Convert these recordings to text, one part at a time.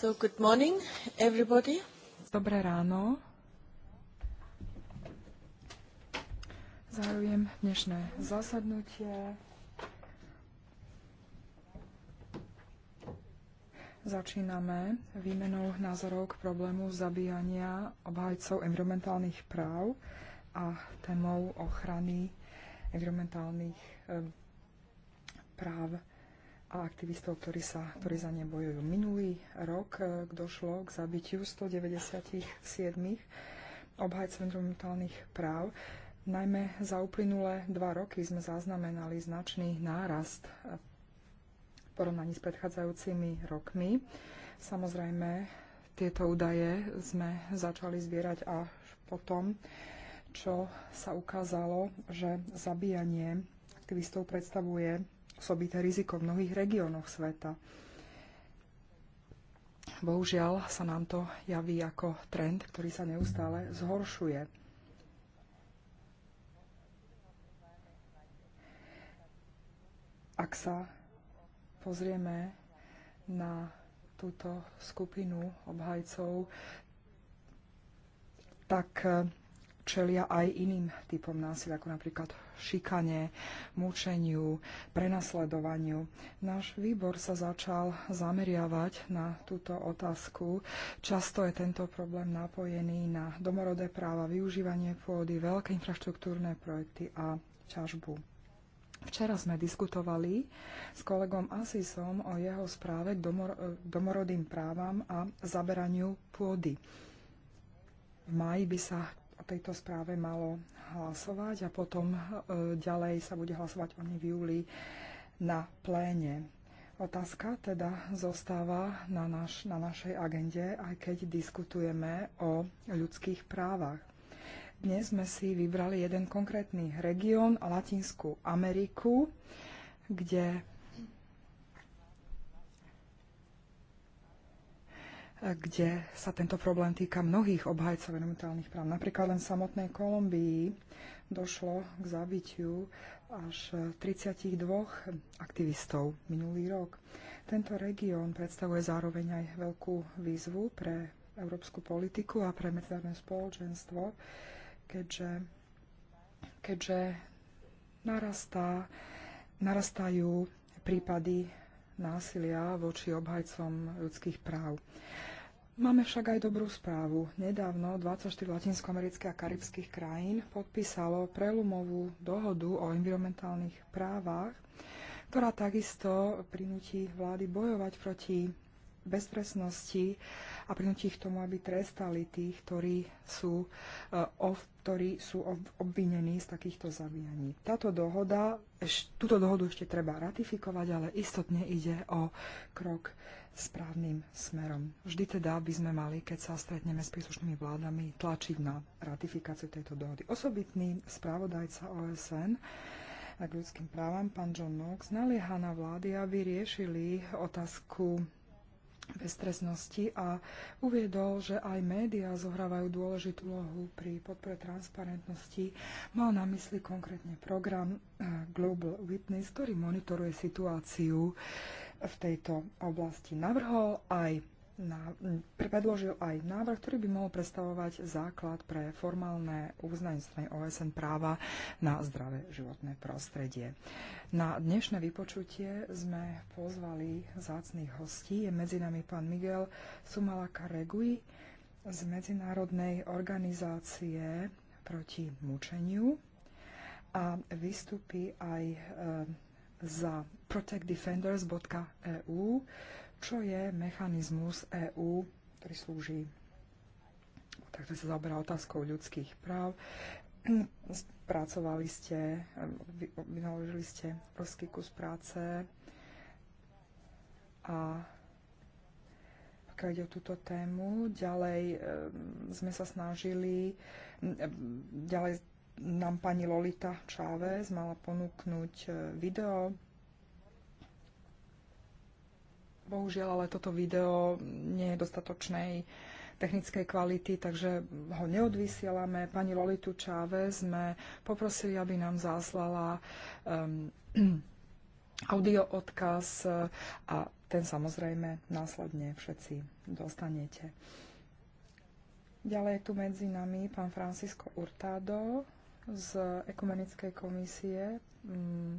So good morning, everybody. Dobré ráno. Zahajujem dnešné zasadnutie. Začíname výmenou názorov k problému zabíjania obhajcov environmentálnych práv a témou ochrany environmentálnych eh, práv a aktivistov, ktorí, sa, ktorí za ne bojujú. Minulý rok e, došlo k zabitiu 197 obhajcov environmentálnych práv. Najmä za uplynulé dva roky sme zaznamenali značný nárast e, v porovnaní s predchádzajúcimi rokmi. Samozrejme, tieto údaje sme začali zbierať až potom, čo sa ukázalo, že zabíjanie aktivistov predstavuje osobité riziko v mnohých regiónoch sveta. Bohužiaľ sa nám to javí ako trend, ktorý sa neustále zhoršuje. Ak sa pozrieme na túto skupinu obhajcov, tak čelia aj iným typom násilia, ako napríklad šikane, mučeniu, prenasledovaniu. Náš výbor sa začal zameriavať na túto otázku. Často je tento problém napojený na domorodé práva, využívanie pôdy, veľké infraštruktúrne projekty a ťažbu. Včera sme diskutovali s kolegom Asisom o jeho správe k domor- domorodým právam a zaberaniu pôdy. V maji by sa o tejto správe malo hlasovať a potom e, ďalej sa bude hlasovať o nej v júli na pléne. Otázka teda zostáva na, naš, na našej agende, aj keď diskutujeme o ľudských právach. Dnes sme si vybrali jeden konkrétny región, Latinskú Ameriku, kde kde sa tento problém týka mnohých obhajcov environmentálnych práv. Napríklad len v samotnej Kolumbii došlo k zabitiu až 32 aktivistov minulý rok. Tento región predstavuje zároveň aj veľkú výzvu pre európsku politiku a pre medzinárodné spoločenstvo, keďže, keďže narastá, narastajú prípady násilia voči obhajcom ľudských práv. Máme však aj dobrú správu. Nedávno 24 latinskoamerických a karibských krajín podpísalo prelumovú dohodu o environmentálnych právach, ktorá takisto prinúti vlády bojovať proti beztrestnosti a prinúti ich tomu, aby trestali tých, ktorí sú, eh, ov, ktorí sú obvinení z takýchto zabíjaní. Táto dohoda, túto dohodu ešte treba ratifikovať, ale istotne ide o krok správnym smerom. Vždy teda by sme mali, keď sa stretneme s príslušnými vládami, tlačiť na ratifikáciu tejto dohody. Osobitný správodajca OSN a k ľudským právam, pán John Knox, nalieha na vlády, aby riešili otázku beztrestnosti a uviedol, že aj médiá zohrávajú dôležitú úlohu pri podpore transparentnosti. Mal na mysli konkrétne program eh, Global Witness, ktorý monitoruje situáciu v tejto oblasti navrhol aj na, predložil aj návrh, ktorý by mohol predstavovať základ pre formálne uznanie OSN práva na zdravé životné prostredie. Na dnešné vypočutie sme pozvali zácných hostí. Je medzi nami pán Miguel Sumalaka Regui z Medzinárodnej organizácie proti mučeniu a vystupí aj e, za protectdefenders.eu, čo je mechanizmus EU, ktorý slúži takže sa zaoberá otázkou ľudských práv. Spracovali ste, vynaložili ste obrovský kus práce a pokiaľ ide o túto tému. Ďalej ehm, sme sa snažili, ďalej nám pani Lolita Čávez mala ponúknuť e, video. Bohužiaľ, ale toto video nie je dostatočnej technickej kvality, takže ho neodvysielame. Pani Lolitu Čávez sme poprosili, aby nám zaslala um, audio odkaz e, a ten samozrejme následne všetci dostanete. Ďalej je tu medzi nami pán Francisco Urtado, z Ekumenickej komisie mm,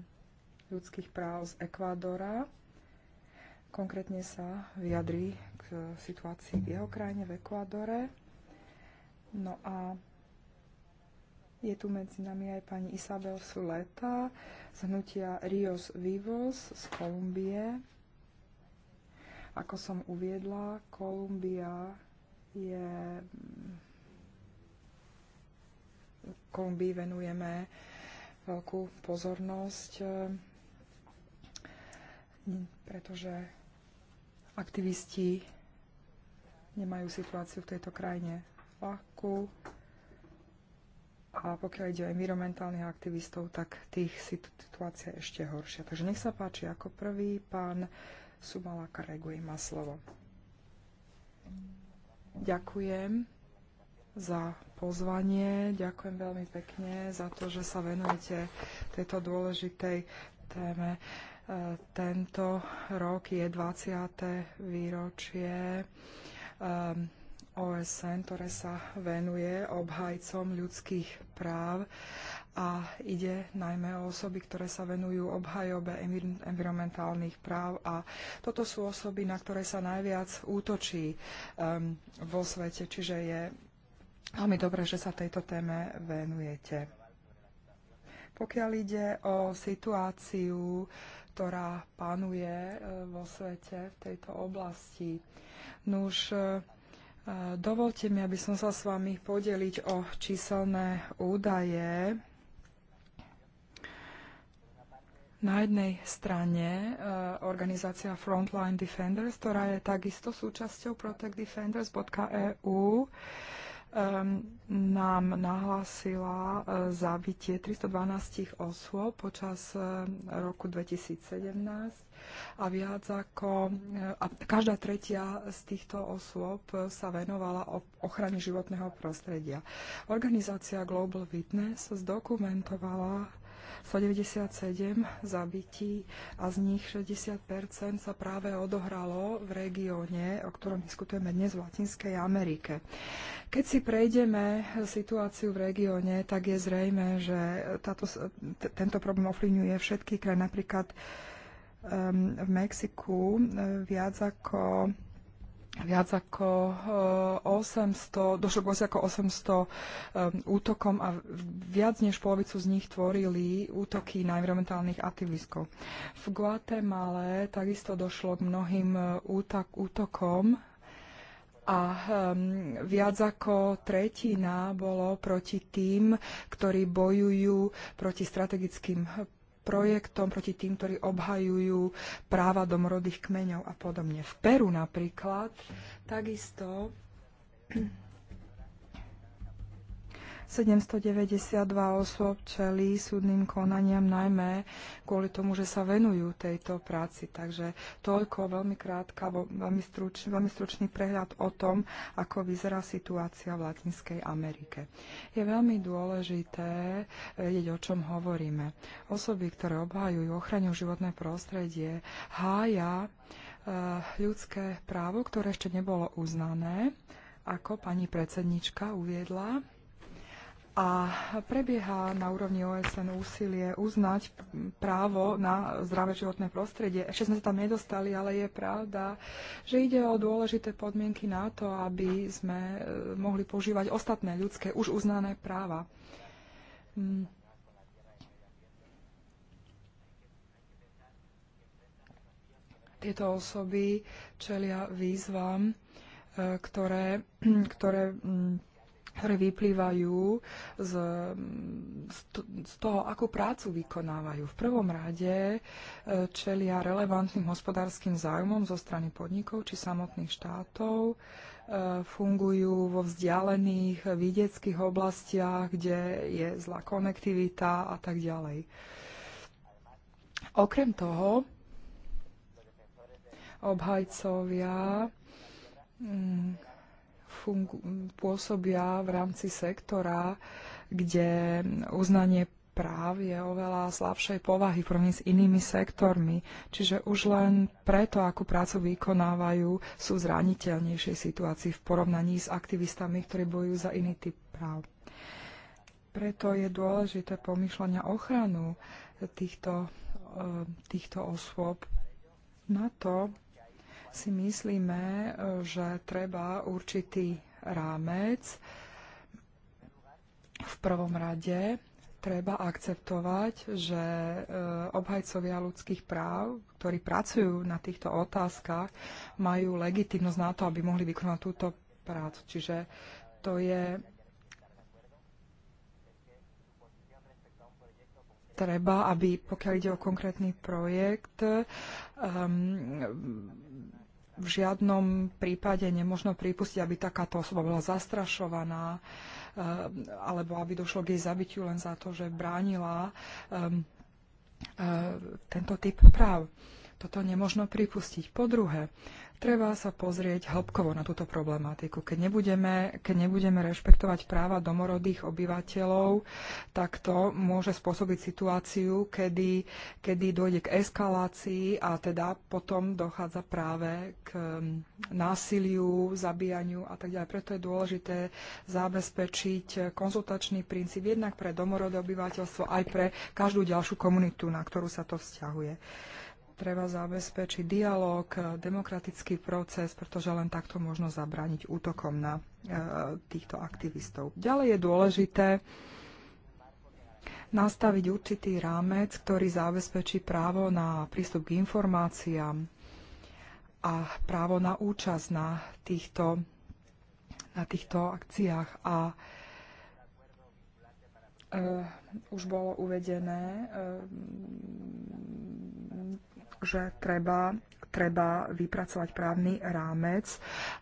ľudských práv z Ekvádora. Konkrétne sa vyjadrí k situácii v jeho krajine, v Ekvádore. No a je tu medzi nami aj pani Isabel Suleta z hnutia Rios Vivos z Kolumbie. Ako som uviedla, Kolumbia je mm, kombi venujeme veľkú pozornosť, e, pretože aktivisti nemajú situáciu v tejto krajine ľahkú. A pokiaľ ide o environmentálnych aktivistov, tak tých situácia je ešte horšia. Takže nech sa páči, ako prvý pán Sumala Karegui má slovo. Ďakujem za pozvanie. Ďakujem veľmi pekne za to, že sa venujete tejto dôležitej téme. E, tento rok je 20. výročie ehm, OSN, ktoré sa venuje obhajcom ľudských práv a ide najmä o osoby, ktoré sa venujú obhajobe environmentálnych práv a toto sú osoby, na ktoré sa najviac útočí um, vo svete, čiže je Veľmi dobré, že sa tejto téme venujete. Pokiaľ ide o situáciu, ktorá panuje e, vo svete v tejto oblasti, nuž e, dovolte mi, aby som sa s vami podeliť o číselné údaje. Na jednej strane e, organizácia Frontline Defenders, ktorá je takisto súčasťou protectdefenders.eu, nám nahlásila e, zabitie 312 osôb počas e, roku 2017 a viac ako e, a každá tretia z týchto osôb sa venovala ochrane životného prostredia. Organizácia Global Witness zdokumentovala 197 zabití a z nich 60 sa práve odohralo v regióne, o ktorom diskutujeme dnes v Latinskej Amerike. Keď si prejdeme situáciu v regióne, tak je zrejme, že táto, tento problém ovplyvňuje všetky krajiny. Napríklad um, v Mexiku e, viac ako viac ako 800, eh, došlo k viac ako 800 eh, útokom a viac než polovicu z nich tvorili útoky na environmentálnych aktivistov. V Guatemale takisto došlo k mnohým eh, útokom a um, viac ako tretina bolo proti tým, ktorí bojujú proti strategickým projektom proti tým, ktorí obhajujú práva domorodých kmeňov a podobne. V Peru napríklad takisto 792 osôb čelí súdnym konaniam najmä kvôli tomu, že sa venujú tejto práci. Takže toľko veľmi krátka, veľmi, struč, veľmi stručný prehľad o tom, ako vyzerá situácia v Latinskej Amerike. Je veľmi dôležité vedieť, o čom hovoríme. Osoby, ktoré obhajujú ochranu životné prostredie, hája eh, ľudské právo, ktoré ešte nebolo uznané, ako pani predsednička uviedla a prebieha na úrovni OSN úsilie uznať právo na zdravé životné prostredie. Ešte sme sa tam nedostali, ale je pravda, že ide o dôležité podmienky na to, aby sme e, mohli používať ostatné ľudské už uznané práva. Mm. Tieto osoby čelia výzvam, e, ktoré, ktoré mm, ktoré vyplývajú z, z toho, akú prácu vykonávajú. V prvom rade e, čelia relevantným hospodárskym záujmom zo strany podnikov či samotných štátov, e, fungujú vo vzdialených vidieckých oblastiach, kde je zlá konektivita a tak ďalej. Okrem toho, obhajcovia mm, pôsobia v rámci sektora, kde uznanie práv je oveľa slabšej povahy pro s inými sektormi, čiže už len preto, akú prácu vykonávajú, sú zraniteľnejšej situácii v porovnaní s aktivistami, ktorí bojujú za iný typ práv. Preto je dôležité pomýšľania ochranu týchto, e, týchto osôb na to, si myslíme, že treba určitý rámec. V prvom rade treba akceptovať, že e, obhajcovia ľudských práv, ktorí pracujú na týchto otázkach, majú legitimnosť na to, aby mohli vykonať túto prácu. Čiže to je treba, aby pokiaľ ide o konkrétny projekt, um, v žiadnom prípade nemožno pripustiť, aby takáto osoba bola zastrašovaná eh, alebo aby došlo k jej zabitiu len za to, že bránila ehm, eh, tento typ práv. Toto nemožno pripustiť. Po druhé, Treba sa pozrieť hĺbkovo na túto problematiku. Keď nebudeme, keď nebudeme rešpektovať práva domorodých obyvateľov, tak to môže spôsobiť situáciu, kedy, kedy dojde k eskalácii a teda potom dochádza práve k mm, násiliu, zabíjaniu a tak ďalej. Preto je dôležité zabezpečiť konzultačný princíp jednak pre domorodé obyvateľstvo, aj pre každú ďalšiu komunitu, na ktorú sa to vzťahuje treba zabezpečiť dialog, e, demokratický proces, pretože len takto možno zabrániť útokom na e, týchto aktivistov. Ďalej je dôležité nastaviť určitý rámec, ktorý zabezpečí právo na prístup k informáciám a právo na účasť na týchto, na týchto akciách a uh, už bolo uvedené, uh, že treba treba vypracovať právny rámec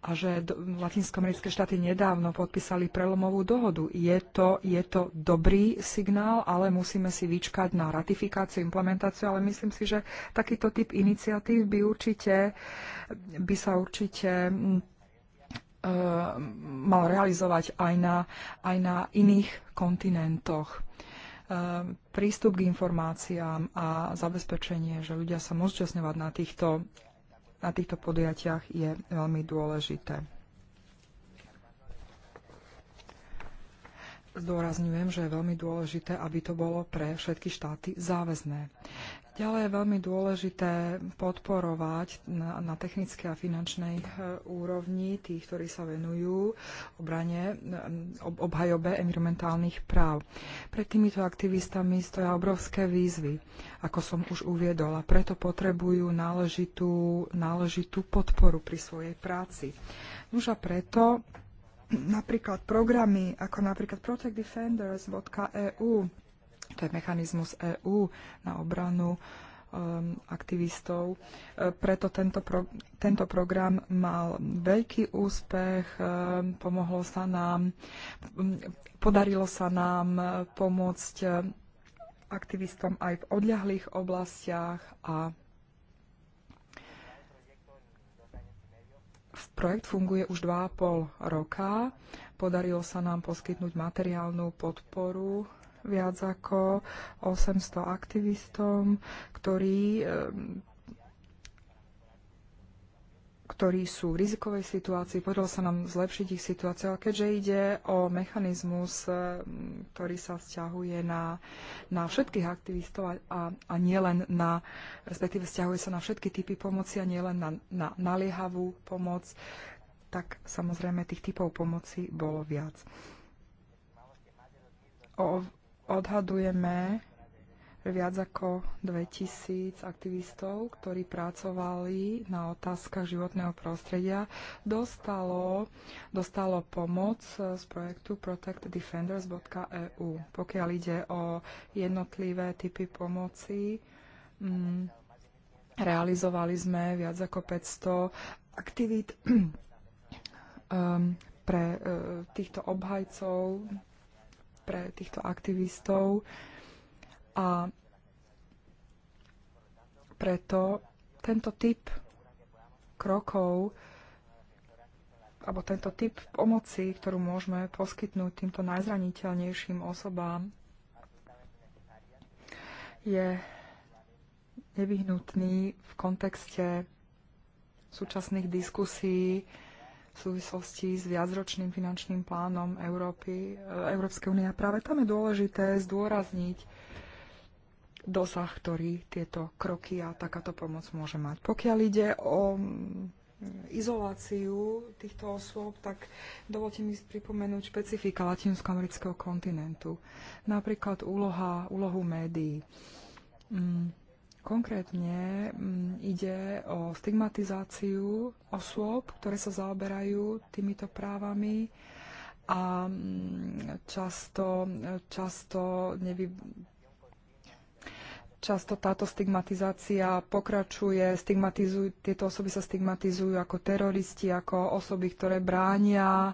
a že latinskoamerické štáty nedávno podpísali prelomovú dohodu. Je to, je to dobrý signál, ale musíme si vyčkať na ratifikáciu, implementáciu, ale myslím si, že takýto typ iniciatív by určite by sa určite eh, mal realizovať aj na, aj na iných kontinentoch. Ehm, prístup k informáciám a zabezpečenie, že ľudia sa môžu zúčastňovať na týchto, na týchto podujatiach je veľmi dôležité. Zdôrazňujem, že je veľmi dôležité, aby to bolo pre všetky štáty záväzné. Ďalej je veľmi dôležité podporovať na, na technickej a finančnej e, úrovni tých, ktorí sa venujú obrane, e, ob, obhajobe environmentálnych práv. Pred týmito aktivistami stoja obrovské výzvy, ako som už uviedol, a preto potrebujú náležitú, náležitú podporu pri svojej práci. Už a preto napríklad programy ako napríklad protectdefenders.eu to je mechanizmus EÚ na obranu um, aktivistov. E, preto tento, pro, tento program mal veľký úspech, e, pomohlo sa nám, podarilo sa nám e, pomôcť aktivistom aj v odľahlých oblastiach a Projekt funguje už 2,5 roka. Podarilo sa nám poskytnúť materiálnu podporu viac ako 800 aktivistom, ktorí ktorí sú v rizikovej situácii. Podarilo sa nám zlepšiť ich situáciu, ale keďže ide o mechanizmus, ktorý sa vzťahuje na, na všetkých aktivistov a, a, a nielen na, respektíve vzťahuje sa na všetky typy pomoci a nielen na, na naliehavú pomoc, tak samozrejme tých typov pomoci bolo viac. O, odhadujeme viac ako 2000 aktivistov, ktorí pracovali na otázkach životného prostredia, dostalo, dostalo pomoc z projektu protectdefenders.eu. Pokiaľ ide o jednotlivé typy pomoci, mm, realizovali sme viac ako 500 aktivít um, pre uh, týchto obhajcov pre týchto aktivistov a preto tento typ krokov alebo tento typ pomoci, ktorú môžeme poskytnúť týmto najzraniteľnejším osobám, je nevyhnutný v kontexte súčasných diskusí súvislosti s viacročným finančným plánom Európy, e, Európskej únie. Práve tam je dôležité zdôrazniť dosah, ktorý tieto kroky a takáto pomoc môže mať. Pokiaľ ide o mm, izoláciu týchto osôb, tak dovolte mi pripomenúť špecifika latinskoamerického kontinentu. Napríklad úloha, úlohu médií. Mm Konkrétne mm, ide o stigmatizáciu osôb, ktoré sa zaoberajú týmito právami a mm, často, často nevy, Často táto stigmatizácia pokračuje, stigmatizujú, tieto osoby sa stigmatizujú ako teroristi, ako osoby, ktoré bránia e,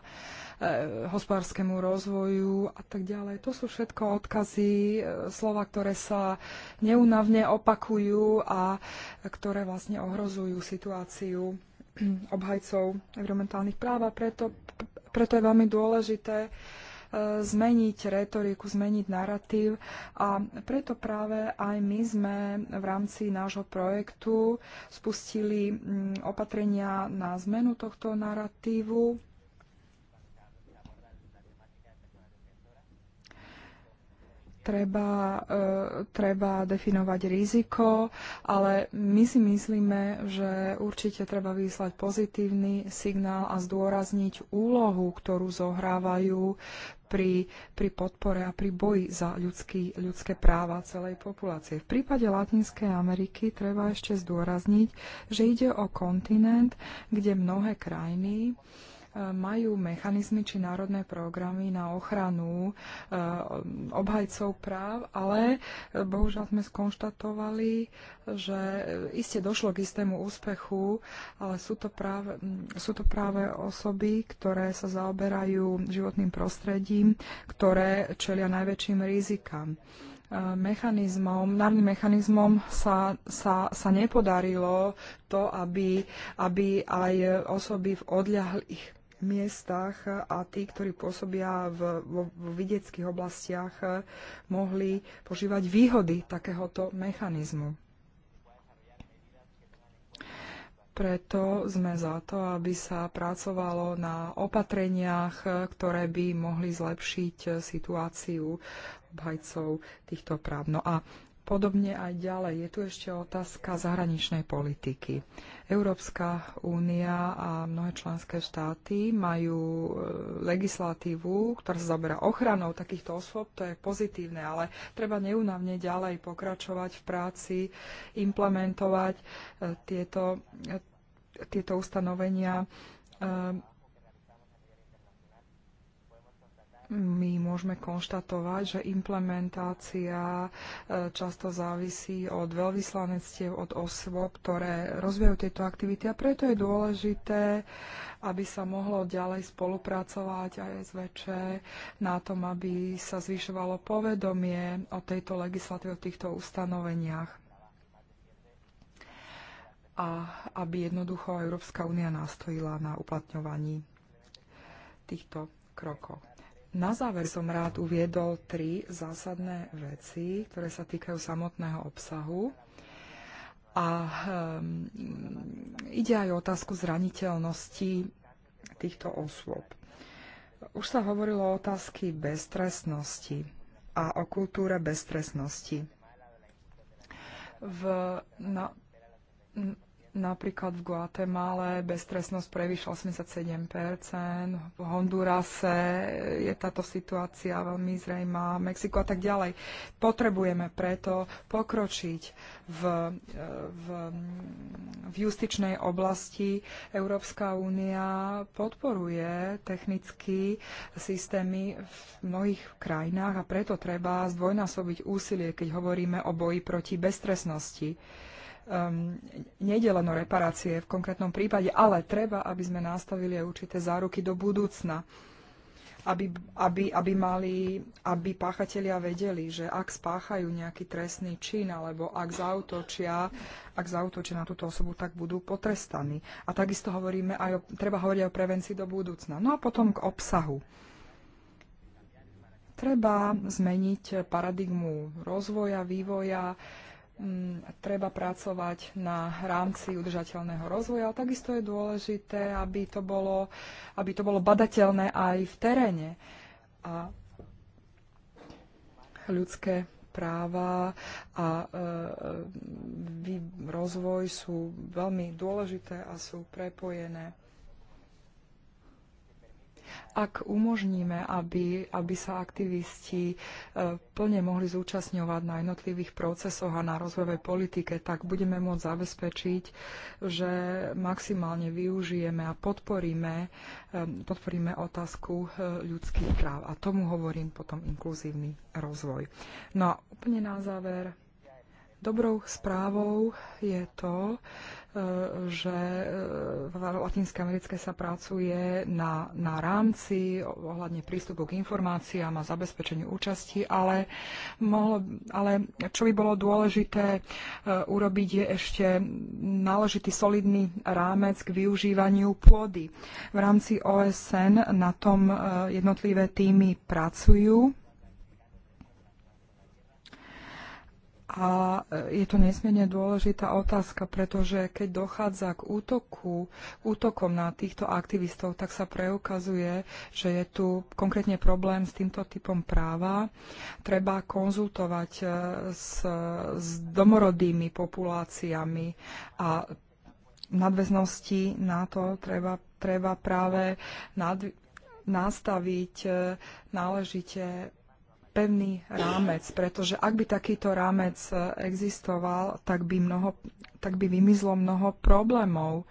hospodárskému rozvoju a tak ďalej. To sú všetko odkazy, e, slova, ktoré sa neúnavne opakujú a ktoré vlastne ohrozujú situáciu obhajcov environmentálnych práv a preto, preto je veľmi dôležité, zmeniť retoriku, zmeniť narratív a preto práve aj my sme v rámci nášho projektu spustili mm, opatrenia na zmenu tohto narratívu treba, e, treba definovať riziko, ale my si myslíme, že určite treba vyslať pozitívny signál a zdôrazniť úlohu, ktorú zohrávajú pri, pri podpore a pri boji za ľudský, ľudské práva celej populácie. V prípade Latinskej Ameriky treba ešte zdôrazniť, že ide o kontinent, kde mnohé krajiny majú mechanizmy či národné programy na ochranu e, obhajcov práv, ale e, bohužiaľ sme skonštatovali, že e, iste došlo k istému úspechu, ale sú to práve, sú to práve osoby, ktoré sa zaoberajú životným prostredím, ktoré čelia najväčším rizikám mechanizmom, národným mechanizmom sa, sa, sa nepodarilo to, aby, aby aj osoby v odľahlých miestach a tí, ktorí pôsobia v, vo, vo vidieckých oblastiach, mohli požívať výhody takéhoto mechanizmu. Preto sme za to, aby sa pracovalo na opatreniach, ktoré by mohli zlepšiť situáciu obhajcov týchto práv. No a Podobne aj ďalej. Je tu ešte otázka zahraničnej politiky. Európska únia a mnohé členské štáty majú e, legislatívu, ktorá sa zaberá ochranou takýchto osôb. To je pozitívne, ale treba neunavne ďalej pokračovať v práci, implementovať e, tieto, e, tieto ustanovenia my môžeme konštatovať, že implementácia e, často závisí od veľvyslanectiev, od osôb, ktoré rozvíjajú tieto aktivity a preto je dôležité, aby sa mohlo ďalej spolupracovať aj SVČ na tom, aby sa zvyšovalo povedomie o tejto legislatíve, o týchto ustanoveniach a aby jednoducho Európska únia nastojila na uplatňovaní týchto krokov. Na záver som rád uviedol tri zásadné veci, ktoré sa týkajú samotného obsahu. A um, ide aj o otázku zraniteľnosti týchto osôb. Už sa hovorilo o otázky beztresnosti a o kultúre beztresnosti. V, na, Napríklad v Guatemale beztresnosť prevýšla 87%, v Hondurase je táto situácia veľmi zrejmá, Mexiko a tak ďalej. Potrebujeme preto pokročiť v, v, v justičnej oblasti. Európska únia podporuje technicky systémy v mnohých krajinách a preto treba zdvojnásobiť úsilie, keď hovoríme o boji proti beztresnosti um, nejde len o reparácie v konkrétnom prípade, ale treba, aby sme nastavili aj určité záruky do budúcna. Aby, aby, aby, mali, aby páchatelia vedeli, že ak spáchajú nejaký trestný čin alebo ak zautočia, ak zautočia na túto osobu, tak budú potrestaní. A takisto hovoríme aj o, treba hovoriť aj o prevencii do budúcna. No a potom k obsahu. Treba zmeniť paradigmu rozvoja, vývoja, Mm, treba pracovať na rámci udržateľného rozvoja, ale takisto je dôležité, aby to bolo, aby to bolo badateľné aj v teréne. A ľudské práva a e, e rozvoj sú veľmi dôležité a sú prepojené. Ak umožníme, aby, aby sa aktivisti e, plne mohli zúčastňovať na jednotlivých procesoch a na rozvojovej politike, tak budeme môcť zabezpečiť, že maximálne využijeme a podporíme, e, podporíme otázku e, ľudských práv. A tomu hovorím potom inkluzívny rozvoj. No a úplne na záver Dobrou správou je to, e, že e, v Latinskej Americké sa pracuje na, na rámci ohľadne prístupu k informáciám a zabezpečeniu účasti, ale, mohlo, ale čo by bolo dôležité e, urobiť je ešte náležitý solidný rámec k využívaniu pôdy. V rámci OSN na tom jednotlivé týmy pracujú A e, je to nesmierne dôležitá otázka, pretože keď dochádza k útoku, útokom na týchto aktivistov, tak sa preukazuje, že je tu konkrétne problém s týmto typom práva. Treba konzultovať e, s, s domorodými populáciami a v nadväznosti na to treba, treba práve nad, nastaviť e, náležite pevný rámec, pretože ak by takýto rámec e, existoval, tak by, mnoho, tak by vymizlo mnoho problémov,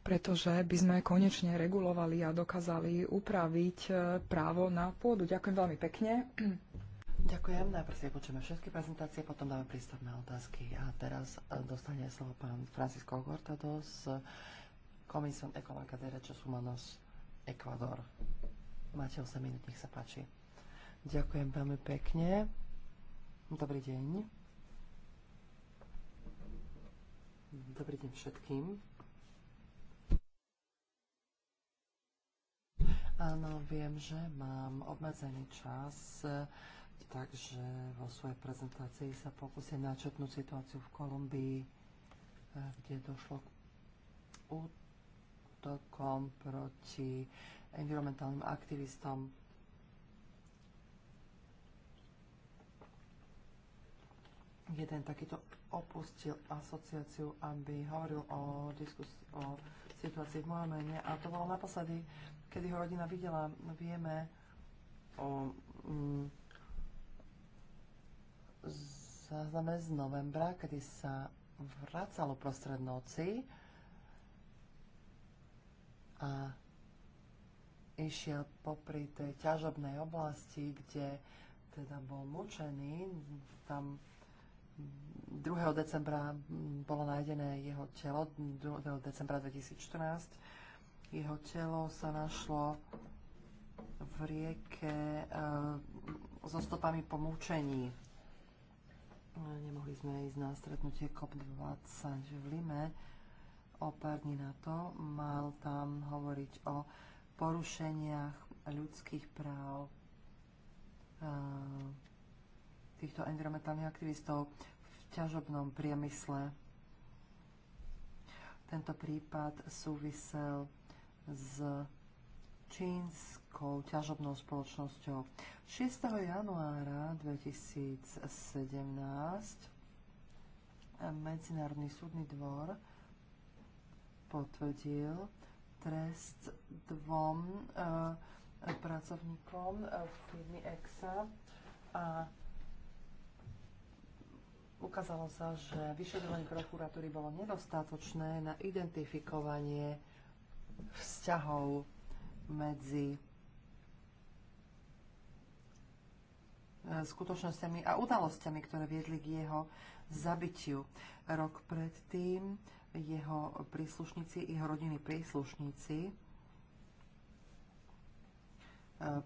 pretože by sme konečne regulovali a dokázali upraviť e, právo na pôdu. Ďakujem veľmi pekne. Ďakujem. Najprv si počujeme všetky prezentácie, potom dáme prístup na otázky. A teraz e, dostane slovo pán Francisco Gortado z Komisom Económica de Derechos Ecuador. Máte 8 minút, nech sa páči. Ďakujem veľmi pekne. Dobrý deň. Dobrý deň všetkým. Áno, viem, že mám obmedzený čas, takže vo svojej prezentácii sa pokúsim načetnúť situáciu v Kolumbii, eh, kde došlo k útokom proti environmentálnym aktivistom. Jeden takýto opustil asociáciu, aby hovoril o, diskus, o situácii v Mohamene a to bolo naposledy, kedy ho rodina videla. Vieme o mm, zázname z novembra, kedy sa vracalo prostred noci a išiel popri tej ťažobnej oblasti, kde teda bol mučený. Tam 2. decembra bolo nájdené jeho telo, 2. decembra 2014. Jeho telo sa našlo v rieke e, so stopami po mučení. Nemohli sme ísť na stretnutie COP20 v Lime. O pár dní na to mal tam hovoriť o porušeniach ľudských práv eh, týchto environmentálnych aktivistov v ťažobnom priemysle. Tento prípad súvisel s čínskou ťažobnou spoločnosťou. 6. januára 2017 Medzinárodný súdny dvor potvrdil, trest dvom e, pracovníkom e, firmy EXA a ukázalo sa, že vyšetrovanie prokuratúry bolo nedostatočné na identifikovanie vzťahov medzi e, skutočnosťami a udalosťami, ktoré viedli k jeho zabitiu. Rok predtým jeho príslušníci, jeho rodiny príslušníci e,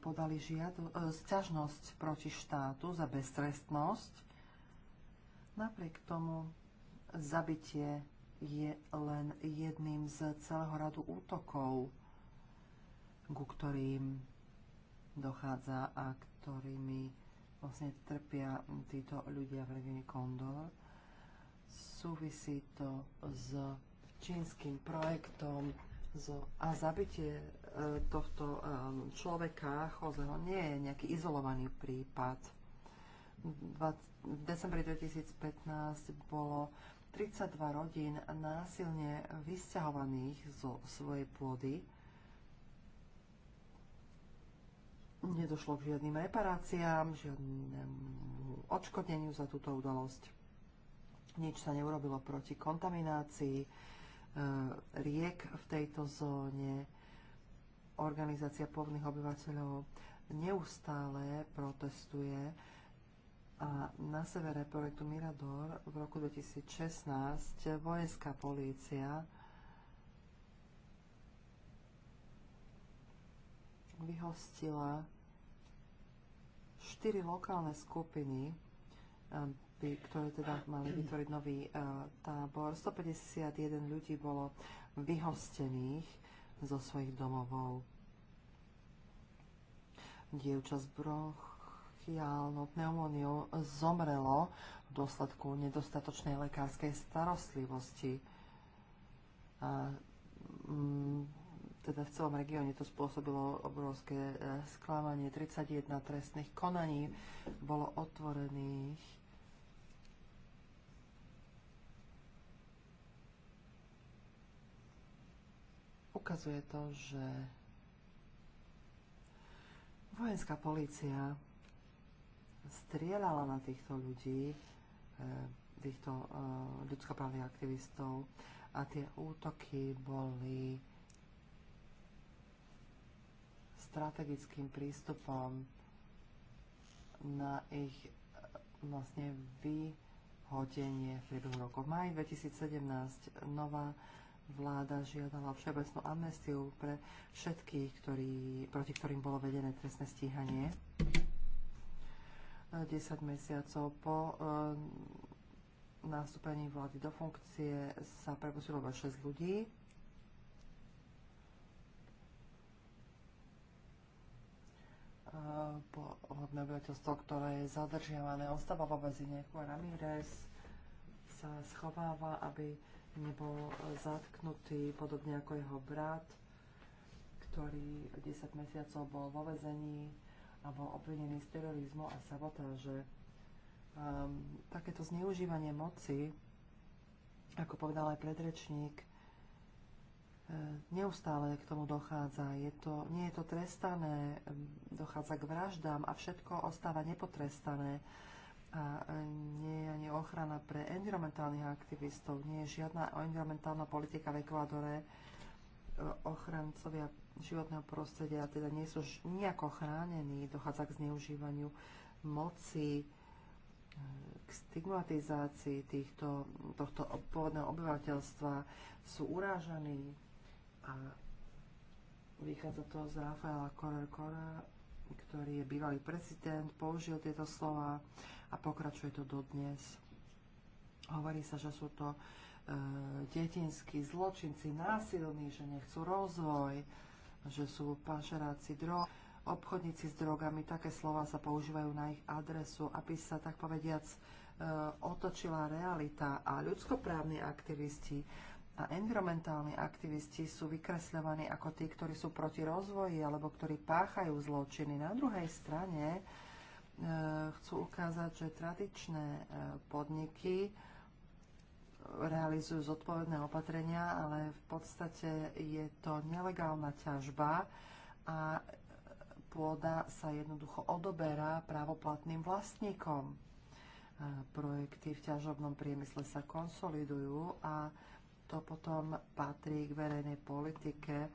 podali žiadu, e, sťažnosť proti štátu za beztrestnosť. Napriek tomu zabitie je len jedným z celého radu útokov, ku ktorým dochádza a ktorými vlastne trpia títo ľudia v regióne Kondor Súvisí to s čínskym projektom zo, a zabitie e, tohto e, človeka, Chozeho, nie je nejaký izolovaný prípad. 20, v decembri 2015 bolo 32 rodín násilne vysťahovaných zo svojej pôdy. Nedošlo k žiadnym reparáciám, žiadnemu odškodneniu za túto udalosť nič sa neurobilo proti kontaminácii e, riek v tejto zóne. Organizácia plovných obyvateľov neustále protestuje a na severe projektu Mirador v roku 2016 vojenská polícia vyhostila štyri lokálne skupiny by, ktoré teda mali mm. vytvoriť nový uh, tábor. 151 ľudí bolo vyhostených zo svojich domovov. Dievča z bronchiálnou pneumóniou zomrelo v dôsledku nedostatočnej lekárskej starostlivosti. Uh, mm, teda v celom regióne to spôsobilo obrovské e, sklamanie. 31 trestných konaní bolo otvorených ukazuje to, že vojenská polícia strieľala na týchto ľudí, e, týchto e, ľudskoprávnych aktivistov a tie útoky boli strategickým prístupom na ich e, vlastne vyhodenie v priebehu rokov. Maj 2017 nová vláda žiadala všeobecnú amnestiu pre všetkých, ktorí, proti ktorým bolo vedené trestné stíhanie. 10 e, mesiacov po e, nástupení vlády do funkcie sa prepustilo iba 6 ľudí. E, Pohodné obyvateľstvo, ktoré je zadržiavané, ostáva vo väzine. Juan Ramírez sa schováva, aby nebol zatknutý, podobne ako jeho brat, ktorý 10 mesiacov bol vo vezení a bol obvinený z terorizmu a sabotáže. Um, takéto zneužívanie moci, ako povedal aj predrečník, ehm, neustále k tomu dochádza. Je to, nie je to trestané, ehm, dochádza k vraždám a všetko ostáva nepotrestané a nie je ani ochrana pre environmentálnych aktivistov, nie je žiadna environmentálna politika v Ekvádore, e, ochrancovia životného prostredia teda nie sú nejako chránení, dochádza k zneužívaniu moci, e, k stigmatizácii týchto, tohto pôvodného obyvateľstva, sú urážaní a vychádza to z Rafaela Correr ktorý je bývalý prezident, použil tieto slova a pokračuje to dodnes. Hovorí sa, že sú to e, detinskí zločinci, násilní, že nechcú rozvoj, že sú pašeráci drog, obchodníci s drogami. Také slova sa používajú na ich adresu, aby sa, tak povediac, e, otočila realita a ľudskoprávni aktivisti a environmentálni aktivisti sú vykresľovaní ako tí, ktorí sú proti rozvoji alebo ktorí páchajú zločiny. Na druhej strane e, chcú ukázať, že tradičné e, podniky e, realizujú zodpovedné opatrenia, ale v podstate je to nelegálna ťažba a pôda sa jednoducho odoberá právoplatným vlastníkom. projekty v ťažobnom priemysle sa konsolidujú a to potom patrí k verejnej politike, e,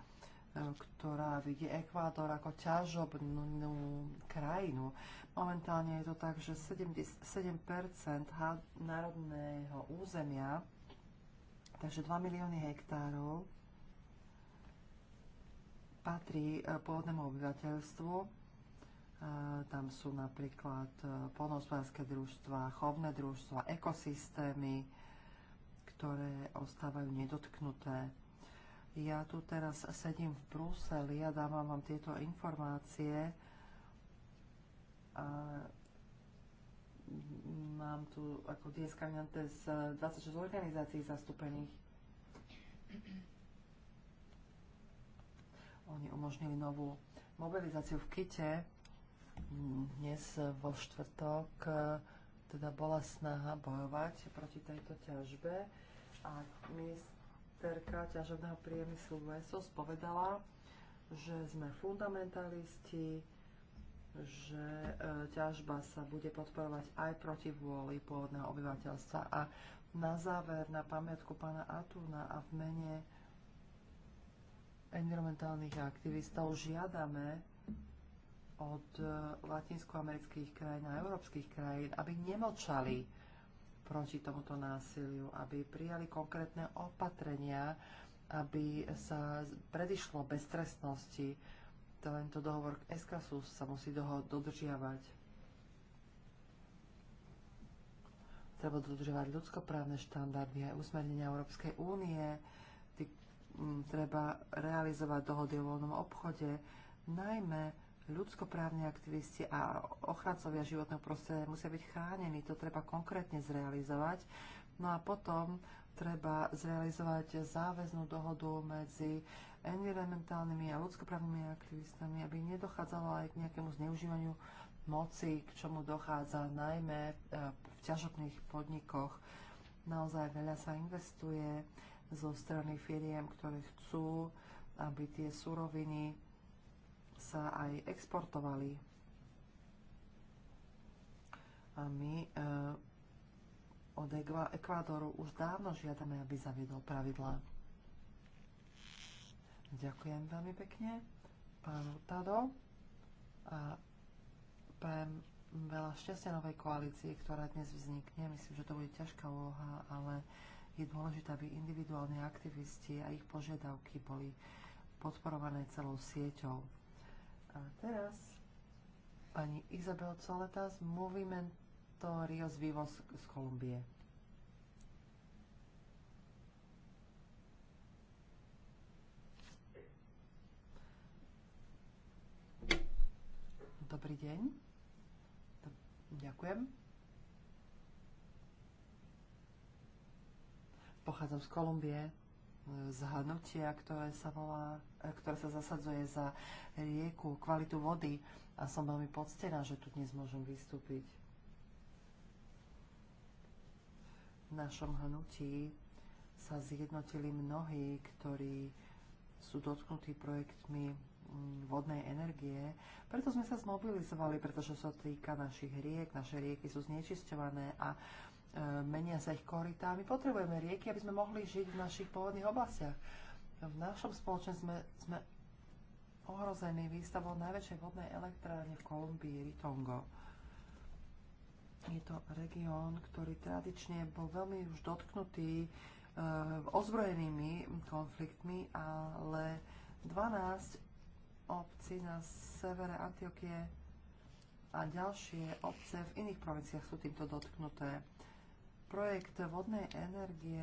ktorá vidí Ekvádor ako ťažobnú krajinu. Momentálne je to tak, že 77 národného územia, takže 2 milióny hektárov, patrí e, pôvodnému obyvateľstvu. E, tam sú napríklad polnohospodárske družstva, chovné družstva, ekosystémy, ktoré ostávajú nedotknuté. Ja tu teraz sedím v Bruseli a dávam vám tieto informácie. A mám tu ako Dies z 26 organizácií zastúpených. Oni umožnili novú mobilizáciu v Kite. Dnes vo štvrtok eh, teda bola snaha bojovať proti tejto ťažbe a ministerka ťažobného priemyslu Vesos povedala, že sme fundamentalisti, že e, ťažba sa bude podporovať aj proti vôli pôvodného obyvateľstva. A na záver, na pamiatku pána Atúna a v mene environmentálnych aktivistov žiadame od e, latinskoamerických krajín a európskych krajín, aby nemlčali proti tomuto násiliu, aby prijali konkrétne opatrenia, aby sa predišlo beztrestnosti. Tento dohovor k ESCASu sa musí dodržiavať. Treba dodržiavať ľudskoprávne štandardy aj usmernenia Európskej únie. treba realizovať dohody o voľnom obchode, najmä ľudskoprávni aktivisti a ochrancovia životného prostredia musia byť chránení. To treba konkrétne zrealizovať. No a potom treba zrealizovať záväznú dohodu medzi environmentálnymi a ľudskoprávnymi aktivistami, aby nedochádzalo aj k nejakému zneužívaniu moci, k čomu dochádza najmä e, v ťažobných podnikoch. Naozaj veľa sa investuje zo strany firiem, ktoré chcú, aby tie suroviny sa aj exportovali. A my e, od Ekvádoru už dávno žiadame, aby zaviedol pravidlá. Ďakujem veľmi pekne, pán Tado. A prajem veľa šťastia novej koalície, ktorá dnes vznikne. Myslím, že to bude ťažká úloha, ale je dôležité, aby individuálni aktivisti a ich požiadavky boli podporované celou sieťou. A teraz pani Izabel Coleta z Movimento Rios Vivos z Kolumbie. Dobrý deň. Ďakujem. Pochádzam z Kolumbie z hnutia, ktoré sa, volá, e, ktoré sa zasadzuje za rieku, kvalitu vody a som veľmi poctená, že tu dnes môžem vystúpiť. V našom hnutí sa zjednotili mnohí, ktorí sú dotknutí projektmi mm, vodnej energie. Preto sme sa zmobilizovali, pretože sa týka našich riek, naše rieky sú znečisťované a E, menia sa ich korytá. My potrebujeme rieky, aby sme mohli žiť v našich pôvodných oblastiach. V našom spoločenstve sme, sme ohrození výstavou najväčšej vodnej elektrárne v Kolumbii, Ritongo. Je to región, ktorý tradične bol veľmi už dotknutý e, ozbrojenými konfliktmi, ale 12 obcí na severe Antiokie a ďalšie obce v iných provinciách sú týmto dotknuté projekt vodnej energie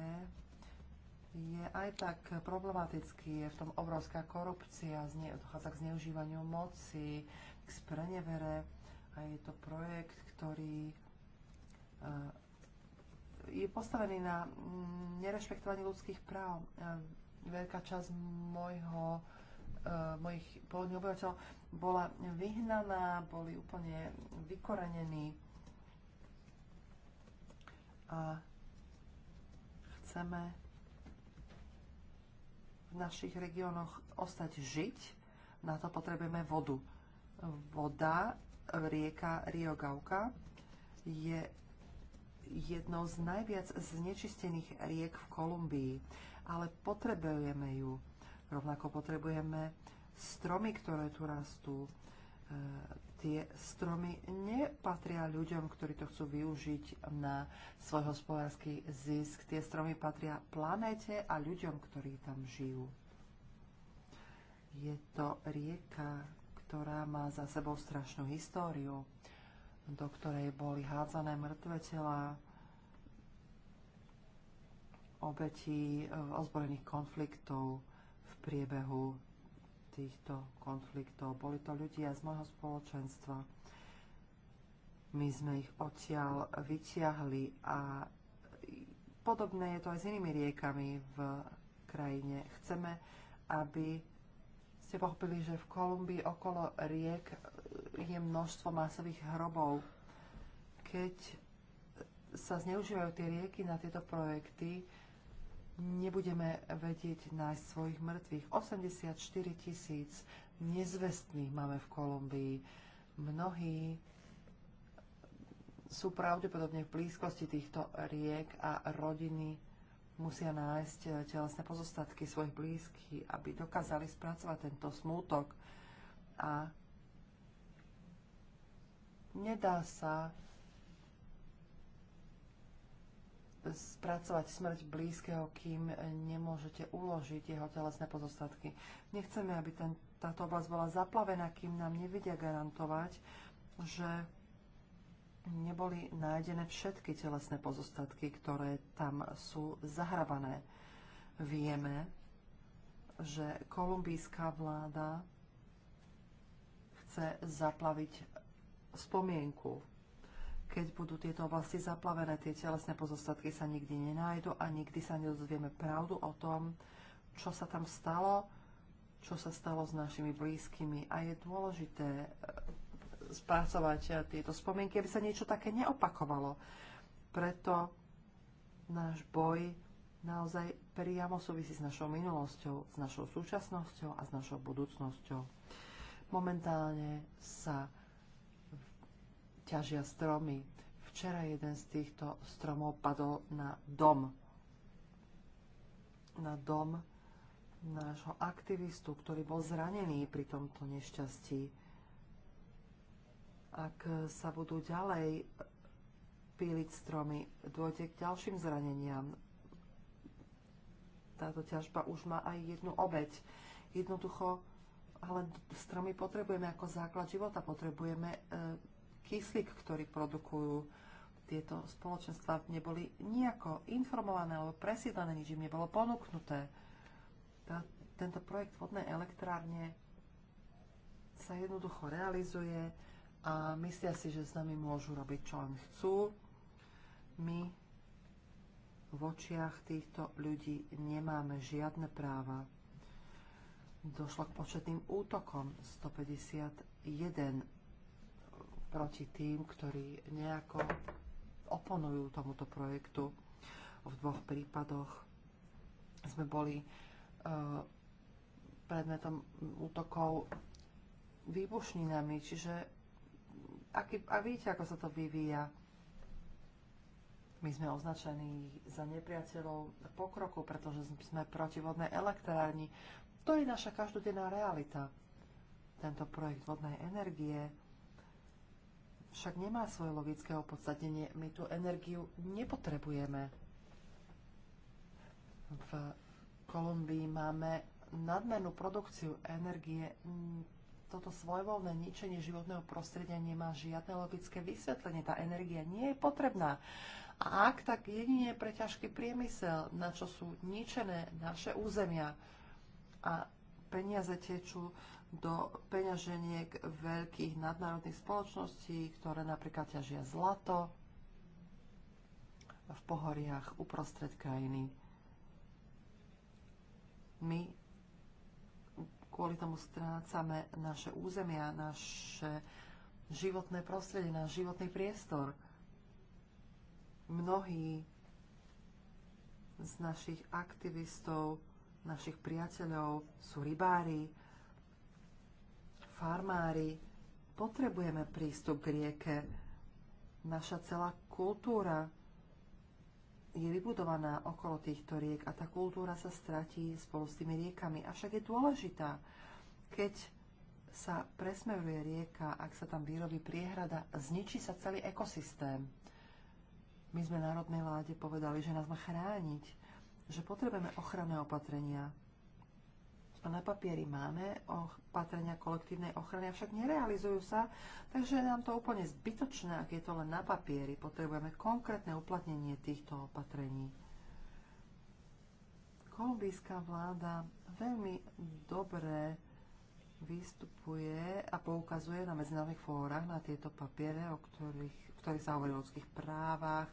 je aj tak problematický. Je v tom obrovská korupcia, dochádza k zneužívaniu moci, k sprenevere a je to projekt, ktorý eh, je postavený na mm, nerešpektovaní ľudských práv. Veľká časť mojho, eh, mojich pôvodných obyvateľov bola vyhnaná, boli úplne vykorenení a chceme v našich regiónoch ostať žiť, na to potrebujeme vodu. Voda, rieka Rio Gauka je jednou z najviac znečistených riek v Kolumbii, ale potrebujeme ju. Rovnako potrebujeme stromy, ktoré tu rastú, e, tie stromy nepatria ľuďom, ktorí to chcú využiť na svoj hospodársky zisk. Tie stromy patria planéte a ľuďom, ktorí tam žijú. Je to rieka, ktorá má za sebou strašnú históriu, do ktorej boli hádzané mŕtve tela, obetí e, ozbrojených konfliktov v priebehu týchto konfliktov. Boli to ľudia z môjho spoločenstva. My sme ich odtiaľ vyťahli a podobné je to aj s inými riekami v krajine. Chceme, aby ste pochopili, že v Kolumbii okolo riek je množstvo masových hrobov. Keď sa zneužívajú tie rieky na tieto projekty, nebudeme vedieť nájsť svojich mŕtvych. 84 tisíc nezvestných máme v Kolumbii. Mnohí sú pravdepodobne v blízkosti týchto riek a rodiny musia nájsť telesné pozostatky svojich blízkych, aby dokázali spracovať tento smútok. A nedá sa spracovať smrť blízkeho, kým nemôžete uložiť jeho telesné pozostatky. Nechceme, aby ten, táto oblasť bola zaplavená, kým nám nevedia garantovať, že neboli nájdené všetky telesné pozostatky, ktoré tam sú zahrabané. Vieme, že kolumbijská vláda chce zaplaviť spomienku keď budú tieto oblasti zaplavené, tie telesné pozostatky sa nikdy nenájdu a nikdy sa nedozvieme pravdu o tom, čo sa tam stalo, čo sa stalo s našimi blízkymi. A je dôležité e, spracovať e, tieto spomienky, aby sa niečo také neopakovalo. Preto náš boj naozaj priamo súvisí s našou minulosťou, s našou súčasnosťou a s našou budúcnosťou. Momentálne sa ťažia stromy. Včera jeden z týchto stromov padol na dom. Na dom nášho aktivistu, ktorý bol zranený pri tomto nešťastí. Ak sa budú ďalej píliť stromy, dôjde k ďalším zraneniam. Táto ťažba už má aj jednu obeď. Jednoducho, ale stromy potrebujeme ako základ života, potrebujeme e, kyslík, ktorý produkujú tieto spoločenstva, neboli nejako informované alebo presídlené, nič im nebolo ponúknuté. Tá, tento projekt vodnej elektrárne sa jednoducho realizuje a myslia si, že s nami môžu robiť, čo len chcú. My v očiach týchto ľudí nemáme žiadne práva. Došlo k početným útokom 151 proti tým, ktorí nejako oponujú tomuto projektu. V dvoch prípadoch sme boli e, predmetom útokov výbušninami, čiže aký, a vidíte, ako sa to vyvíja. My sme označení za nepriateľov pokroku, pretože sme proti vodnej elektrárni. To je naša každodenná realita. Tento projekt vodnej energie však nemá svoje logické opodstatnenie. My tú energiu nepotrebujeme. V Kolumbii máme nadmernú produkciu energie. Toto svojvoľné ničenie životného prostredia nemá žiadne logické vysvetlenie. Tá energia nie je potrebná. A ak tak jedine pre ťažký priemysel, na čo sú ničené naše územia a peniaze tečú do peňaženiek veľkých nadnárodných spoločností, ktoré napríklad ťažia zlato v pohoriach uprostred krajiny. My kvôli tomu strácame naše územia, naše životné prostredie, náš životný priestor. Mnohí z našich aktivistov, našich priateľov sú rybári, farmári, potrebujeme prístup k rieke. Naša celá kultúra je vybudovaná okolo týchto riek a tá kultúra sa stratí spolu s tými riekami. Avšak je dôležitá, keď sa presmeruje rieka, ak sa tam vyrobí priehrada, zničí sa celý ekosystém. My sme národnej vláde povedali, že nás má chrániť, že potrebujeme ochranné opatrenia na papieri máme opatrenia kolektívnej ochrany, avšak nerealizujú sa, takže je nám to úplne zbytočné, ak je to len na papieri. Potrebujeme konkrétne uplatnenie týchto opatrení. Kolumbijská vláda veľmi dobre vystupuje a poukazuje na medzinárodných fórach na tieto papiere, o ktorých, ktorých sa hovorí o ľudských právach,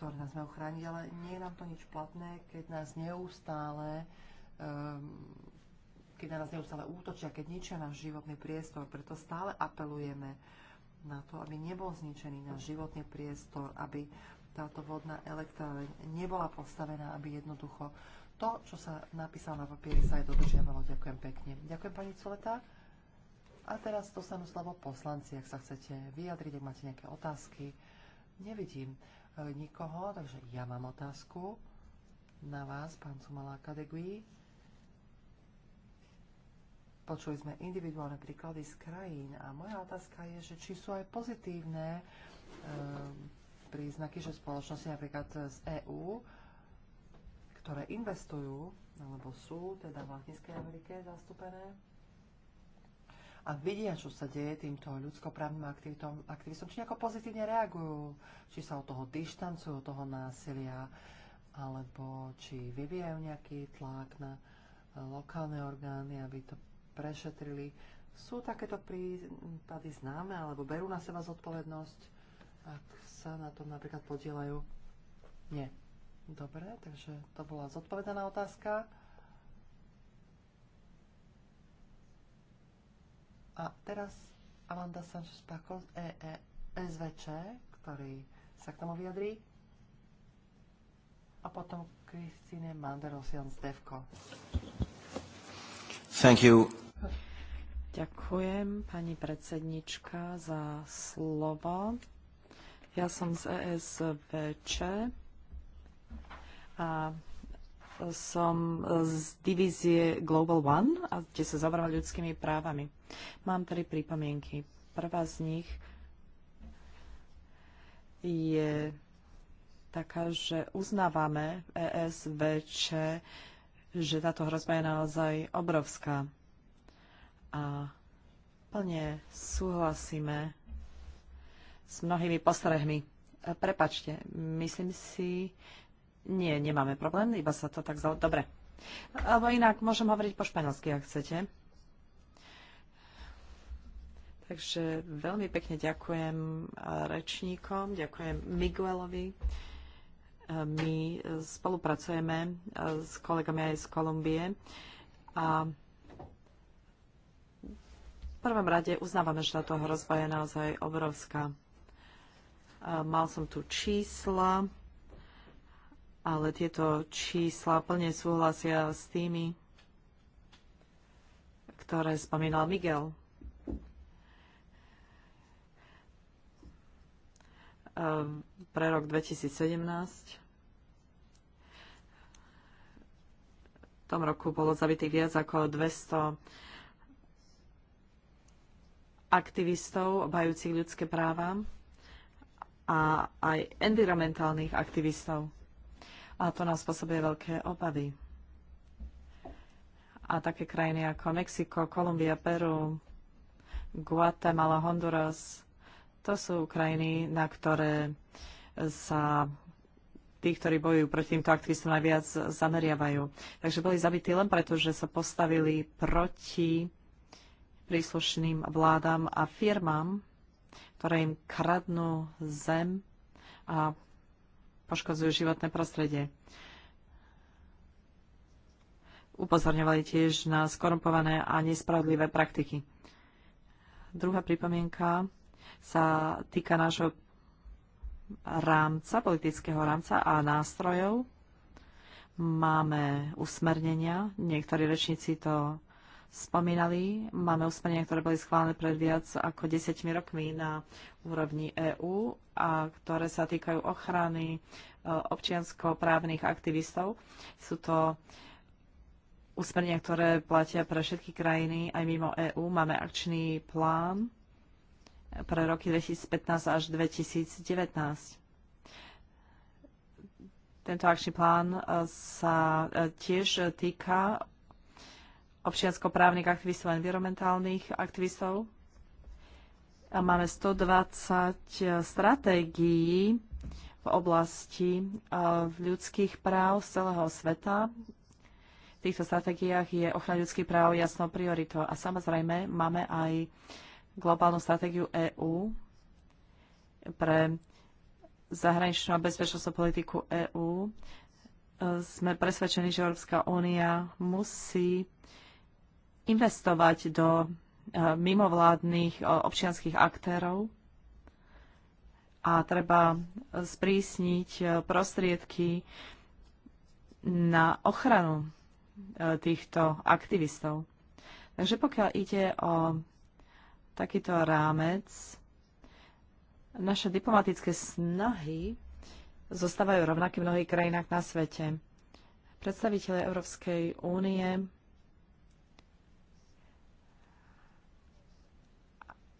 ktoré nás majú chrániť, ale nie je nám to nič platné, keď nás neustále Ehm, keď na nás neustále útočia, keď ničia náš životný priestor. Preto stále apelujeme na to, aby nebol zničený náš životný priestor, aby táto vodná elektráreň nebola postavená, aby jednoducho to, čo sa napísalo na papieri, sa aj dodržiavalo. Ďakujem pekne. Ďakujem pani Coleta. A teraz to dostanú slovo poslanci, ak sa chcete vyjadriť, ak máte nejaké otázky. Nevidím eh, nikoho, takže ja mám otázku na vás, pán Sumala Kadegui. Počuli sme individuálne príklady z krajín a moja otázka je, že či sú aj pozitívne e, príznaky, že spoločnosti napríklad z EÚ, ktoré investujú, alebo sú teda v Latinskej Amerike zastúpené, a vidia, čo sa deje týmto ľudskoprávnym aktivitom, aktivistom, či nejako pozitívne reagujú, či sa od toho dištancujú, od toho násilia, alebo či vyvíjajú nejaký tlak na lokálne orgány, aby to prešetrili. Sú takéto prípady známe, alebo berú na seba zodpovednosť, ak sa na tom napríklad podielajú? Nie. Dobre, takže to bola zodpovedaná otázka. A teraz Amanda Sanchez Paco z e e SVČ, ktorý sa k tomu vyjadrí. A potom Kristine Manderosian z DEVKO. Thank you. Ďakujem pani predsednička za slovo. Ja som z ESVČ a som z divízie Global One, a kde sa zabrala ľudskými právami. Mám tri pripomienky. Prvá z nich je taká, že uznávame ESVČ, že táto hrozba je naozaj obrovská a plne súhlasíme s mnohými postrehmi. E, prepačte, myslím si, nie, nemáme problém, iba sa to tak zaujíma. Dobre. Alebo inak, môžem hovoriť po španielsky, ak chcete. Takže veľmi pekne ďakujem e, rečníkom, ďakujem Miguelovi. E, my spolupracujeme s kolegami aj z Kolumbie a prvom rade uznávame, že táto hrozba je naozaj obrovská. Mal som tu čísla, ale tieto čísla plne súhlasia s tými, ktoré spomínal Miguel. Pre rok 2017 v tom roku bolo zabitých viac ako 200 aktivistov obhajúcich ľudské práva a aj environmentálnych aktivistov. A to nás spôsobuje veľké obavy. A také krajiny ako Mexiko, Kolumbia, Peru, Guatemala, Honduras, to sú krajiny, na ktoré sa tí, ktorí bojujú proti týmto aktivistom, najviac zameriavajú. Takže boli zabití len preto, že sa postavili proti príslušným vládam a firmám, ktoré im kradnú zem a poškodzujú životné prostredie. Upozorňovali tiež na skorumpované a nespravodlivé praktiky. Druhá pripomienka sa týka nášho rámca, politického rámca a nástrojov. Máme usmernenia, niektorí rečníci to spomínali, máme usmernenia, ktoré boli schválené pred viac ako 10 rokmi na úrovni EÚ a ktoré sa týkajú ochrany e, občianskoprávnych aktivistov. Sú to usmernenia, ktoré platia pre všetky krajiny aj mimo EÚ. Máme akčný plán pre roky 2015 až 2019. Tento akčný plán e, sa e, tiež týka občiansko právnych aktivistov a environmentálnych aktivistov. A máme 120 eh, stratégií v oblasti eh, ľudských práv z celého sveta. V týchto stratégiách je ochrana ľudských práv jasnou prioritou. A samozrejme máme aj globálnu stratégiu EÚ pre zahraničnú a bezpečnostnú politiku EÚ. Eh, sme presvedčení, že Európska únia musí investovať do e, mimovládnych občianských aktérov a treba sprísniť e, prostriedky na ochranu e, týchto aktivistov. Takže pokiaľ ide o takýto rámec, naše diplomatické snahy zostávajú rovnaké v mnohých krajinách na svete. Predstaviteľe Európskej únie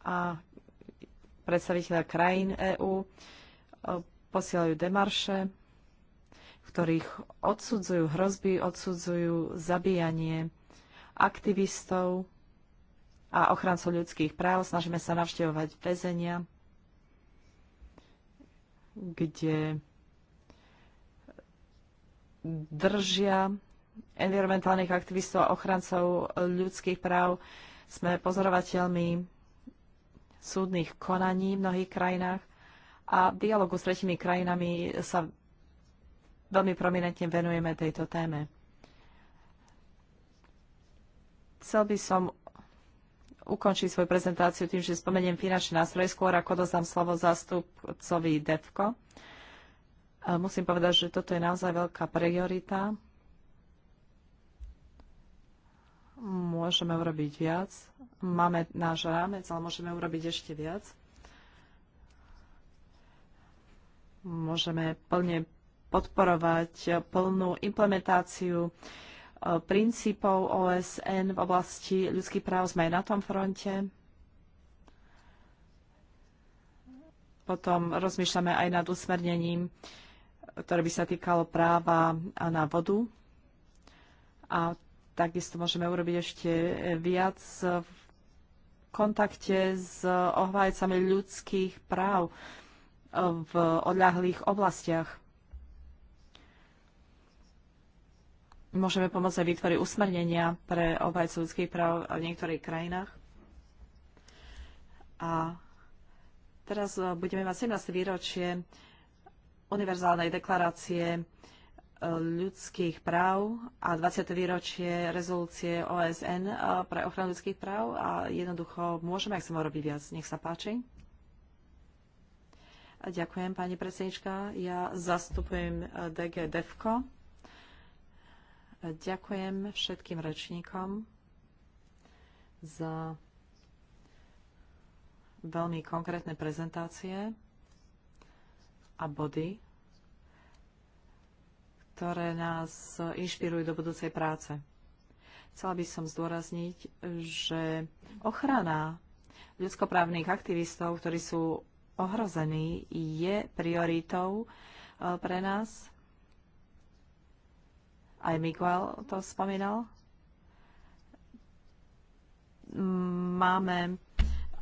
a predstaviteľa krajín EÚ e, posielajú demarše, v ktorých odsudzujú hrozby, odsudzujú zabíjanie aktivistov a ochrancov ľudských práv. Snažíme sa navštevovať väzenia, kde držia environmentálnych aktivistov a ochrancov ľudských práv. Sme pozorovateľmi súdnych konaní v mnohých krajinách a v dialogu s tretimi krajinami sa veľmi prominentne venujeme tejto téme. Chcel by som ukončiť svoju prezentáciu tým, že spomeniem finančné nástroje, skôr ako dozdám slovo zástupcovi DEVKO. Musím povedať, že toto je naozaj veľká priorita môžeme urobiť viac. Máme náš rámec, ale môžeme urobiť ešte viac. Môžeme plne podporovať plnú implementáciu e, princípov OSN v oblasti ľudských práv. Sme aj na tom fronte. Potom rozmýšľame aj nad usmernením, ktoré by sa týkalo práva na vodu. A Takisto môžeme urobiť ešte viac v kontakte s ohvájcami ľudských práv v odľahlých oblastiach. Môžeme pomôcť aj vytvoriť usmernenia pre obhajcov ľudských práv v niektorých krajinách. A teraz eh, budeme mať 17. výročie Univerzálnej deklarácie ľudských práv a 20. výročie rezolúcie OSN eh, pre ochranu ľudských práv a jednoducho môžeme, ak sa má robiť viac. Nech sa páči. ďakujem, pani predsednička. Ja zastupujem eh, DG DEFCO. Ďakujem všetkým rečníkom za veľmi konkrétne prezentácie a body, ktoré nás inšpirujú do budúcej práce. Chcela by som zdôrazniť, že ochrana ľudskoprávnych aktivistov, ktorí sú ohrození, je prioritou e, pre nás. Aj Miguel to spomínal. Máme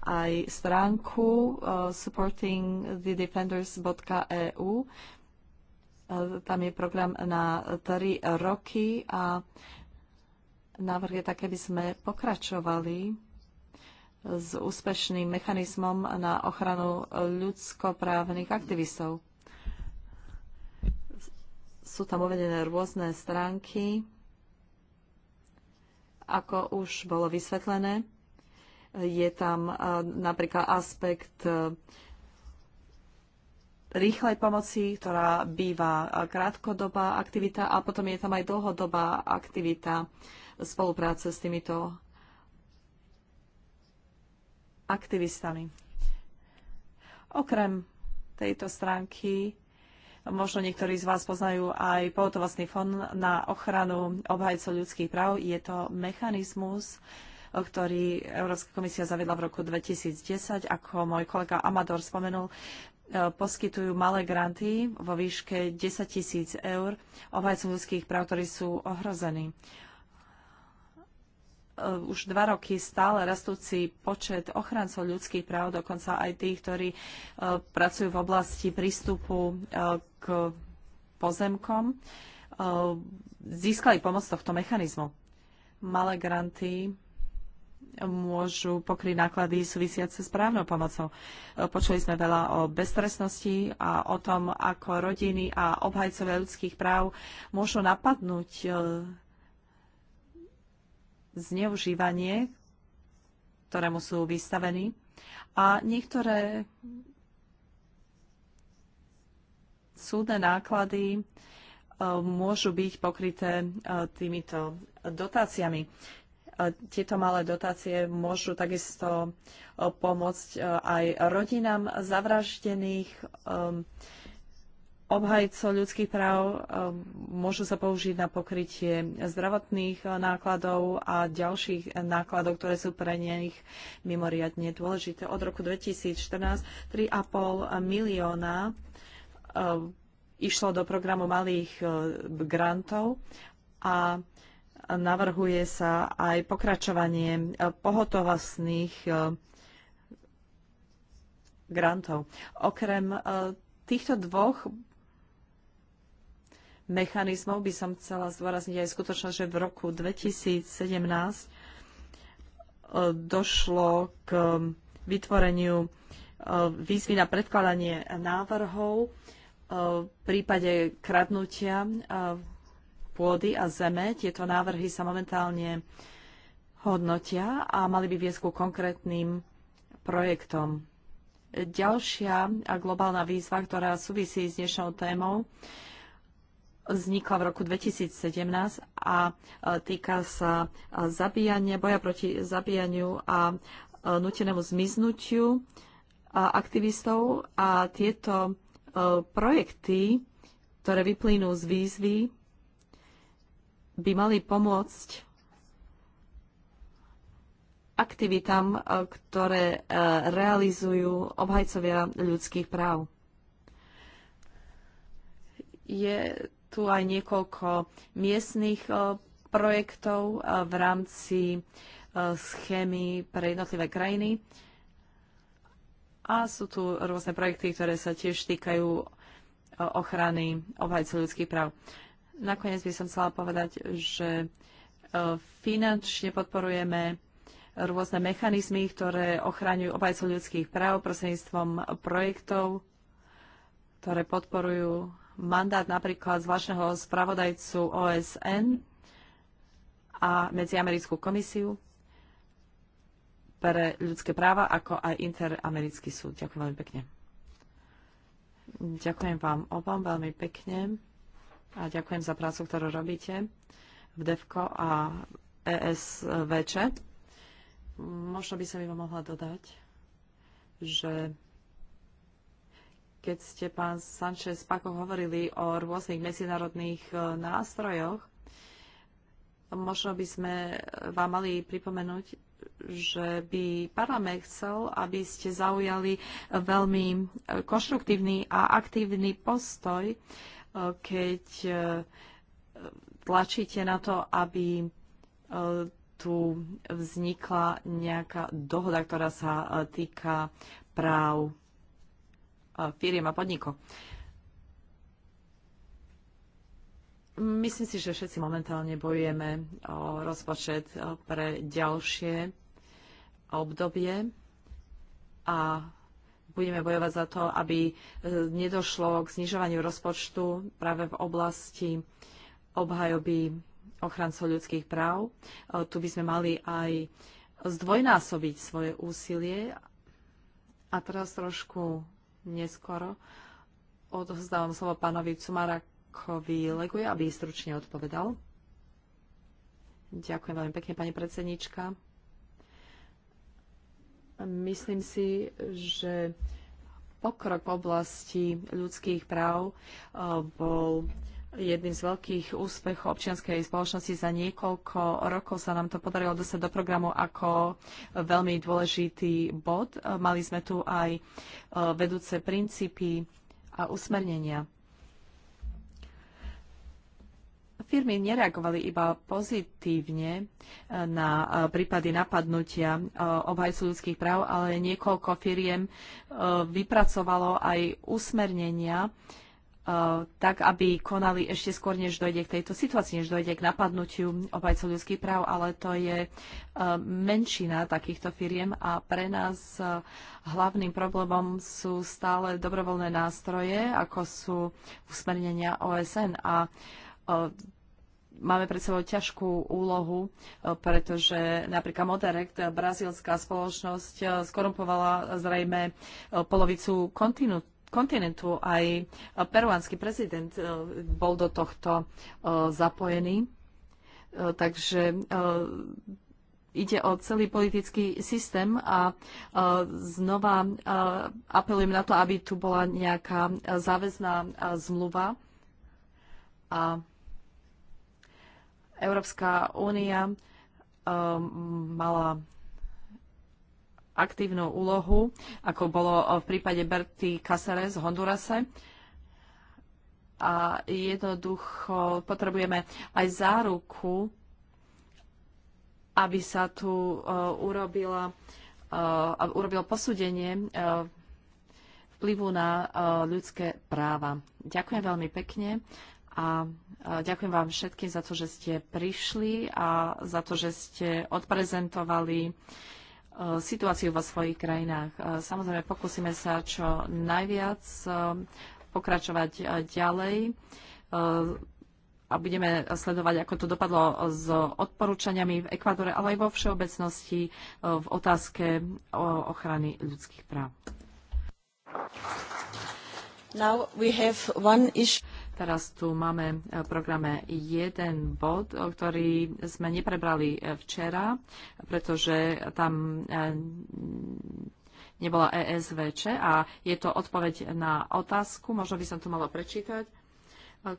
aj stránku e, supportingthedefenders.eu, tam je program na 3 roky a návrh je tak, aby sme pokračovali s úspešným mechanizmom na ochranu ľudskoprávnych aktivistov. Sú tam uvedené rôzne stránky, ako už bolo vysvetlené. Je tam eh, napríklad aspekt eh, rýchlej pomoci, ktorá býva krátkodobá aktivita a potom je tam aj dlhodobá aktivita spolupráce s týmito aktivistami. Okrem tejto stránky možno niektorí z vás poznajú aj pohotovostný fond na ochranu obhajcov ľudských práv. Je to mechanizmus, ktorý Európska komisia zavedla v roku 2010. Ako môj kolega Amador spomenul, E, poskytujú malé granty vo výške 10 tisíc eur obhajcom ľudských práv, ktorí sú ohrození. E, už dva roky stále rastúci počet ochrancov ľudských práv, dokonca aj tých, ktorí e, pracujú v oblasti prístupu k pozemkom, získali pomoc tohto mechanizmu. Malé granty môžu pokryť náklady súvisiace s právnou pomocou. Počuli sme veľa o beztresnosti a o tom, ako rodiny a obhajcovia ľudských práv môžu napadnúť e, zneužívanie, ktorému sú vystavení. A niektoré súdne náklady e, môžu byť pokryté e, týmito dotáciami. Tieto malé dotácie môžu takisto e, pomôcť e, aj rodinám zavraždených ehm, obhajcov ľudských práv ehm, môžu sa použiť na pokrytie zdravotných e, nákladov a ďalších nákladov, ktoré sú pre nich mimoriadne dôležité. Od roku 2014 3,5 milióna ehm, išlo do programu malých grantov a navrhuje sa aj pokračovanie e, pohotovostných e, grantov. Okrem e, týchto dvoch mechanizmov by som chcela zdôrazniť aj skutočnosť, že v roku 2017 došlo k vytvoreniu výzvy na predkladanie návrhov v prípade kradnutia pôdy a zeme. Tieto návrhy sa momentálne hodnotia a mali by viesť ku konkrétnym projektom. Ďalšia globálna výzva, ktorá súvisí s dnešnou témou, vznikla v roku 2017 a e, týka sa e, zabíjania, boja proti zabíjaniu a e, nutenému zmiznutiu aktivistov a tieto projekty, ktoré vyplynú z výzvy, by mali pomôcť aktivitám, e, ktoré e, realizujú obhajcovia ľudských práv. Je tu aj niekoľko miestných e, projektov v rámci schémy pre jednotlivé krajiny. A sú tu rôzne projekty, ktoré sa tiež týkajú ochrany obhajcov ľudských práv. Nakoniec by som chcela povedať, že e, finančne podporujeme rôzne mechanizmy, ktoré ochraňujú obajcov ľudských práv prostredníctvom projektov, ktoré podporujú mandát napríklad zvláštneho spravodajcu OSN a Medziamerickú komisiu pre ľudské práva, ako aj Interamerický súd. Ďakujem veľmi pekne. Ďakujem vám obom veľmi pekne a ďakujem za prácu, ktorú robíte v DEVKO a ESVČ. Možno by som vám mohla dodať, že keď ste, pán Sanchez Pako, hovorili o rôznych medzinárodných e, nástrojoch, možno by sme vám mali pripomenúť, že by parlament chcel, aby ste zaujali veľmi e, konštruktívny a aktívny postoj keď e, tlačíte na to, aby e, tu vznikla nejaká dohoda, ktorá sa e, týka práv firiem a podnikov. Myslím si, že všetci momentálne bojujeme o rozpočet pre ďalšie obdobie a budeme bojovať za to, aby e, nedošlo k znižovaniu rozpočtu práve v oblasti obhajoby ochrancov ľudských práv. E, tu by sme mali aj zdvojnásobiť svoje úsilie. A teraz trošku neskoro odhozdávam slovo pánovi Cumarakovi Leguje, aby stručne odpovedal. Ďakujem veľmi pekne, pani predsednička. Myslím si, že pokrok v oblasti ľudských práv eh, bol jedným z veľkých úspechov občianskej spoločnosti. Za niekoľko rokov sa nám to podarilo dostať do programu ako veľmi dôležitý bod. Eh, mali sme tu aj eh, vedúce princípy a usmernenia. Firmy nereagovali iba pozitívne e, na e, prípady napadnutia e, obhajcu ľudských práv, ale niekoľko firiem vypracovalo aj usmernenia, tak, aby konali ešte skôr, než dojde k tejto situácii, než dojde k napadnutiu obhajcov ľudských práv, ale to je menšina takýchto firiem a pre nás hlavným problémom sú stále dobrovoľné nástroje, ako sú usmernenia OSN a máme pred sebou ťažkú úlohu, e, pretože napríklad Modarect, e, brazílska spoločnosť, e, skorumpovala zrejme polovicu kontinentu kontinentu aj peruánsky prezident bol do tohto zapojený. Takže ide o celý politický systém a znova apelujem na to, aby tu bola nejaká záväzná zmluva a Európska únia um, mala aktívnu úlohu, ako bolo v prípade Berty Caceres v Hondurase. A jednoducho potrebujeme aj záruku, aby sa tu uh, urobila, uh, urobilo posúdenie uh, vplyvu na uh, ľudské práva. Ďakujem veľmi pekne. A ďakujem vám všetkým za to, že ste prišli a za to, že ste odprezentovali e, situáciu vo svojich krajinách. E, samozrejme, pokúsime sa čo najviac e, pokračovať ďalej a budeme sledovať, ako to dopadlo s odporúčaniami v Ekvádore, ale aj vo všeobecnosti v otázke o ochrany ľudských práv. Now we have one issue. Teraz tu máme eh, v programe jeden bod, ktorý sme neprebrali eh, včera, pretože tam eh, nebola ESVČ a je to odpoveď na otázku. Možno by som to mala prečítať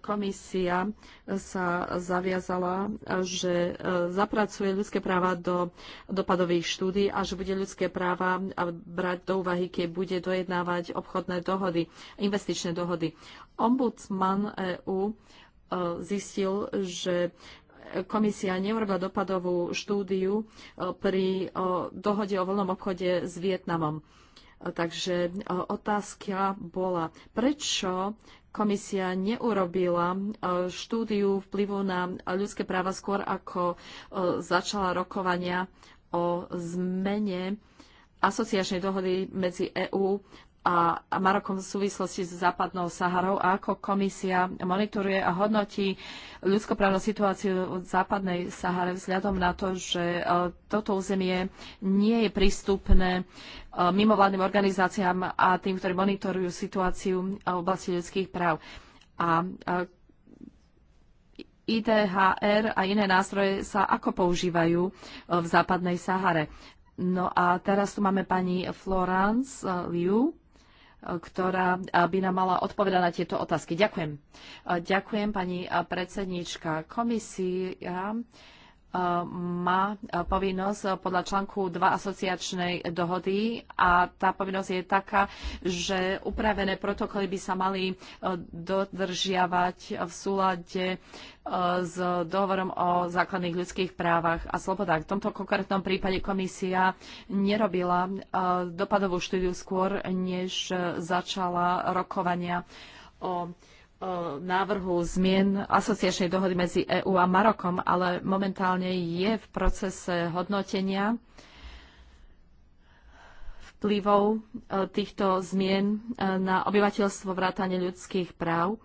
komisia sa zaviazala, že e, zapracuje ľudské práva do dopadových štúdí a že bude ľudské práva brať do úvahy, keď bude dojednávať obchodné dohody, investičné dohody. Ombudsman EÚ e, zistil, že komisia neurobila dopadovú štúdiu e, pri dohode o voľnom obchode s Vietnamom Takže e, otázka bola, prečo komisia neurobila e, štúdiu vplyvu na ľudské práva skôr, ako e, začala rokovania o zmene asociačnej dohody medzi EÚ a Marokom v súvislosti s západnou Saharou a ako komisia monitoruje a hodnotí ľudskoprávnu situáciu v západnej Sahare vzhľadom na to, že e, toto územie nie je prístupné e, mimovládnym organizáciám a tým, ktorí monitorujú situáciu e, v oblasti ľudských práv. A IDHR a iné nástroje sa ako používajú v západnej Sahare. No a teraz tu máme pani Florence Liu, ktorá eh, by nám mala odpovedať na tieto otázky. Ďakujem. Eh, ďakujem, pani eh, predsednička. Komisia má povinnosť podľa článku 2 asociačnej dohody a tá povinnosť je taká, že upravené protokoly by sa mali dodržiavať v súlade s dohovorom o základných ľudských právach a slobodách. V tomto konkrétnom prípade komisia nerobila e, dopadovú štúdiu skôr, než začala rokovania o e, návrhu zmien asociačnej dohody medzi EÚ a Marokom, ale momentálne je v procese hodnotenia vplyvov e, týchto zmien na obyvateľstvo vrátane ľudských práv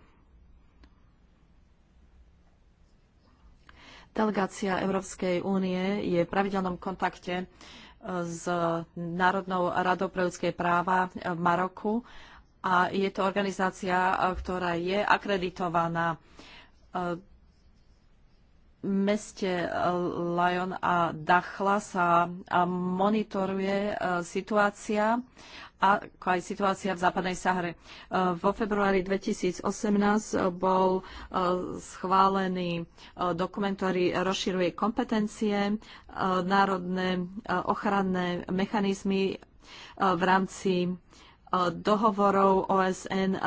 Delegácia Európskej únie je v pravidelnom kontakte e, s Národnou radou pre ľudské práva e, v Maroku a je to organizácia, e, ktorá je akreditovaná meste Lyon a Dachla sa monitoruje situácia ako aj situácia v západnej Sahare. Eh, vo februári 2018 bol eh, schválený eh, dokument, ktorý rozširuje kompetencie, národné ochranné mechanizmy v rámci dohovorov OSN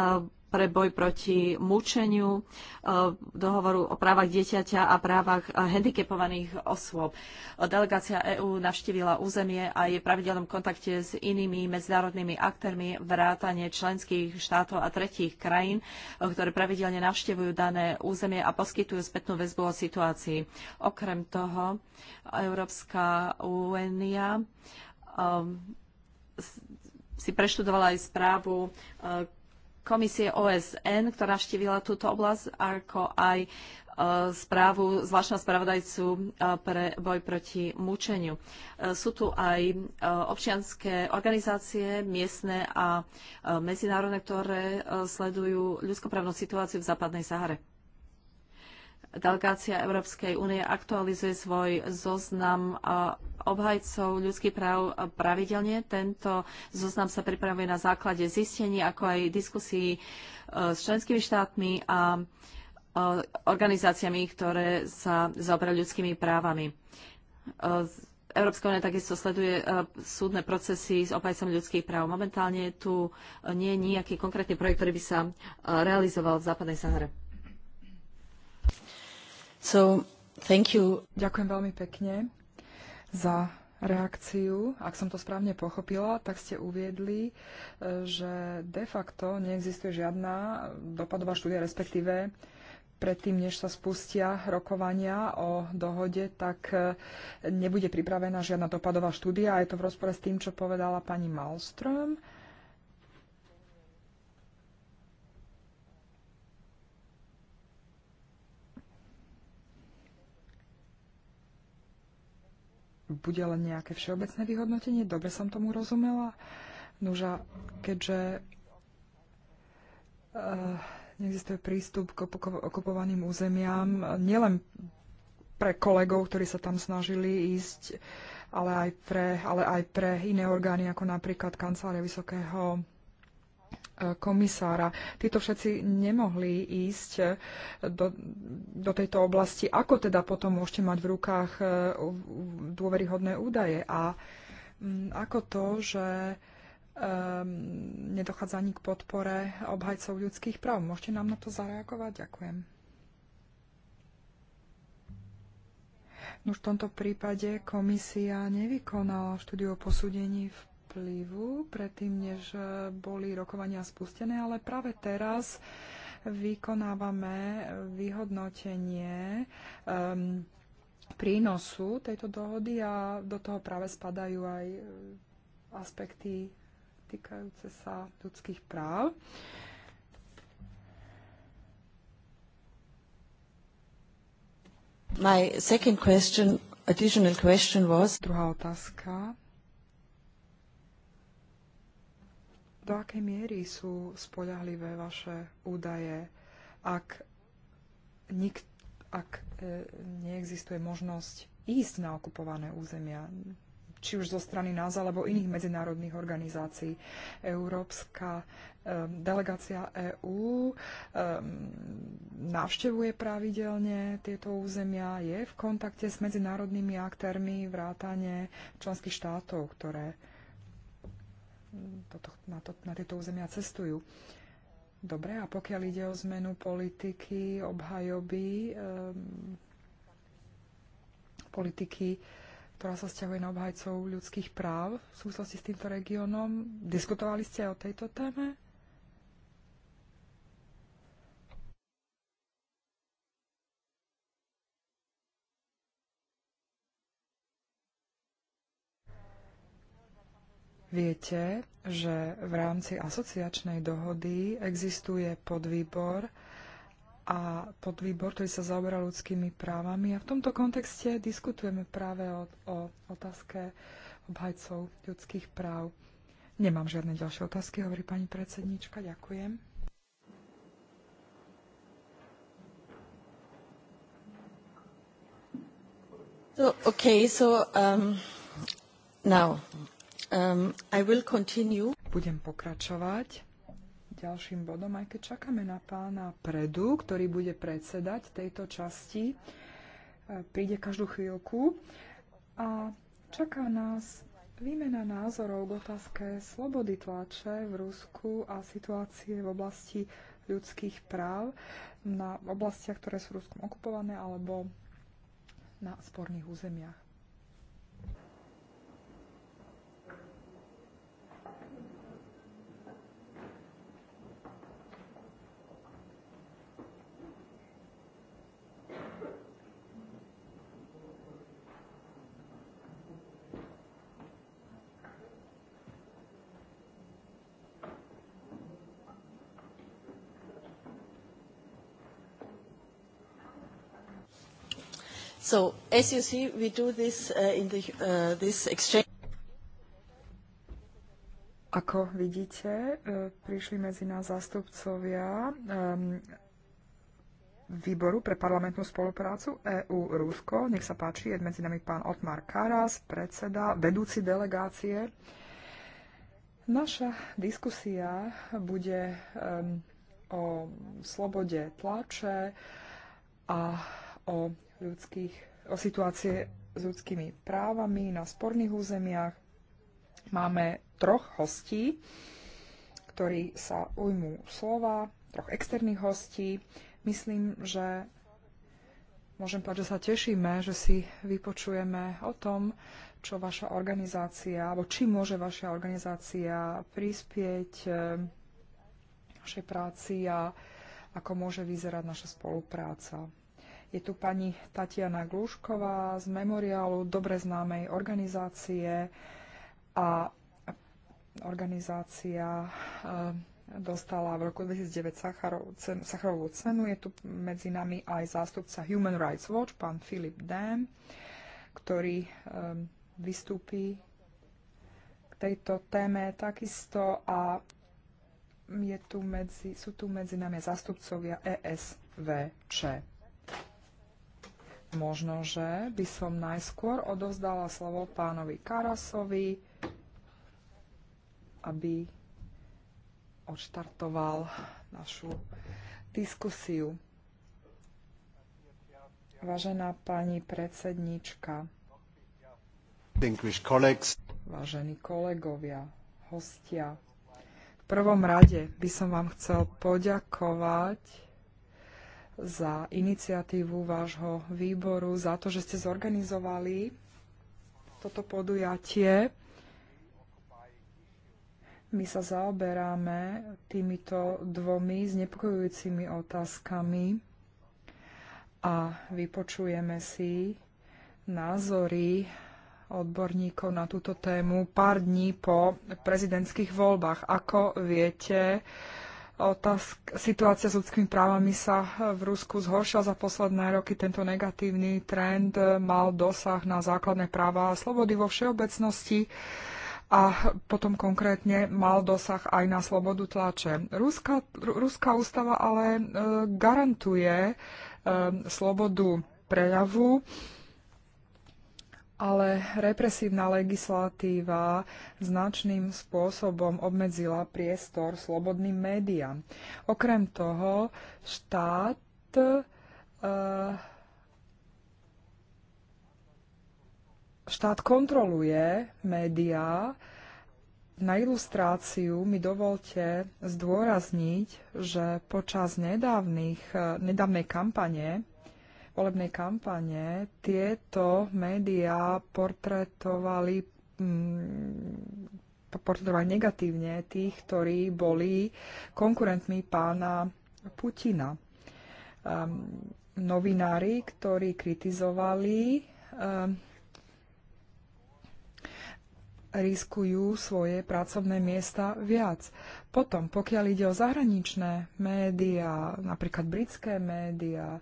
pre boj proti mučeniu, e, dohovoru o právach dieťaťa a právach e, handicapovaných osôb. Delegácia EÚ navštívila územie a je v pravidelnom kontakte s inými medzinárodnými aktérmi vrátane členských štátov a tretích krajín, e, ktoré pravidelne navštevujú dané územie a poskytujú spätnú väzbu o situácii. Okrem toho, Európska únia um, si preštudovala aj správu uh, komisie OSN, ktorá štívila túto oblasť, ako aj e, správu zvláštna spravodajcu e, pre boj proti mučeniu. E, sú tu aj občianské organizácie, miestne a medzinárodné, ktoré sledujú ľudskoprávnu situáciu v západnej Sahare. Delegácia Európskej únie aktualizuje svoj zoznam obhajcov ľudských práv pravidelne. Tento zoznam sa pripravuje na základe zistení, ako aj diskusí e, s členskými štátmi a e, organizáciami, ktoré sa zaoberajú ľudskými právami. E, Európska únia takisto sleduje súdne procesy s obhajcami ľudských práv. Momentálne tu nie je nejaký konkrétny projekt, ktorý by sa realizoval v západnej Sahare. So, thank you. Ďakujem veľmi pekne za reakciu. Ak som to správne pochopila, tak ste uviedli, e, že de facto neexistuje žiadna dopadová štúdia, respektíve predtým, než sa spustia rokovania o dohode, tak e, nebude pripravená žiadna dopadová štúdia a je to v rozpore s tým, čo povedala pani Malström. bude len nejaké všeobecné vyhodnotenie? Dobre som tomu rozumela? Nuža, keďže uh, neexistuje prístup k okupovaným územiam, nielen pre kolegov, ktorí sa tam snažili ísť, ale aj pre, ale aj pre iné orgány, ako napríklad kancelária vysokého komisára. Títo všetci nemohli ísť do, do tejto oblasti. Ako teda potom môžete mať v rukách e, dôveryhodné údaje? A mm, ako to, že um, nedochádza ani k podpore obhajcov ľudských práv? Môžete nám na to zareagovať? Ďakujem. No v tomto prípade komisia nevykonala štúdiu o posúdení v vplyvu predtým, než e, boli rokovania spustené, ale práve teraz vykonávame vyhodnotenie um, prínosu tejto dohody a do toho práve spadajú aj e, aspekty týkajúce sa ľudských práv. My second question, additional question was... Druhá otázka do akej miery sú spoľahlivé vaše údaje, ak, nik, ak e, neexistuje možnosť ísť na okupované územia, či už zo strany nás alebo iných medzinárodných organizácií. Európska e, delegácia EÚ e, navštevuje pravidelne tieto územia, je v kontakte s medzinárodnými aktérmi vrátane členských štátov, ktoré do na, to, na tieto územia cestujú. Dobre, a pokiaľ ide o zmenu politiky, obhajoby, um, politiky, ktorá sa stiahuje na obhajcov ľudských práv v súvislosti s týmto regiónom, diskutovali ste aj o tejto téme? Viete, že v rámci asociačnej dohody existuje podvýbor a podvýbor, ktorý sa zaoberá ľudskými právami. A v tomto kontexte diskutujeme práve o, o otázke obhajcov ľudských práv. Nemám žiadne ďalšie otázky, hovorí pani predsednička. Ďakujem. So, okay, so, um, now Um, Budem pokračovať ďalším bodom, aj keď čakáme na pána Predu, ktorý bude predsedať tejto časti. E, príde každú chvíľku. A čaká nás výmena názorov k otázke slobody tlače v Rusku a situácie v oblasti ľudských práv na oblastiach, ktoré sú Ruskom okupované alebo na sporných územiach. So, as you see, we do this uh, in uh, this exchange. Ako vidíte, uh, prišli medzi nás zástupcovia um, výboru pre parlamentnú spoluprácu EU-Rusko. Nech sa páči, je medzi nami pán Otmar Karas, predseda, vedúci delegácie. Naša diskusia bude um, o slobode tlače a o ľudských, o situácie s ľudskými právami na sporných územiach. Máme troch hostí, ktorí sa ujmú slova, troch externých hostí. Myslím, že môžem povedať, že sa tešíme, že si vypočujeme o tom, čo vaša organizácia, alebo či môže vaša organizácia prispieť našej eh, práci a ako môže vyzerať naša spolupráca. Je tu pani Tatiana Glušková z memoriálu dobre známej organizácie a organizácia eh, dostala v roku 2009 Sacharovú cenu. Je tu medzi nami aj zástupca Human Rights Watch, pán Filip Dam, ktorý eh, vystúpi k tejto téme takisto a je tu medzi, sú tu medzi nami zástupcovia ESVČ. Možno, že by som najskôr odovzdala slovo pánovi Karasovi, aby odštartoval našu diskusiu. Vážená pani predsednička, vážení kolegovia, hostia, v prvom rade by som vám chcel poďakovať za iniciatívu vášho výboru, za to, že ste zorganizovali toto podujatie. My sa zaoberáme týmito dvomi znepokojujúcimi otázkami a vypočujeme si názory odborníkov na túto tému pár dní po prezidentských voľbách. Ako viete, otázk, situácia s ľudskými právami sa v Rusku zhoršila za posledné roky. Tento negatívny trend mal dosah na základné práva a slobody vo všeobecnosti a potom konkrétne mal dosah aj na slobodu tlače. Ruská, Ruská ústava ale e, garantuje e, slobodu prejavu ale represívna legislatíva značným spôsobom obmedzila priestor slobodným médiám. Okrem toho, štát eh, štát kontroluje médiá. Na ilustráciu mi dovolte zdôrazniť, že počas nedávnych, nedávnej kampane volebnej kampane tieto médiá portretovali mm, portretovali negatívne tých, ktorí boli konkurentmi pána Putina. Um, novinári, ktorí kritizovali, um, riskujú svoje pracovné miesta viac. Potom, pokiaľ ide o zahraničné médiá, napríklad britské médiá,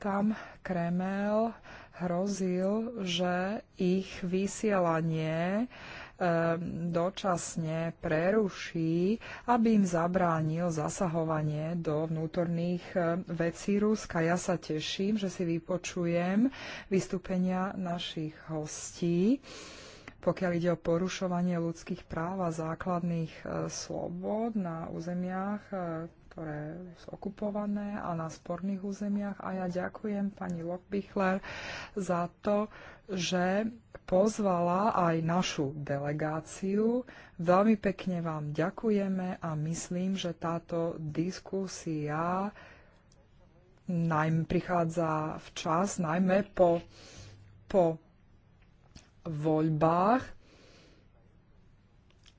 tam Kremel hrozil, že ich vysielanie ehm, dočasne preruší, aby im zabránil zasahovanie do vnútorných ehm, vecí Ruska. Ja sa teším, že si vypočujem vystúpenia našich hostí pokiaľ ide o porušovanie ľudských práv a základných ehm, slobod na územiach ktoré sú okupované a na sporných územiach. A ja ďakujem pani Lochbichler za to, že pozvala aj našu delegáciu. Veľmi pekne vám ďakujeme a myslím, že táto diskusia najmä prichádza v čas, najmä po, po voľbách.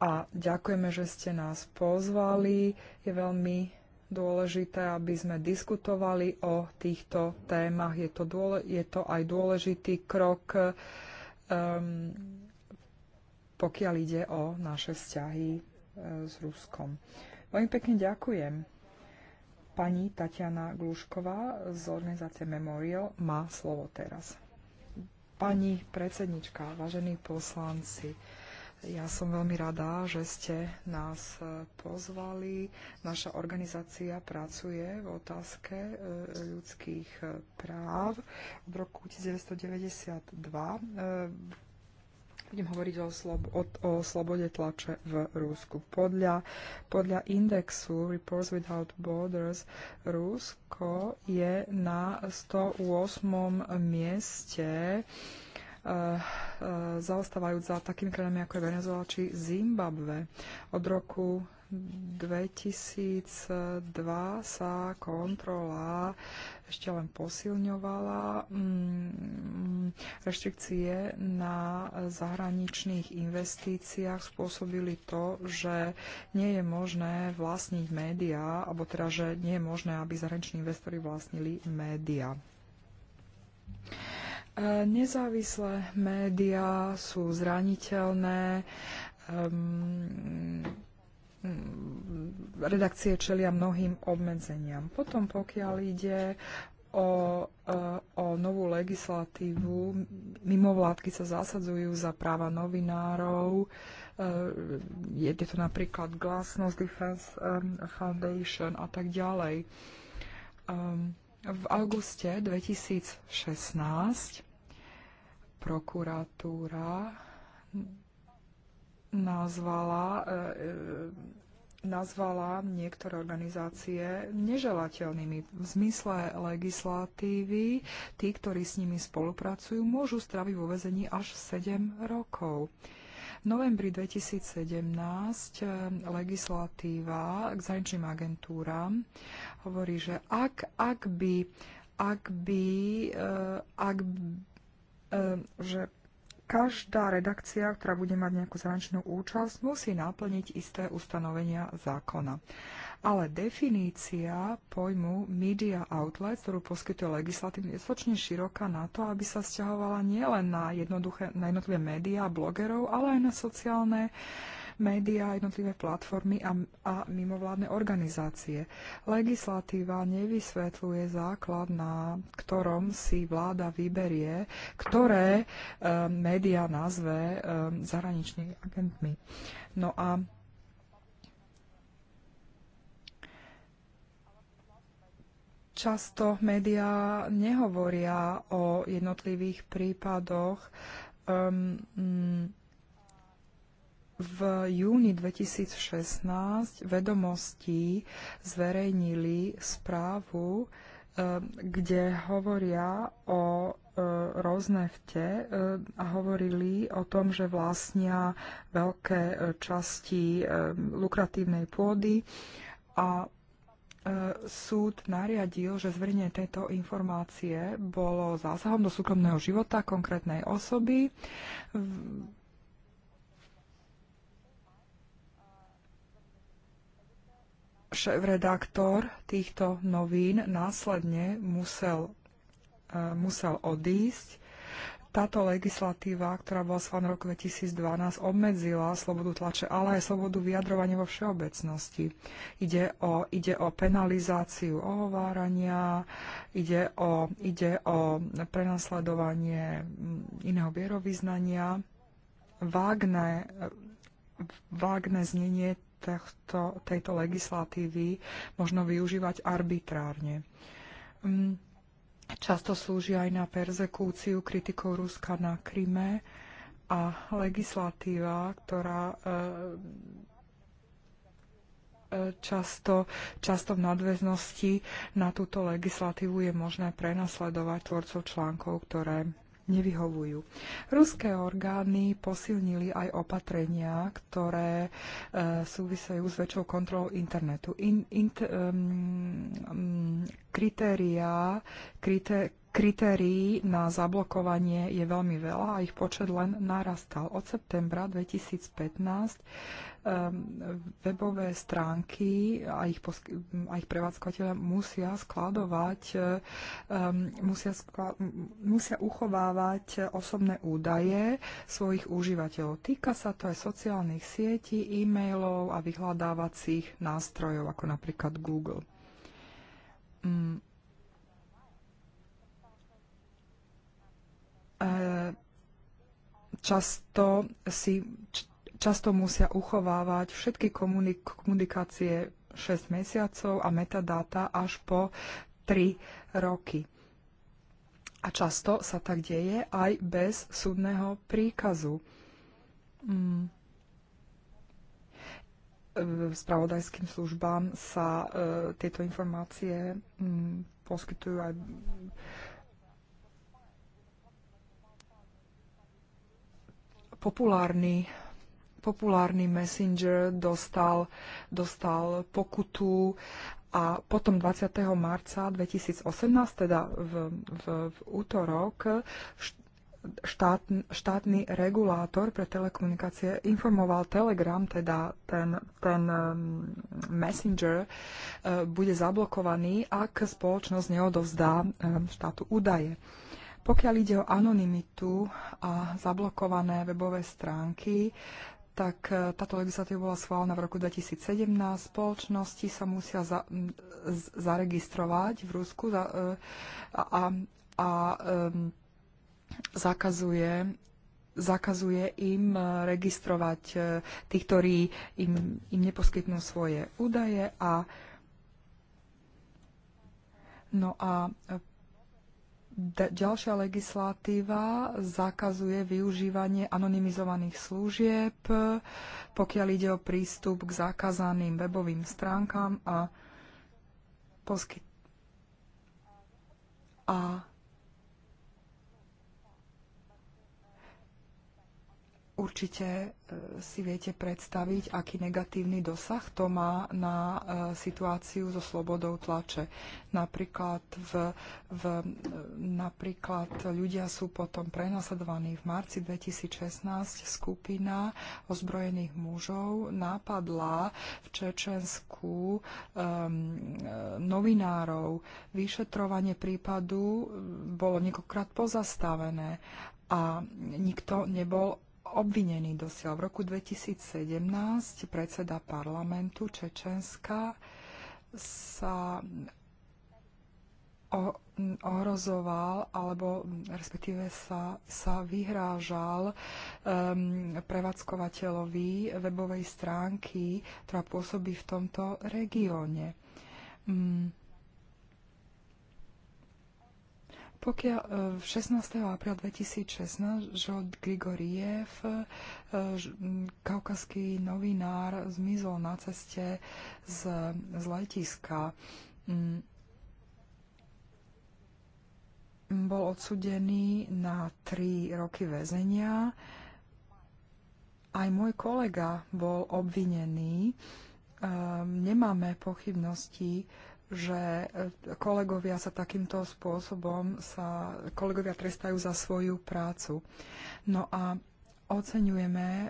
A ďakujeme, že ste nás pozvali. Je veľmi dôležité, aby sme diskutovali o týchto témach. Je to, dôle, je to aj dôležitý krok, um, pokiaľ ide o naše vzťahy e, s Ruskom. Veľmi pekne ďakujem. Pani Tatiana Glušková z organizácie Memorial má slovo teraz. Pani predsednička, vážení poslanci, ja som veľmi rada, že ste nás e, pozvali. Naša organizácia pracuje v otázke e, ľudských e, práv od roku 1992. Budem hovoriť o, slob- o, o slobode tlače v Rúsku. Podľa, podľa indexu Reports Without Borders Rusko je na 108. mieste Eh, zaostávajúc za takými krajinami ako je Venezuela či Zimbabve. Od roku 2002 sa kontrola ešte len posilňovala. Mm, reštrikcie na zahraničných investíciách spôsobili to, že nie je možné vlastniť médiá, alebo teda, že nie je možné, aby zahraniční investori vlastnili médiá. Nezávislé médiá sú zraniteľné, ehm, redakcie čelia mnohým obmedzeniam. Potom, pokiaľ ide o, e, o novú legislatívu, mimovládky sa zasadzujú za práva novinárov, e, je to napríklad Glasnost Defense ehm, Foundation a tak ďalej. Ehm, v auguste 2016 prokuratúra nazvala, e, nazvala niektoré organizácie neželateľnými. V zmysle legislatívy tí, ktorí s nimi spolupracujú, môžu straviť vo vezení až 7 rokov novembri 2017 eh, legislatíva k zahraničným agentúram hovorí, že ak, ak by, ak by, eh, ak by, eh, že každá redakcia, ktorá bude mať nejakú zahraničnú účasť, musí naplniť isté ustanovenia zákona ale definícia pojmu media outlet, ktorú poskytuje legislatívne, je zločne široká na to, aby sa stiahovala nielen na, na jednotlivé médiá, blogerov, ale aj na sociálne médiá, jednotlivé platformy a, a mimovládne organizácie. Legislatíva nevysvetľuje základ, na ktorom si vláda vyberie, ktoré e, médiá nazve e, zahraničnými agentmi. No a Často médiá nehovoria o jednotlivých prípadoch. Um, v júni 2016 vedomosti zverejnili správu, um, kde hovoria o uh, Roznefte um, a hovorili o tom, že vlastnia veľké uh, časti um, lukratívnej pôdy a E, súd nariadil, že zverejnenie tejto informácie bolo zásahom do súkromného života konkrétnej osoby. Šéf-redaktor týchto novín následne musel, e, musel odísť táto legislatíva, ktorá bola schválená v roku 2012, obmedzila slobodu tlače, ale aj slobodu vyjadrovania vo všeobecnosti. Ide o, ide o penalizáciu ohovárania, ide o, ide o prenasledovanie mm, iného vierovýznania. Vágne, vágne znenie tohto, tejto legislatívy možno využívať arbitrárne. Mm, Často slúžia aj na perzekúciu kritikov Ruska na Kryme a legislatíva, ktorá e, e, často, často v nadväznosti na túto legislatívu je možné prenasledovať tvorcov článkov, ktoré nevyhovujú. Ruské orgány posilnili aj opatrenia, ktoré e, súvisejú s väčšou kontrolou internetu. In, in, um, um, kritéria, krité, Kritérií na zablokovanie je veľmi veľa a ich počet len narastal. Od septembra 2015 webové stránky a ich, a ich prevádzkovateľe musia skladovať, e, musia, skla, musia uchovávať osobné údaje svojich užívateľov. Týka sa to aj sociálnych sietí, e-mailov a vyhľadávacích nástrojov, ako napríklad Google. Um, Často si často musia uchovávať všetky komunik- komunikácie 6 mesiacov a metadáta až po 3 roky. A často sa tak deje aj bez súdneho príkazu. Mm. Spravodajským službám sa e, tieto informácie mm, poskytujú aj populárny populárny messenger dostal, dostal pokutu a potom 20. marca 2018, teda v, v, v útorok, štát, štátny regulátor pre telekomunikácie informoval Telegram, teda ten, ten mm, messenger e, bude zablokovaný, ak spoločnosť neodovzdá e, štátu údaje. Pokiaľ ide o anonymitu a zablokované webové stránky, tak e, táto legislatíva bola schválená v roku 2017. Spoločnosti sa musia za, z, zaregistrovať v Rusku za, e, a, a, a um, zakazuje zakazuje im e, registrovať tých, ktorí im, im neposkytnú svoje údaje a no a Ďalšia legislatíva zakazuje využívanie anonymizovaných služieb, pokiaľ ide o prístup k zakázaným webovým stránkam a poskyt a Určite e, si viete predstaviť, aký negatívny dosah to má na e, situáciu so slobodou tlače. Napríklad, v, v, e, napríklad ľudia sú potom prenasledovaní. V marci 2016 skupina ozbrojených mužov nápadla v Čečensku um, novinárov. Vyšetrovanie prípadu bolo niekoľkokrát pozastavené a nikto nebol obvinený dosiaľ. V roku 2017 predseda parlamentu Čečenska sa ohrozoval alebo respektíve sa, sa vyhrážal um, prevádzkovateľovi webovej stránky, ktorá pôsobí v tomto regióne. Um, Pokiaľ 16. E, apríla 2016 Žod Grigoriev, e, kaukaský novinár, zmizol na ceste z, z letiska. Mm. Bol odsudený na 3 roky väzenia. Aj môj kolega bol obvinený. E, nemáme pochybnosti, že e, kolegovia sa takýmto spôsobom sa, kolegovia trestajú za svoju prácu. No a oceňujeme e,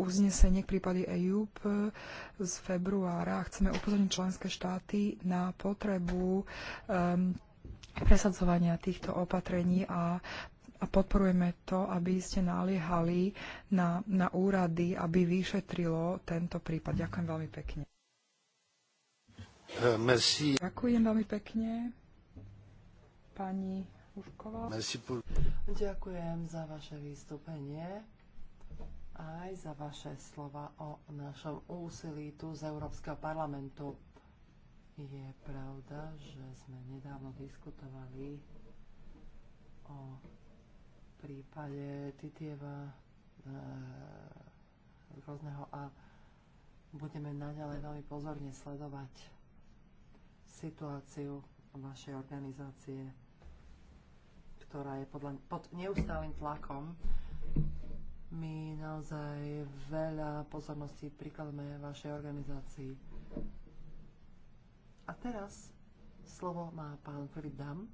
uznesenie k prípady EUP e, z februára. Chceme upozorniť členské štáty na potrebu um, presadzovania týchto opatrení a a podporujeme to, aby ste naliehali na, na úrady, aby vyšetrilo tento prípad. Ďakujem veľmi pekne. Eh, merci. Ďakujem veľmi pekne, pani Užková. Merci pour... Ďakujem za vaše vystúpenie aj za vaše slova o našom úsilí tu z Európskeho parlamentu. Je pravda, že sme nedávno diskutovali o prípade Titieva e, eh, rôzneho a budeme naďalej veľmi pozorne sledovať situáciu vašej organizácie, ktorá je podľa, pod neustálým tlakom. My naozaj veľa pozorností prikladáme vašej organizácii. A teraz slovo má pán Filip Dam,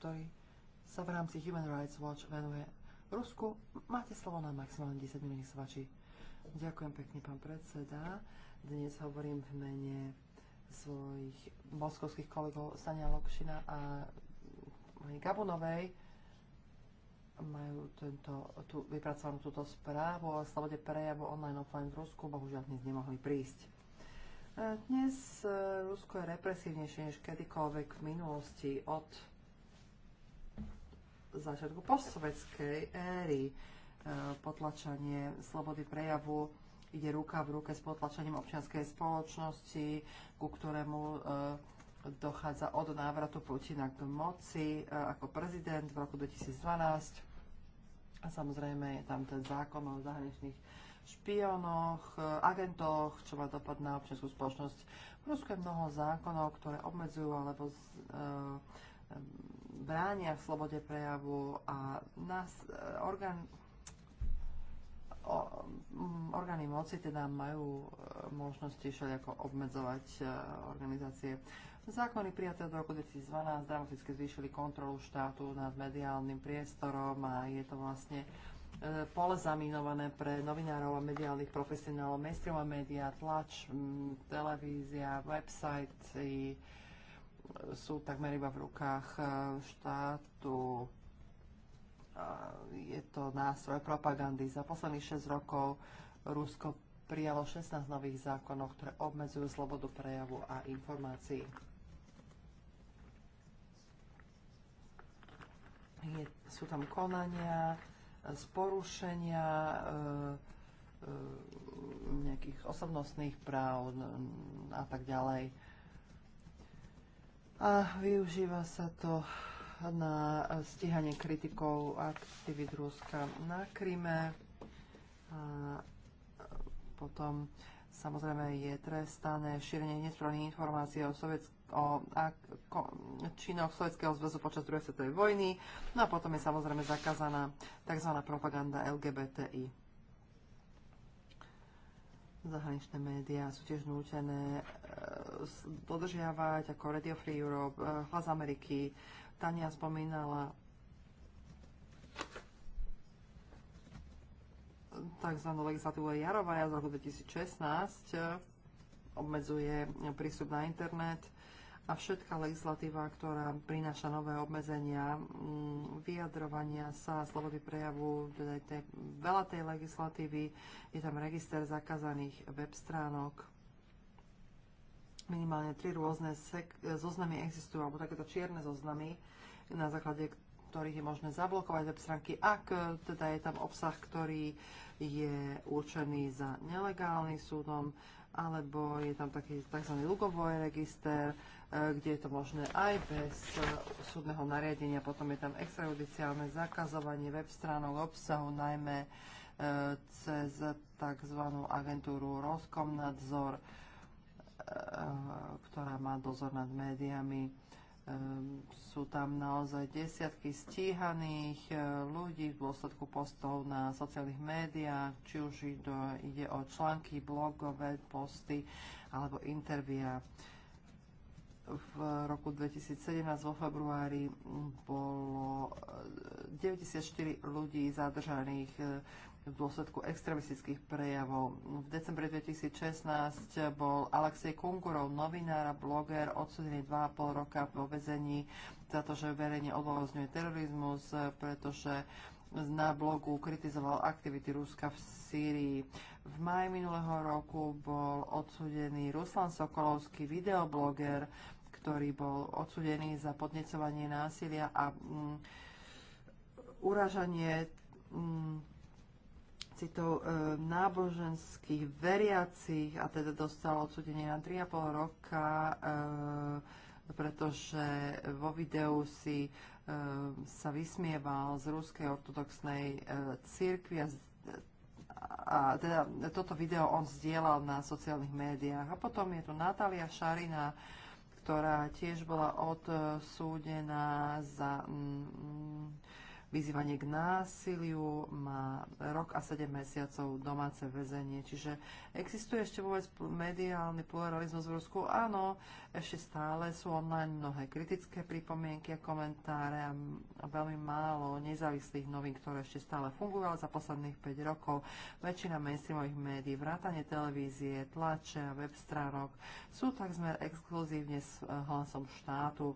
ktorý sa v rámci Human Rights Watch venuje Rusku. Máte slovo na maximálne 10 minút, Ďakujem pekne, pán predseda. Dnes hovorím v mene svojich moskovských kolegov Sania Lokšina a pani Gabunovej majú tento, tu, vypracovanú túto správu o slobode prejavu online offline v Rusku, bohužiaľ dnes nemohli prísť. Dnes e, Rusko je represívnejšie než kedykoľvek v minulosti od začiatku postsovetskej éry. E, potlačanie slobody prejavu ide ruka v ruke s potlačením občianskej spoločnosti, ku ktorému e, dochádza od návratu Putina k moci e, ako prezident v roku 2012. A samozrejme je tam ten zákon o zahraničných špionoch, e, agentoch, čo má dopad na občianskú spoločnosť. V Rusku je mnoho zákonov, ktoré obmedzujú alebo bránia v slobode prejavu a nás, orgán, Mm, orgány moci teda majú e, možnosti všelijako obmedzovať e, organizácie. Zákony prijaté od roku 2012 dramaticky zvýšili kontrolu štátu nad mediálnym priestorom a je to vlastne e, pole zaminované pre novinárov a mediálnych profesionálov, mainstreamová médiá, tlač, televízia, website sú takmer iba v rukách štátu je to nástroj propagandy. Za posledných 6 rokov Rusko prijalo 16 nových zákonov, ktoré obmedzujú slobodu prejavu a informácií. Je, sú tam konania, sporušenia e, e, nejakých osobnostných práv a tak ďalej. A využíva sa to na stíhanie kritikov aktivít Ruska na Kryme. A potom samozrejme je trestané šírenie nesprávnych informácií o, sovietsk- o ak- ko- činoch Sovjetského zväzu počas druhej svetovej vojny. No a potom je samozrejme zakázaná tzv. propaganda LGBTI zahraničné médiá sú tiež nútené e, dodržiavať ako Radio Free Europe, e, Hlas Ameriky, Tania spomínala tzv. legislatívu Jarovaja z roku 2016 eh, obmedzuje prístup na internet a všetká legislatíva, ktorá prináša nové obmedzenia mm, vyjadrovania sa, slobody prejavu, teda tej, veľa tej legislatívy, je tam register zakázaných web stránok, minimálne tri rôzne zoznamy existujú, alebo takéto čierne zoznamy, na základe ktorých je možné zablokovať web stránky, ak e, teda je tam obsah, ktorý je určený za nelegálny súdom, alebo je tam taký tzv. lugovoj register, e, kde je to možné aj bez e, súdneho nariadenia. Potom je tam extrajudiciálne zakazovanie web stránok obsahu, najmä cez tzv. agentúru Roskomnadzor, nadzor Eh, ktorá má dozor nad médiami. Sú tam naozaj desiatky stíhaných eh, ľudí v dôsledku postov na sociálnych médiách, či už ide o články, blogové posty alebo intervia. V roku 2017 vo februári bolo 94 eh, ľudí zadržaných v dôsledku extremistických prejavov. V decembri 2016 bol Alexej Kungurov, novinár a bloger, odsudený 2,5 roka vo vezení za to, že verejne odôvodňuje terorizmus, pretože na blogu kritizoval aktivity Ruska v Sýrii. V maji minulého roku bol odsudený Ruslan Sokolovský, videobloger, ktorý bol odsudený za podnecovanie násilia a um, uražanie um, e, náboženských veriacich a teda dostal odsudenie na 3,5 roka, e, pretože vo videu si e, sa vysmieval z ruskej ortodoxnej e, cirkvi a, a teda toto video on zdieľal na sociálnych médiách. A potom je tu Natália Šarina, ktorá tiež bola odsúdená za mm, vyzývanie k násiliu, má rok a 7 mesiacov domáce väzenie. Čiže existuje ešte vôbec mediálny pluralizmus v Rusku? Áno, ešte stále sú online mnohé kritické pripomienky a komentáre a veľmi málo nezávislých novín, ktoré ešte stále fungujú, ale za posledných 5 rokov väčšina mainstreamových médií, vrátane televízie, tlače a web stránok sú takzmer exkluzívne s eh, hlasom štátu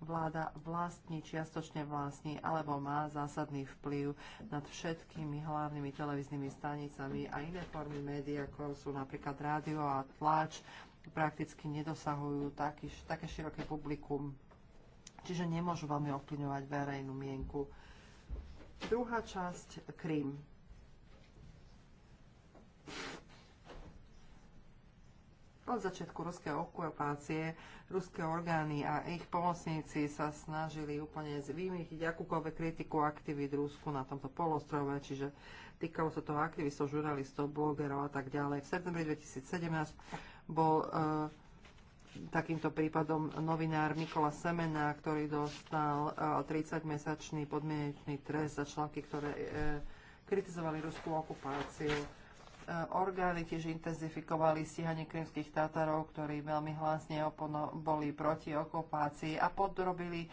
vláda vlastní, čiastočne vlastní alebo má zásadný vplyv nad všetkými hlavnými televíznymi stanicami a iné formy médií, ako sú napríklad rádio a tlač, prakticky nedosahujú taký, také široké publikum. Čiže nemôžu veľmi ovplyvňovať verejnú mienku. Druhá časť, Krym Od začiatku ruskej okupácie ruské orgány a ich pomocníci sa snažili úplne vymýtiť akúkoľvek kritiku aktivít Rusku na tomto polostrove, čiže týkalo sa toho aktivistov, žurnalistov, blogerov a tak ďalej. V septembri 2017 bol e, takýmto prípadom novinár Nikola Semena, ktorý dostal 30-mesačný e, podmienečný trest za články, ktoré e, kritizovali ruskú okupáciu. Eh, orgány tiež intenzifikovali stíhanie krymských Tatarov, ktorí veľmi hlasne boli proti okupácii a podrobili eh,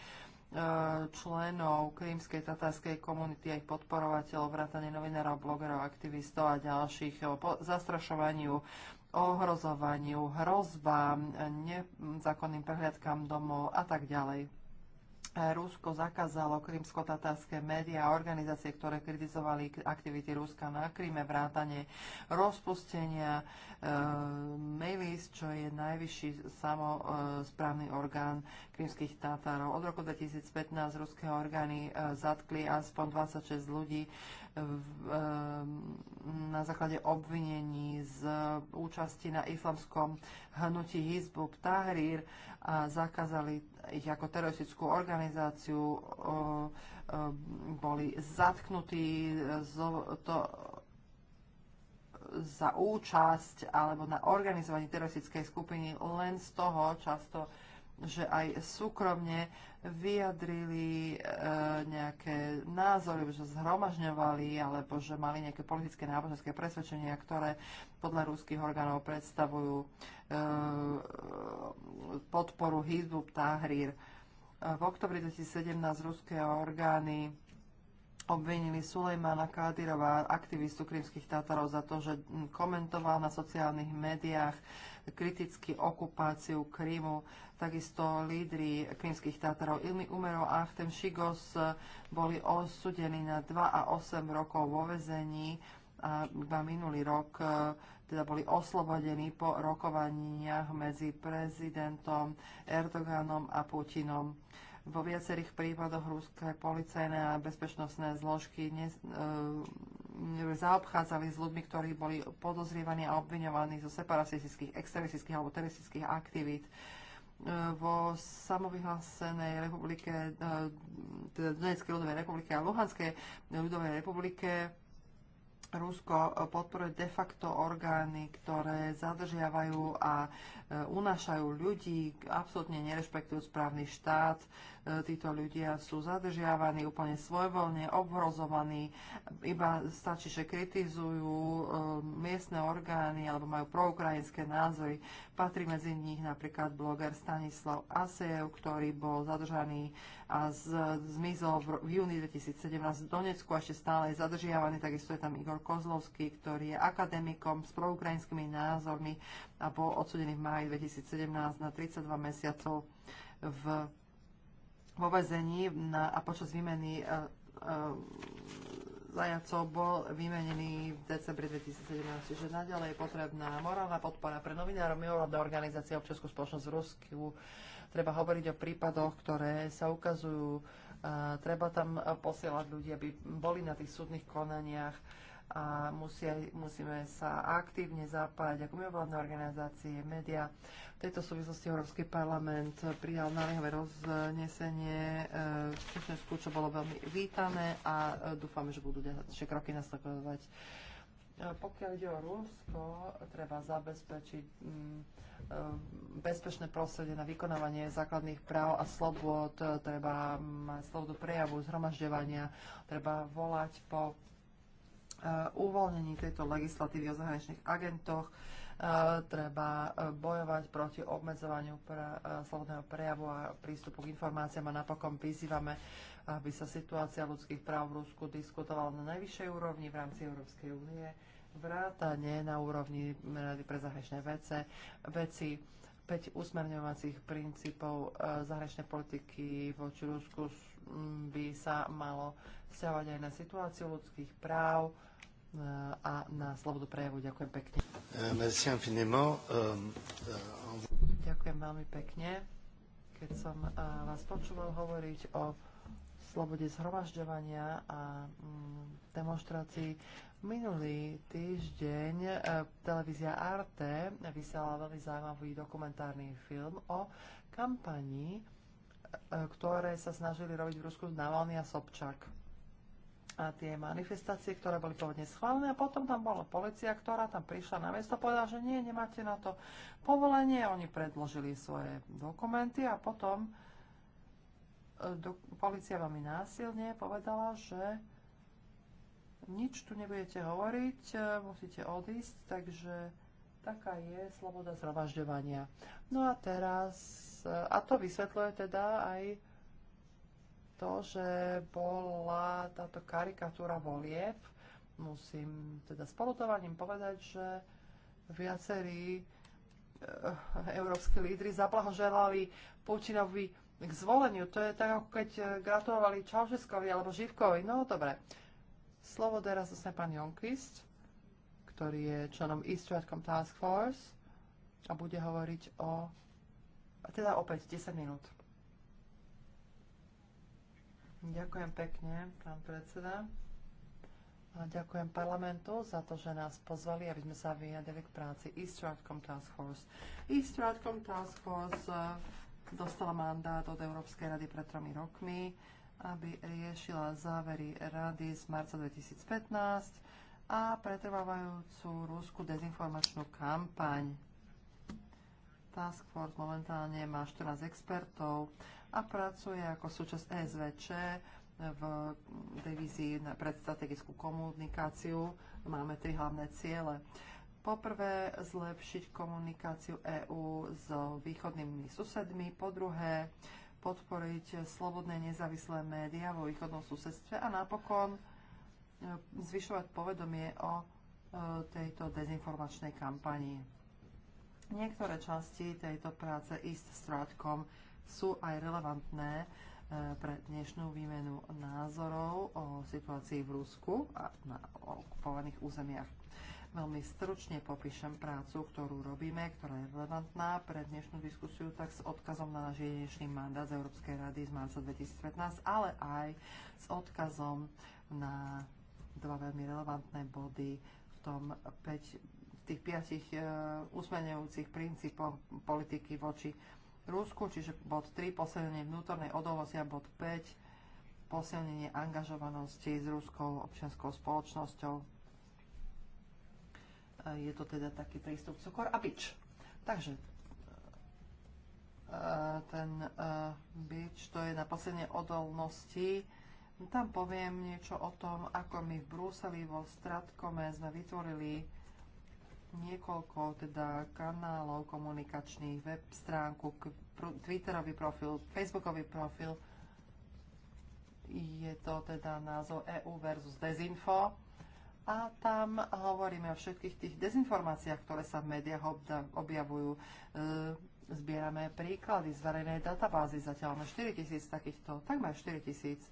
členov krímskej tatárskej komunity, aj podporovateľov, vrátane novinárov, blogerov, aktivistov a ďalších zastrašovaniu, ohrozovaniu, hrozbám, nezákonným prehliadkám domov a tak ďalej. Rusko zakázalo krymsko-tatárske médiá a organizácie, ktoré kritizovali aktivity Ruska na Kryme, vrátanie rozpustenia e, Mavis, čo je najvyšší samosprávny e, orgán krymských Tatárov. Od roku 2015 ruské orgány e, zatkli aspoň 26 ľudí, Ehm, na základe obvinení z e, účasti na islamskom hnutí Hizbub Tahrir a zakázali ich ako teroristickú organizáciu, e, e, boli zatknutí to, za účasť alebo na organizovanie teroristickej skupiny len z toho často, že aj súkromne vyjadrili e, nejaké názory, že zhromažňovali alebo že mali nejaké politické náboženské presvedčenia, ktoré podľa rúských orgánov predstavujú e, podporu Hizbu Tahrir. V oktobri 2017 ruské orgány obvinili Sulejmana Kádirova, aktivistu krymských Tatarov, za to, že komentoval na sociálnych médiách kriticky okupáciu Krymu. Takisto lídry krymských Tatarov Ilmi Umerov a Achtem Šigos boli osudení na 2 a 8 rokov vo vezení a iba minulý rok e, teda boli oslobodení po rokovaniach medzi prezidentom Erdoganom a Putinom. Vo viacerých prípadoch ruské policajné a bezpečnostné zložky ne, e, zaobchádzali s ľuďmi, ktorí boli podozrievaní a obviňovaní zo separatistických, extremistických alebo teroristických aktivít. E, vo samovyhlásenej republike, e, teda Donetskej ľudovej republike a Luhanskej ľudovej republike Rusko podporuje de facto orgány, ktoré zadržiavajú a Eh, unášajú ľudí, absolútne nerešpektujú správny štát. Eh, títo ľudia sú zadržiavaní úplne svojvoľne, obhrozovaní. Iba stačí, že kritizujú eh, miestne orgány alebo majú proukrajinské názory. Patrí medzi nich napríklad bloger Stanislav Asejev, ktorý bol zadržaný a z, zmizol v, v júni 2017 v Donecku a ešte stále je zadržiavaný. Takisto je tam Igor Kozlovský, ktorý je akademikom s proukrajinskými názormi a bol odsudený v máji 2017 na 32 mesiacov v, vo vezení na, a počas výmeny uh, uh, zajacov bol vymenený v decembri 2017, čiže naďalej je potrebná morálna podpora pre novinárov, mimovládne organizácie občiaskú spoločnosť v Rusku, treba hovoriť o prípadoch, ktoré sa ukazujú. E, treba tam posielať ľudí, aby boli na tých súdnych konaniach a musia, musíme sa aktívne zapájať ako mimovládne organizácie, médiá. V tejto súvislosti Európsky parlament prijal naliehavé roznesenie e, v Čečensku, čo bolo veľmi vítané a e, dúfame, že budú ďalšie kroky nasledovať. Pokiaľ ide o Rusko, treba zabezpečiť Ehm, bezpečné prostredie na vykonávanie základných práv a slobôd, e, treba mať slobodu prejavu, zhromažďovania, treba volať po e, uvoľnení tejto legislatívy o zahraničných agentoch, e, treba bojovať proti obmedzovaniu pre, slobodného prejavu a prístupu k informáciám a napokon vyzývame, aby sa situácia ľudských práv v Rusku diskutovala na najvyššej úrovni v rámci Európskej únie vrátane na úrovni Rady pre zahraničné vece, veci 5 usmerňovacích princípov e, zahraničnej politiky voči Rusku by sa malo vzťahovať aj na situáciu ľudských práv e, a na slobodu prejavu. Ďakujem pekne. E, Ďakujem veľmi pekne. Keď som vás počúval hovoriť o slobode zhromažďovania a mm, demonstrácií. Minulý týždeň e, televízia Arte vysiela veľmi zaujímavý dokumentárny film o kampani, e, ktoré sa snažili robiť v Rusku Navalny a Sobčak. A tie manifestácie, ktoré boli pôvodne schválené, a potom tam bola policia, ktorá tam prišla na miesto, povedala, že nie, nemáte na to povolenie, oni predložili svoje dokumenty a potom do, policia veľmi násilne povedala, že nič tu nebudete hovoriť, e, musíte odísť, takže taká je sloboda zhromažďovania. No a teraz, e, a to vysvetľuje teda aj to, že bola táto karikatúra volieb. Musím teda s polutovaním povedať, že viacerí e, európsky lídry zaplahoželali Putinovi k zvoleniu. To je tak, ako keď e, gratulovali Čaušeskovi alebo Živkovi. No dobre. Slovo teraz zase pán Jonkvist, ktorý je členom East Stratcom Task Force a bude hovoriť o... Teda opäť 10 minút. Ďakujem pekne, pán predseda. A ďakujem parlamentu za to, že nás pozvali, aby sme sa vyjadili k práci East Stratcom Task Force. East Stratcom Task Force uh, dostala mandát od Európskej rady pred tromi rokmi, aby riešila závery rady z marca 2015 a pretrvávajúcu rúsku dezinformačnú kampaň. Task Force momentálne má 14 expertov a pracuje ako súčasť ESVČ v divízii pre strategickú komunikáciu. Máme tri hlavné ciele Poprvé, zlepšiť komunikáciu EÚ s východnými susedmi. Po druhé, podporiť slobodné nezávislé médiá vo východnom susedstve. A napokon, e, zvyšovať povedomie o e, tejto dezinformačnej kampanii. Niektoré časti tejto práce East Stratcom sú aj relevantné e, pre dnešnú výmenu názorov o situácii v Rusku a na okupovaných územiach veľmi stručne popíšem prácu, ktorú robíme, ktorá je relevantná pre dnešnú diskusiu, tak s odkazom na náš jedinečný mandát z Európskej rady z marca 2015, ale aj s odkazom na dva veľmi relevantné body v tom 5, tých piatich e, usmenujúcich princípoch politiky voči Rusku, čiže bod 3 posilnenie vnútornej odolnosti a bod 5 posilnenie angažovanosti s ruskou občianskou spoločnosťou je to teda taký prístup cukor a bič. Takže e, ten e, bič, to je na poslednej odolnosti. Tam poviem niečo o tom, ako my v Brúseli vo Stratkome sme vytvorili niekoľko teda kanálov komunikačných, web stránku, Twitterový profil, Facebookový profil. Je to teda názov EU versus Dezinfo a tam hovoríme o všetkých tých dezinformáciách, ktoré sa v médiách objavujú. E, zbierame príklady z verejnej databázy, zatiaľ máme 4 tisíc takýchto, takmer 4 tisíc e,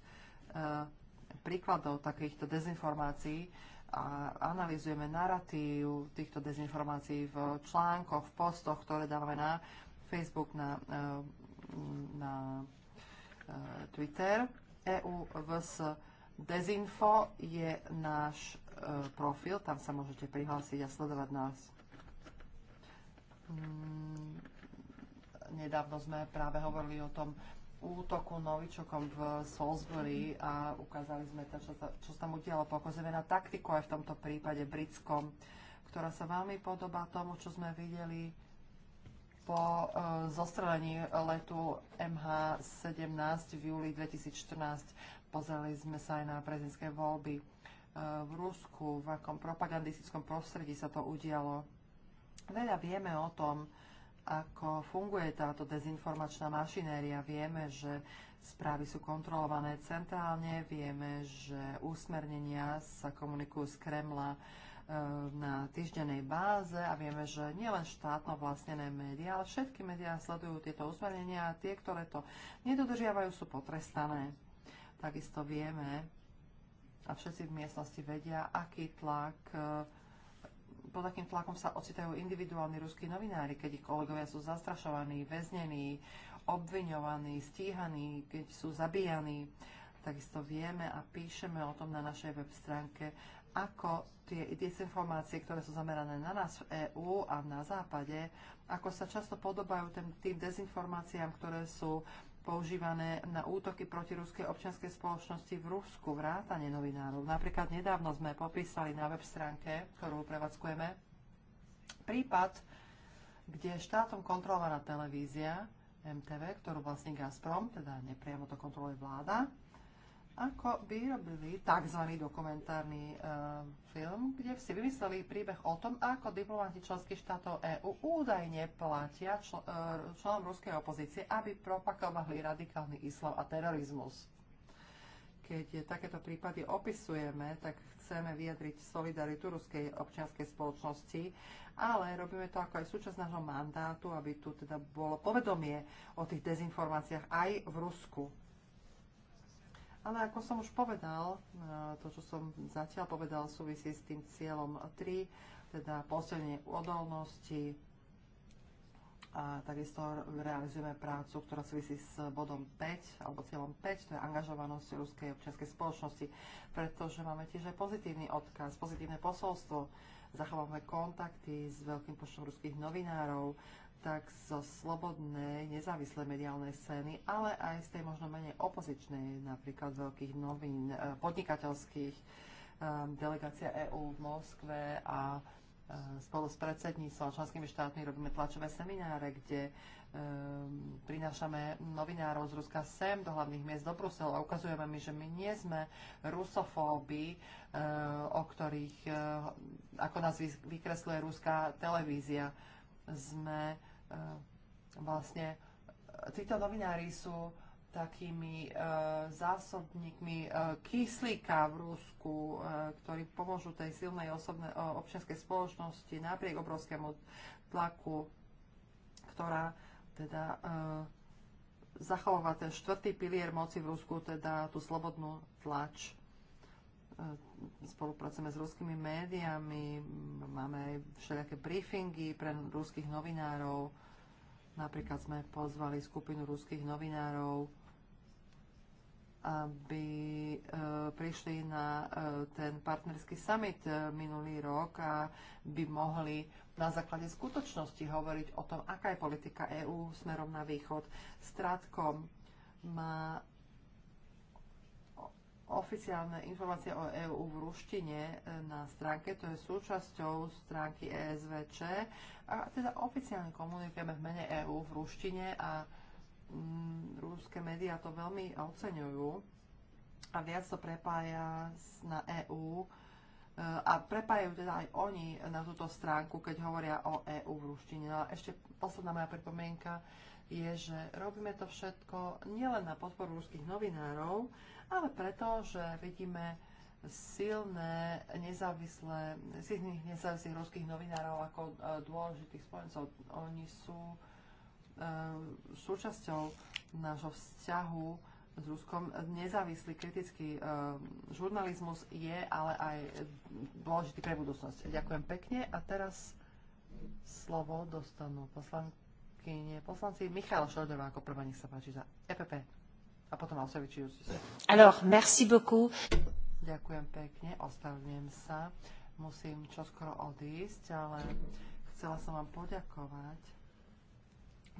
príkladov takýchto dezinformácií a analizujeme narratív týchto dezinformácií v článkoch, v postoch, ktoré dávame na Facebook, na, e, na Twitter. EU vs Dezinfo je náš E, profil, tam sa môžete prihlásiť a sledovať nás. Mm, nedávno sme práve hovorili o tom útoku novičokom v Salisbury a ukázali sme to, čo sa, čo tam udialo. Pokazujeme na taktiku aj v tomto prípade britskom, ktorá sa veľmi podobá tomu, čo sme videli po e, zostrelení letu MH17 v júli 2014. Pozreli sme sa aj na prezidentské voľby. E, v Rusku, v akom propagandistickom prostredí sa to udialo. Veľa vieme o tom, ako funguje táto dezinformačná mašinéria. Vieme, že správy sú kontrolované centrálne, vieme, že úsmernenia sa komunikujú z Kremla e, na týždennej báze a vieme, že nielen štátno vlastnené médiá, ale všetky médiá sledujú tieto usmernenia a tie, ktoré to nedodržiavajú, sú potrestané. Takisto vieme, a všetci v miestnosti vedia, aký tlak, e, pod akým tlakom sa ocitajú individuálni ruskí novinári, keď ich kolegovia sú zastrašovaní, väznení, obviňovaní, stíhaní, keď sú zabíjaní. Takisto vieme a píšeme o tom na našej web stránke, ako tie disinformácie, ktoré sú zamerané na nás v EÚ a na západe, ako sa často podobajú tým, tým dezinformáciám, ktoré sú používané na útoky proti ruskej občianskej spoločnosti v Rusku, vrátane novinárov. Napríklad nedávno sme popísali na web stránke, ktorú prevádzkujeme, prípad, kde štátom kontrolovaná televízia MTV, ktorú vlastní Gazprom, teda nepriamo to kontroluje vláda, ako by robili tzv. dokumentárny e, film, kde si vymysleli príbeh o tom, ako diplomati členských štátov EÚ údajne platia čl- e, členom ruskej opozície, aby propakovali radikálny islam a terorizmus. Keď takéto prípady opisujeme, tak chceme vyjadriť solidaritu ruskej občianskej spoločnosti, ale robíme to ako aj súčasť nášho mandátu, aby tu teda bolo povedomie o tých dezinformáciách aj v Rusku ale ako som už povedal, e, to, čo som zatiaľ povedal, súvisí s tým cieľom 3, teda posilnenie odolnosti. A takisto realizujeme prácu, ktorá súvisí s bodom 5, alebo cieľom 5, to je angažovanosť ruskej občianskej spoločnosti, pretože máme tiež aj pozitívny odkaz, pozitívne posolstvo. Zachovávame kontakty s veľkým počtom ruských novinárov, tak zo slobodnej, nezávislej mediálnej scény, ale aj z tej možno menej opozičnej, napríklad veľkých novín, e, podnikateľských, e, delegácia EÚ v Moskve a e, spolu s predsedníctvom a členskými štátmi robíme tlačové semináre, kde um, prinášame novinárov z Ruska sem do hlavných miest do Bruselu a ukazujeme mi, že my nie sme rusofóby, uh, o ktorých, uh, ako nás vykresluje ruská televízia, sme E, vlastne e, títo novinári sú takými uh, zásobníkmi uh, kyslíka v Rusku, uh, ktorí pomôžu tej silnej osobne, uh, občianskej spoločnosti napriek obrovskému tlaku, ktorá teda uh, zachováva ten štvrtý pilier moci v Rusku, teda tú slobodnú tlač. E, spolupracujeme s ruskými médiami, máme aj všelijaké briefingy pre ruských novinárov. Napríklad sme pozvali skupinu ruských novinárov, aby e, prišli na e, ten partnerský summit minulý rok a by mohli na základe skutočnosti hovoriť o tom, aká je politika EÚ smerom na východ. Strátkom má oficiálne informácie o EÚ v ruštine e, na stránke, to je súčasťou stránky ESVČ a teda oficiálne komunikujeme v mene EÚ v ruštine a mm, rúské médiá to veľmi oceňujú a viac to prepája na EÚ e, a prepájajú teda aj oni na túto stránku, keď hovoria o EÚ v ruštine. No a ešte posledná moja pripomienka je, že robíme to všetko nielen na podporu ruských novinárov, ale preto, že vidíme silné nezávislé, silných nezávislých ruských novinárov ako e, dôležitých spojencov. Oni sú e, súčasťou nášho vzťahu s Ruskom. Nezávislý kritický e, žurnalizmus je ale aj dôležitý pre budúcnosť. Ďakujem pekne a teraz slovo dostanú poslankyne, poslanci Michal Šordová ako prvá, nech sa páči za EPP a potom Osovičujúci sa. Alors, merci beaucoup. Ďakujem pekne, ostavujem sa. Musím čoskoro odísť, ale chcela som vám poďakovať.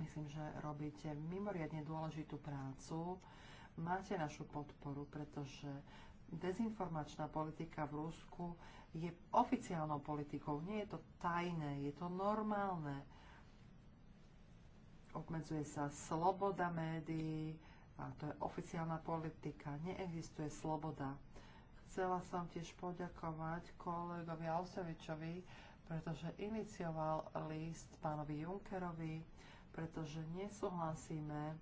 Myslím, že robíte mimoriadne dôležitú prácu. Máte našu podporu, pretože dezinformačná politika v Rusku je oficiálnou politikou. Nie je to tajné, je to normálne. Obmedzuje sa sloboda médií, a to je oficiálna politika. Neexistuje sloboda. Chcela som tiež poďakovať kolegovi Ausovičovi, pretože inicioval list pánovi Junkerovi, pretože nesúhlasíme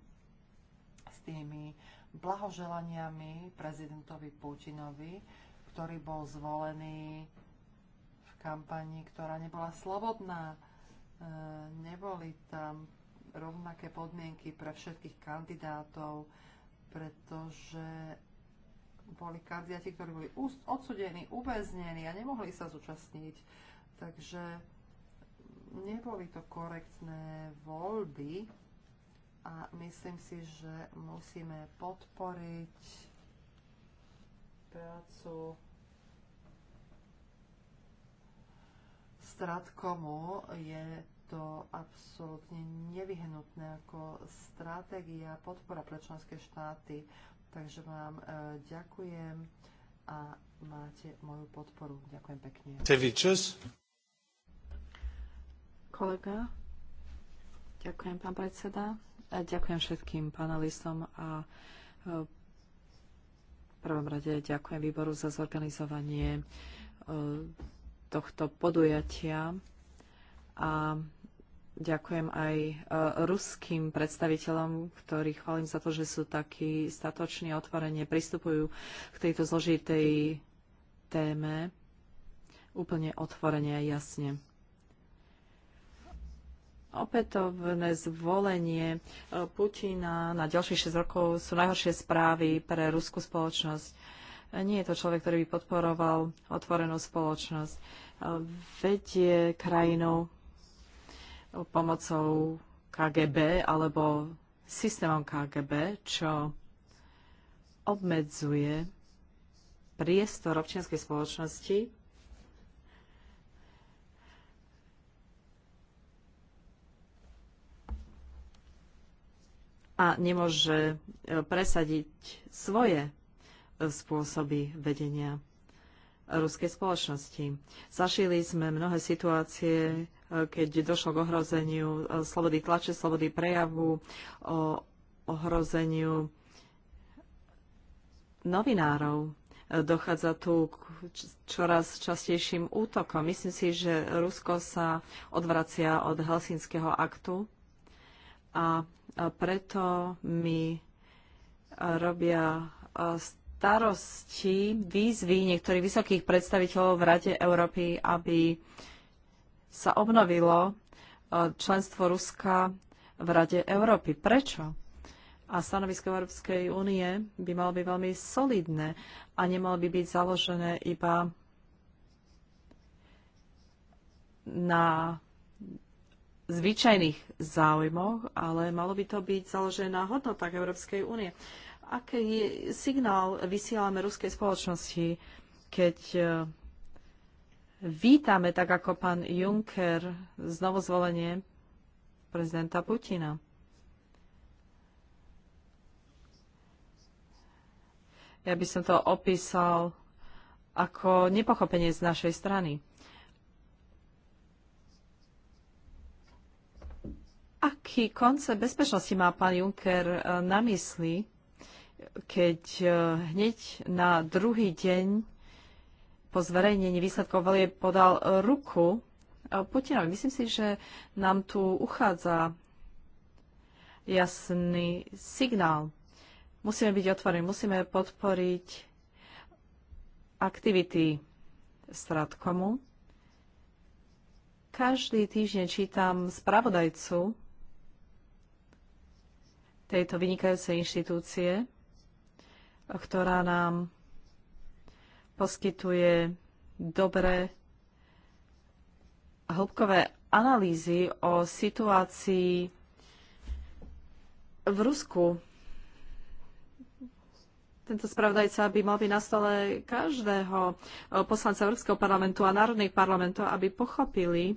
s tými blahoželaniami prezidentovi Putinovi, ktorý bol zvolený v kampani, ktorá nebola slobodná. E, neboli tam rovnaké podmienky pre všetkých kandidátov, pretože boli kandidáti, ktorí boli odsudení, uväznení a nemohli sa zúčastniť. Takže neboli to korektné voľby a myslím si, že musíme podporiť prácu Stratkomu. Je to absolútne nevyhnutné ako stratégia podpora pre členské štáty. Takže vám e, ďakujem a máte moju podporu. Ďakujem pekne. Tevičus. Kolega. Ďakujem, pán predseda. A ďakujem všetkým panelistom a e, v prvom rade ďakujem výboru za zorganizovanie e, tohto podujatia a Ďakujem aj e, ruským predstaviteľom, ktorí chválim za to, že sú takí statoční a otvorene pristupujú k tejto zložitej téme úplne otvorene a jasne. Opätovné zvolenie e, Putina na ďalších 6 rokov sú najhoršie správy pre ruskú spoločnosť. E, nie je to človek, ktorý by podporoval otvorenú spoločnosť. Vedie krajinou pomocou KGB alebo systémom KGB, čo obmedzuje priestor občianskej spoločnosti a nemôže e, presadiť svoje e, spôsoby vedenia ruskej spoločnosti. Zašili sme mnohé situácie, keď došlo k ohrozeniu e, slobody tlače, slobody prejavu, o ohrozeniu novinárov. E, dochádza tu k čoraz častejším útokom. Myslím si, že Rusko sa odvracia od Helsinského aktu a preto mi robia e, starosti výzvy niektorých vysokých predstaviteľov v Rade Európy, aby sa obnovilo e, členstvo Ruska v Rade Európy. Prečo? A stanovisko Európskej únie by malo byť veľmi solidné a nemalo by byť založené iba na zvyčajných záujmoch, ale malo by to byť založené na hodnotách Európskej únie. Aký signál vysielame ruskej spoločnosti, keď e, vítame, tak ako pán Juncker, znovu zvolenie prezidenta Putina. Ja by som to opísal ako nepochopenie z našej strany. Aký koncept bezpečnosti má pán Juncker eh, na mysli, keď eh, hneď na druhý deň po zverejnení výsledkov volie podal ruku e, Putinovi. Myslím si, že nám tu uchádza jasný signál. Musíme byť otvorení, musíme podporiť aktivity Stratkomu. Každý týždeň čítam spravodajcu tejto vynikajúcej inštitúcie, ktorá nám poskytuje dobré hĺbkové analýzy o situácii v Rusku. Tento spravodajca by mal byť na stole každého poslanca Európskeho parlamentu a národných parlamentov, aby pochopili,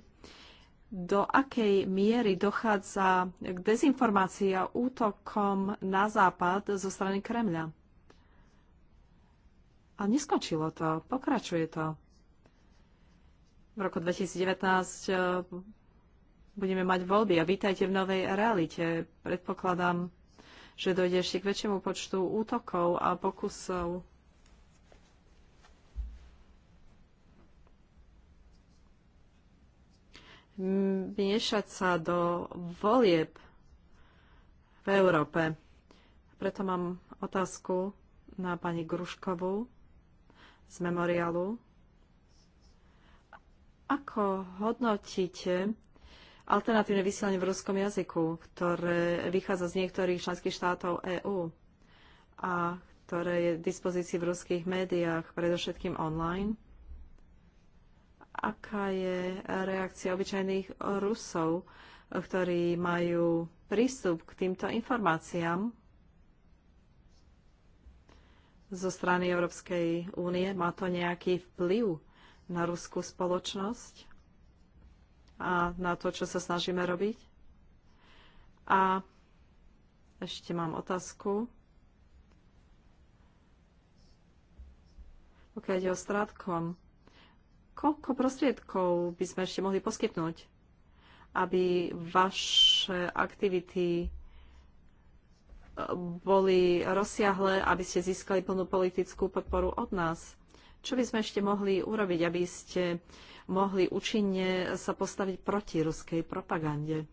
do akej miery dochádza k dezinformácii a útokom na západ zo strany Kremľa. A neskončilo to, pokračuje to. V roku 2019 e, budeme mať voľby a vítajte v novej realite. Predpokladám, že dojde ešte k väčšiemu počtu útokov a pokusov miešať sa do volieb v Európe. Preto mám otázku na pani Gruškovú z memoriálu. Ako hodnotíte alternatívne vysielanie v ruskom jazyku, ktoré vychádza z niektorých členských štátov EÚ a ktoré je v dispozícii v ruských médiách, predovšetkým online. Aká je reakcia obyčajných Rusov, ktorí majú prístup k týmto informáciám zo strany Európskej únie? Má to nejaký vplyv na ruskú spoločnosť a na to, čo sa snažíme robiť? A ešte mám otázku. Pokiaľ ide o strátkom, koľko prostriedkov by sme ešte mohli poskytnúť, aby vaše aktivity boli rozsiahle, aby ste získali plnú politickú podporu od nás. Čo by sme ešte mohli urobiť, aby ste mohli účinne sa postaviť proti ruskej propagande?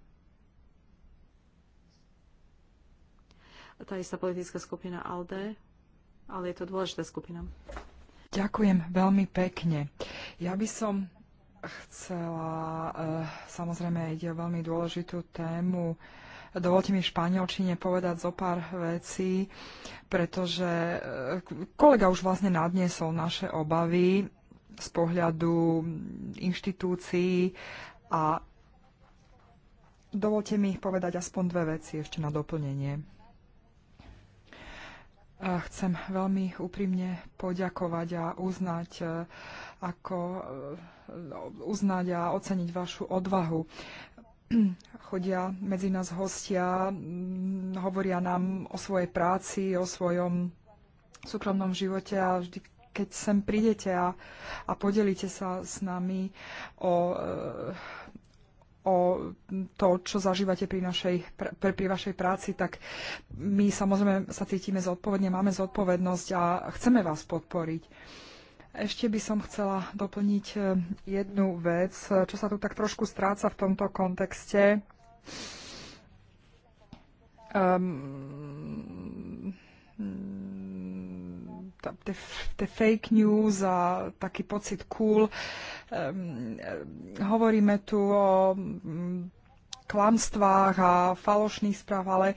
Tá istá politická skupina ALDE, ale je to dôležitá skupina. Ďakujem veľmi pekne. Ja by som chcela, eh, samozrejme ide o veľmi dôležitú tému, Dovolte mi v španielčine povedať zo pár vecí, pretože e, kolega už vlastne nadniesol naše obavy z pohľadu inštitúcií a dovolte mi povedať aspoň dve veci ešte na doplnenie. E, chcem veľmi úprimne poďakovať a uznať, e, ako, uznať a oceniť vašu odvahu chodia medzi nás hostia, mm, hovoria nám o svojej práci, o svojom súkromnom živote a vždy, keď sem prídete a, a podelíte sa s nami o, e, o to, čo zažívate pri, našej, pri, pri vašej práci, tak my samozrejme sa cítime zodpovedne, máme zodpovednosť a chceme vás podporiť ešte by som chcela doplniť e, jednu vec, e, čo sa tu tak trošku stráca v tomto kontexte. Um, ehm, tie fake news a taký pocit cool. Um, hovoríme tu o mm, klamstvách a falošných správ, ale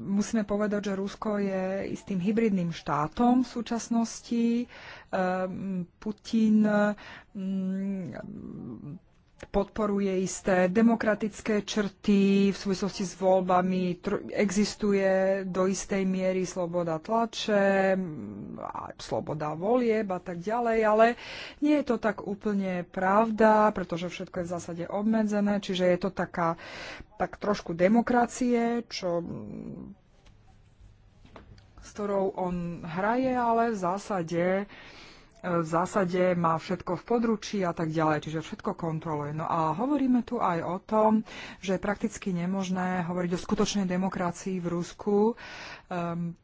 musíme povedať, že Rusko je istým hybridným štátom v súčasnosti. Ehm, Putin mm, podporuje isté demokratické črty v súvislosti s voľbami, existuje do istej miery sloboda tlače, sloboda volieb a tak ďalej, ale nie je to tak úplne pravda, pretože všetko je v zásade obmedzené, čiže je to taká tak trošku demokracie, čo s ktorou on hraje, ale v zásade v zásade má všetko v područí a tak ďalej, čiže všetko kontroluje. No a hovoríme tu aj o tom, že je prakticky nemožné hovoriť o skutočnej demokracii v Rusku. Um,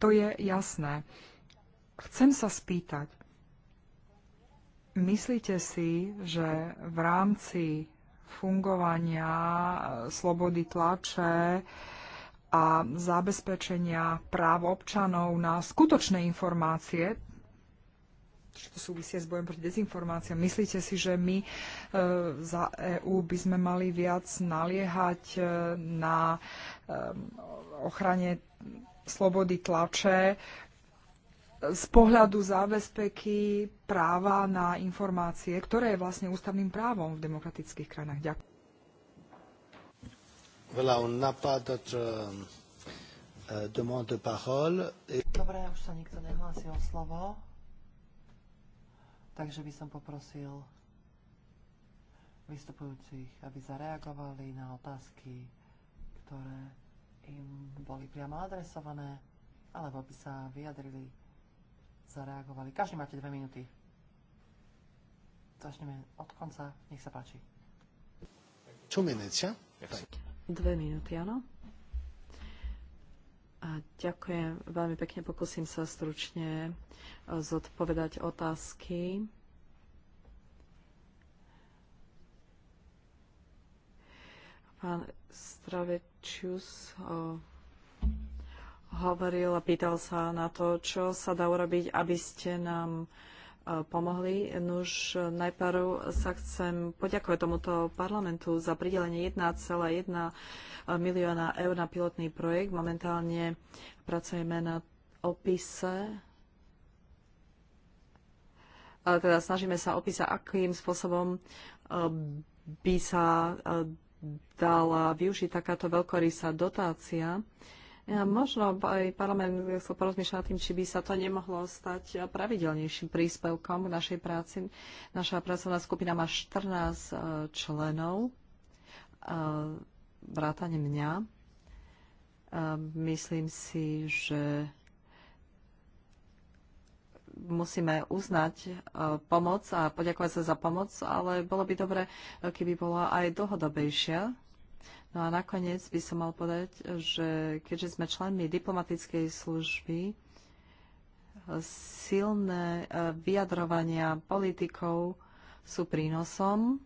to je jasné. Chcem sa spýtať, myslíte si, že v rámci fungovania e, slobody tlače a zabezpečenia práv občanov na skutočné informácie, to súvisie s bojom proti dezinformáciám. Myslíte si, že my e, za EÚ by sme mali viac naliehať e, na e, ochrane slobody tlače z pohľadu zábezpeky práva na informácie, ktoré je vlastne ústavným právom v demokratických krajinách? Ďakujem. Voilà, on n'a pas d'autres euh, demandes de parole. Et... Dobre, už sa nikto nehlási o slovo. Takže by som poprosil vystupujúcich, aby zareagovali na otázky, ktoré im boli priamo adresované, alebo by sa vyjadrili, zareagovali. Každý máte dve minúty. Začneme od konca. Nech sa páči. Čo minúcia? Dve minúty, áno ďakujem veľmi pekne, pokúsim sa stručne e, zodpovedať otázky. Pán Stravečius e, hovoril a pýtal sa na to, čo sa dá urobiť, aby ste nám E, pomohli. Nuž najprv sa chcem poďakovať tomuto parlamentu za pridelenie 1,1 milióna eur na pilotný projekt. Momentálne pracujeme na opise teda snažíme sa opísať, akým spôsobom e, by sa e, dala využiť takáto veľkorysá dotácia Možno aj parlament sa porozmýšľa tým, či by sa to nemohlo stať pravidelnejším príspevkom k našej práci. Naša pracovná skupina má 14 e, členov, e, vrátane mňa. E, myslím si, že musíme uznať pomoc a poďakovať sa za pomoc, ale bolo by dobre, keby bola aj dlhodobejšia No a nakoniec by som mal povedať, že keďže sme členmi diplomatickej služby, silné e, vyjadrovania politikov sú prínosom.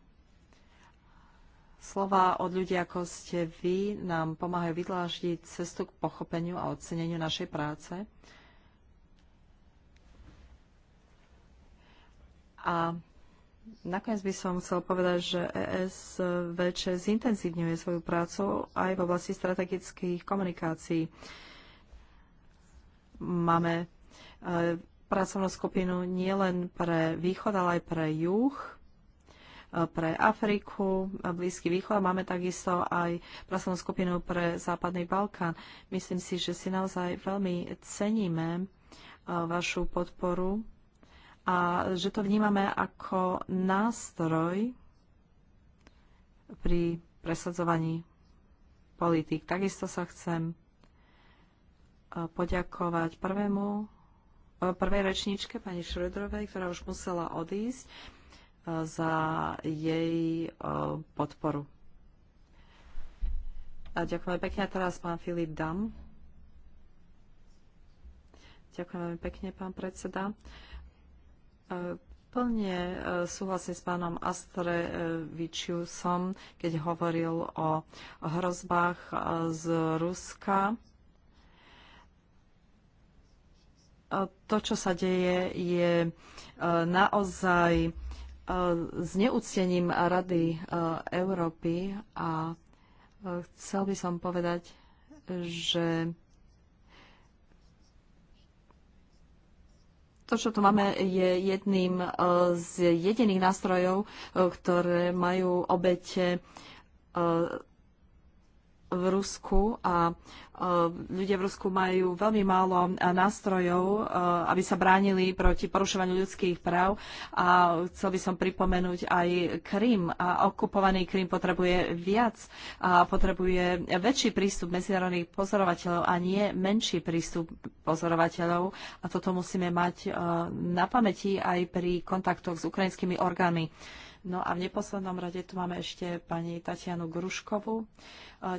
Slova od ľudí, ako ste vy, nám pomáhajú vydláždiť cestu k pochopeniu a oceneniu našej práce. A Nakoniec by som chcel povedať, že ES väčšie zintenzívňuje svoju prácu aj v oblasti strategických komunikácií. Máme e, pracovnú skupinu nielen pre východ, ale aj pre juh, e, pre Afriku, e, Blízky východ a máme takisto aj pracovnú skupinu pre Západný Balkán. Myslím si, že si naozaj veľmi ceníme vašu podporu a že to vnímame ako nástroj pri presadzovaní politík. Takisto sa chcem e, poďakovať prvému, e, prvej rečníčke, pani Šrödrovej, ktorá už musela odísť e, za jej podporu. A ďakujem pekne. A teraz pán Filip Dam. Ďakujem veľmi pekne, pán predseda. Plne e, súhlasím s pánom Astrevičiusom, keď hovoril o hrozbách e, z Ruska. E, to, čo sa deje, je naozaj neúctením Rady Európy a chcel by som povedať, že To, čo tu máme, je jedným e, z jediných nástrojov, e, ktoré majú obete e, v Rusku a e, ľudia v Rusku majú veľmi málo e, nástrojov, e, aby sa bránili proti porušovaniu ľudských práv a chcel by som pripomenúť aj Krym. A okupovaný Krym potrebuje viac a potrebuje väčší prístup medzinárodných pozorovateľov a nie menší prístup pozorovateľov a toto musíme mať na pamäti aj pri kontaktoch s ukrajinskými orgánmi. No a v neposlednom rade tu máme ešte pani Tatianu Gruškovu. E,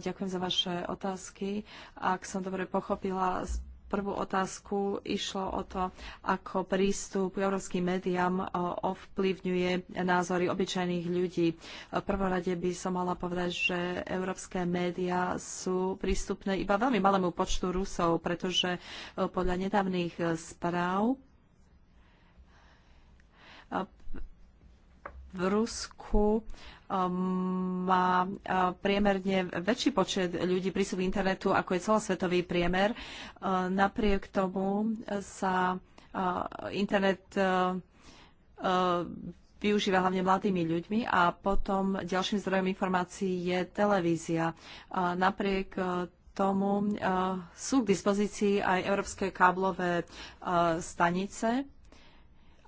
ďakujem za vaše otázky. Ak som dobre pochopila, prvú otázku išlo o to, ako prístup k európskym médiám e, ovplyvňuje názory obyčajných ľudí. E, v prvom rade by som mala povedať, že európske médiá sú prístupné iba veľmi malému počtu Rusov, pretože podľa nedávnych správ v Rusku um, má uh, priemerne väčší počet ľudí prísup k internetu, ako je celosvetový priemer. Uh, napriek tomu sa uh, internet využíva hlavne mladými ľuďmi a potom ďalším zdrojom informácií je televízia. Napriek tomu sú k dispozícii aj európske káblové stanice,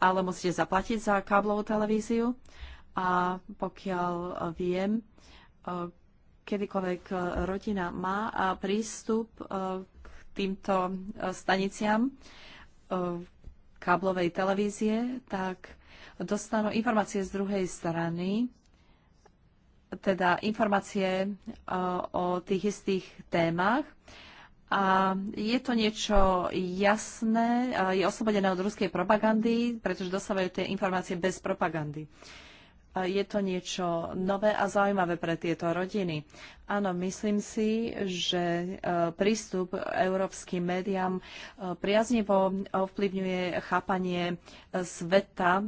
ale musíte zaplatiť za káblovú televíziu. A pokiaľ e, viem, e, kedykoľvek e, rodina má prístup k týmto staniciam káblovej televízie, tak dostanú informácie z druhej strany, teda informácie o tých istých témach a je to niečo jasné, je oslobodené od ruskej propagandy, pretože dostávajú tie informácie bez propagandy. Je to niečo nové a zaujímavé pre tieto rodiny. Áno, myslím si, že e, prístup európskym médiám e, priaznivo ovplyvňuje chápanie e, sveta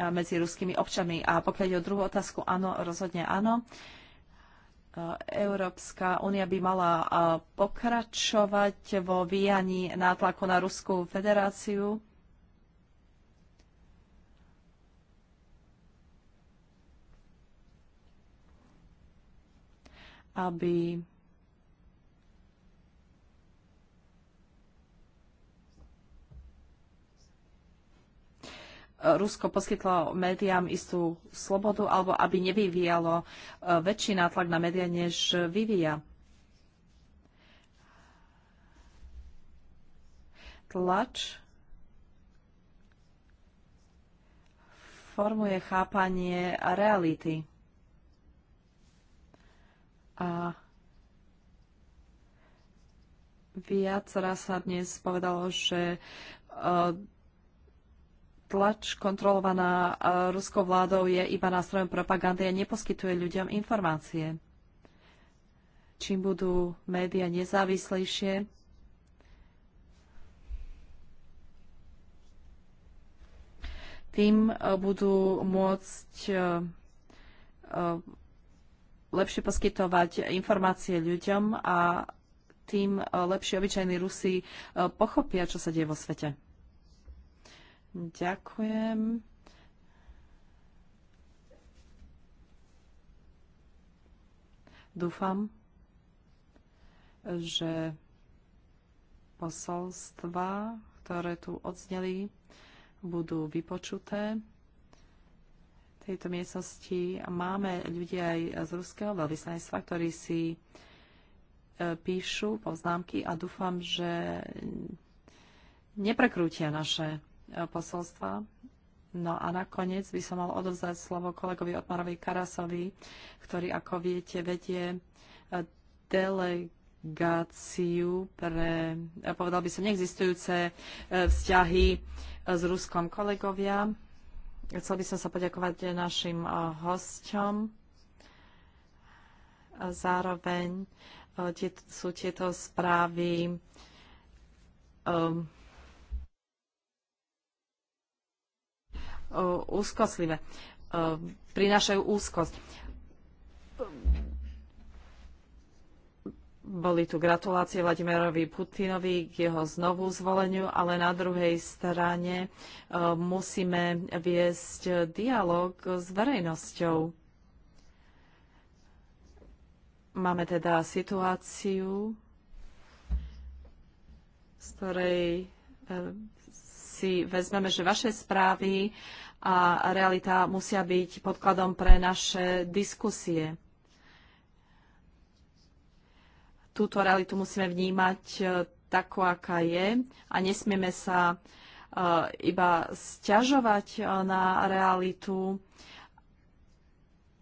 medzi ruskými občanmi. A pokiaľ je o druhú otázku, áno, rozhodne áno. Uh, Európska únia by mala pokračovať vo vyjaní nátlaku na Ruskú federáciu. aby Rusko poskytlo médiám istú slobodu alebo aby nevyvíjalo e, väčší nátlak na médiá, než vyvíja. Tlač formuje chápanie reality. A viac raz sa dnes povedalo, že e, tlač kontrolovaná e, ruskou vládou je iba nástrojom propagandy a neposkytuje ľuďom informácie. Čím budú médiá nezávislejšie, tým e, budú môcť e, lepšie poskytovať informácie ľuďom a tým lepšie obyčajní Rusi pochopia, čo sa deje vo svete. Ďakujem. Dúfam, že posolstva, ktoré tu odzneli, budú vypočuté v tejto miestnosti. Máme ľudí aj z ruského veľvyslanectva, ktorí si e, píšu poznámky a dúfam, že neprekrútia naše E, posolstva. No a nakoniec by som mal odovzdať slovo kolegovi Otmarovi Karasovi, ktorý, ako viete, vedie e, delegáciu pre, e, povedal by som, neexistujúce vzťahy s Ruskom kolegovia. Chcel by som sa poďakovať našim hosťom. Zároveň sú tieto správy um, E, úzkostlivé, e, prinášajú úzkosť. Boli tu gratulácie Vladimirovi Putinovi k jeho znovu zvoleniu, ale na druhej strane e, musíme viesť dialog s verejnosťou. Máme teda situáciu, z ktorej si vezmeme, že vaše správy a realita musia byť podkladom pre naše diskusie. Túto realitu musíme vnímať e, takú, aká je a nesmieme sa e, iba sťažovať e, na realitu,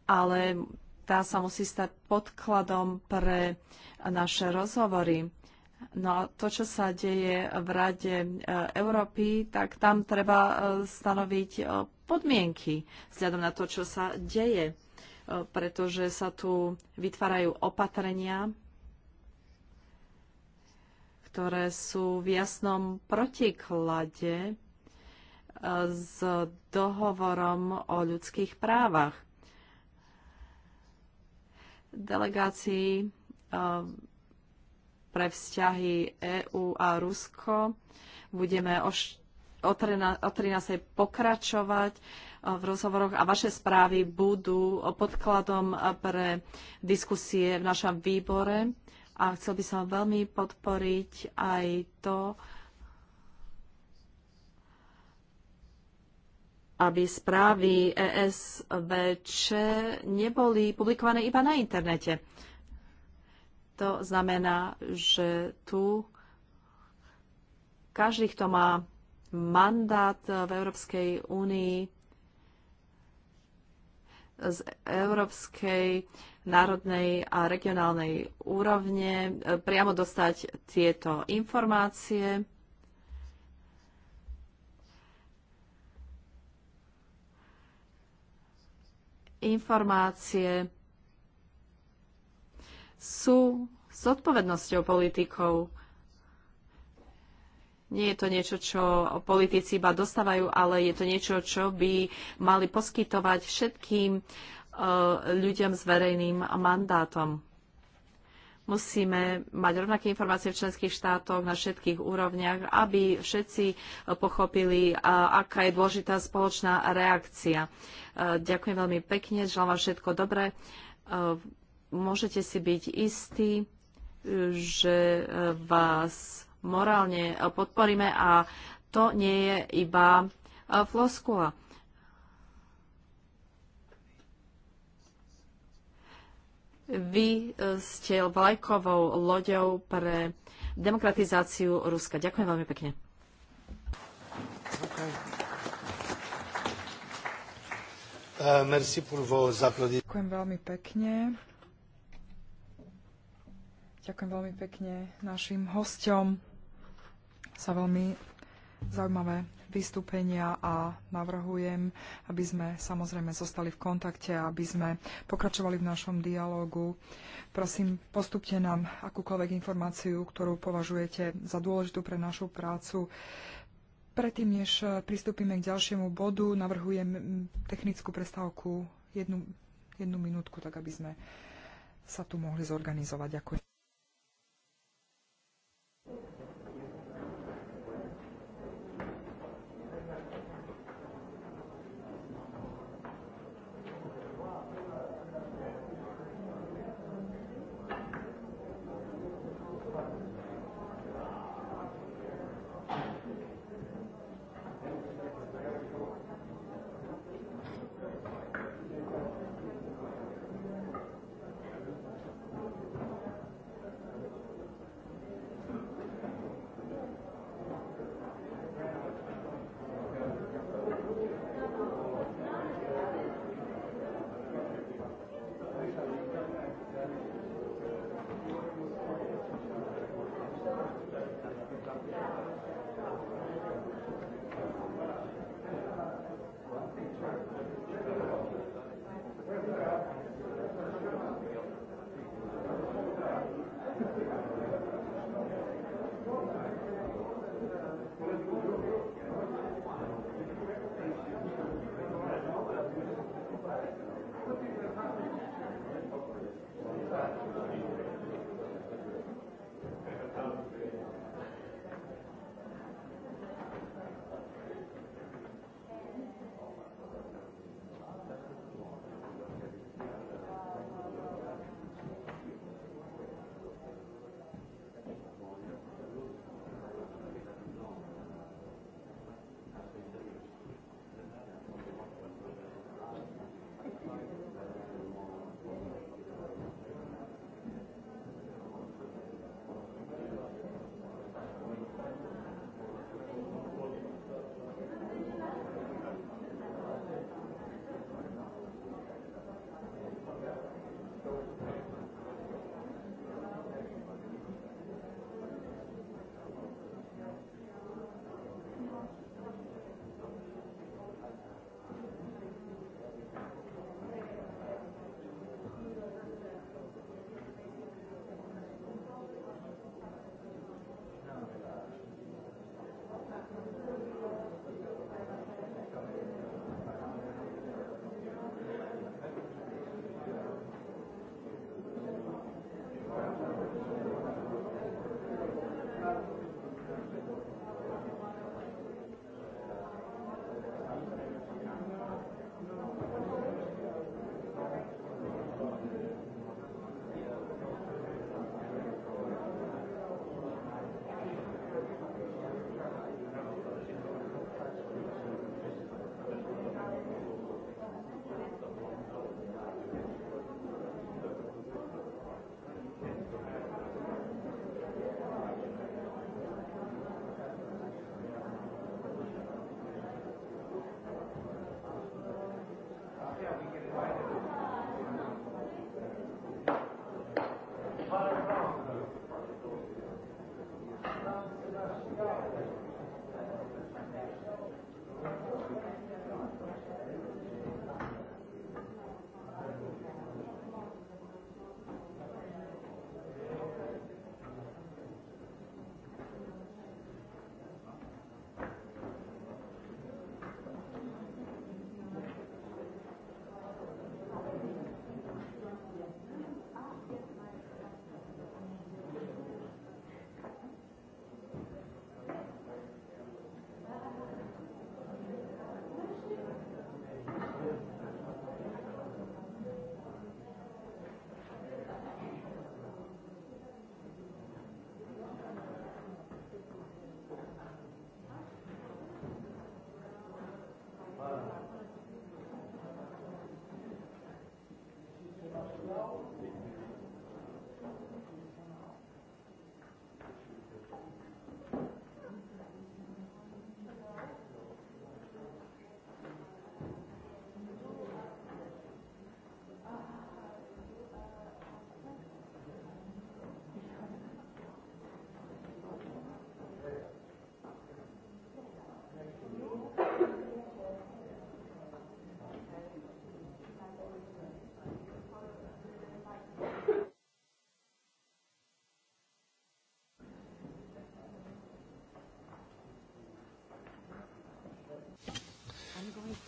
ale tá sa musí stať podkladom pre naše rozhovory. No a to, čo sa deje v Rade e, Európy, tak tam treba e, stanoviť e, podmienky vzhľadom na to, čo sa deje, pretože sa tu vytvárajú opatrenia, ktoré sú v jasnom protiklade s dohovorom o ľudských právach. Delegácii pre vzťahy EÚ a Rusko. Budeme o, o 13. pokračovať e, v rozhovoroch a vaše správy budú podkladom e, pre diskusie v našom výbore. A chcel by som veľmi podporiť aj to, aby správy ESVČ neboli publikované iba na internete to znamená, že tu každý, kto má mandát v Európskej únii z európskej, národnej a regionálnej úrovne e, priamo dostať tieto informácie. Informácie sú odpovednosťou politikov. Nie je to niečo, čo politici iba dostávajú, ale je to niečo, čo by mali poskytovať všetkým e, ľuďom s verejným mandátom. Musíme mať rovnaké informácie v členských štátoch na všetkých úrovniach, aby všetci e, pochopili, e, aká je dôležitá spoločná reakcia. Ďakujem veľmi pekne, želám vám všetko dobré môžete si byť istí, že eh, vás morálne eh, podporíme a to nie je iba eh, floskula. Vy ste vlajkovou loďou pre demokratizáciu Ruska. Ďakujem veľmi pekne. Ďakujem veľmi pekne Ďakujem veľmi pekne našim hostom za veľmi zaujímavé vystúpenia a navrhujem, aby sme samozrejme zostali v kontakte, aby sme pokračovali v našom dialogu. Prosím, postupte nám akúkoľvek informáciu, ktorú považujete za dôležitú pre našu prácu. Predtým, než pristúpime k ďalšiemu bodu, navrhujem technickú prestávku jednu, jednu minútku, tak aby sme sa tu mohli zorganizovať. Ďakujem.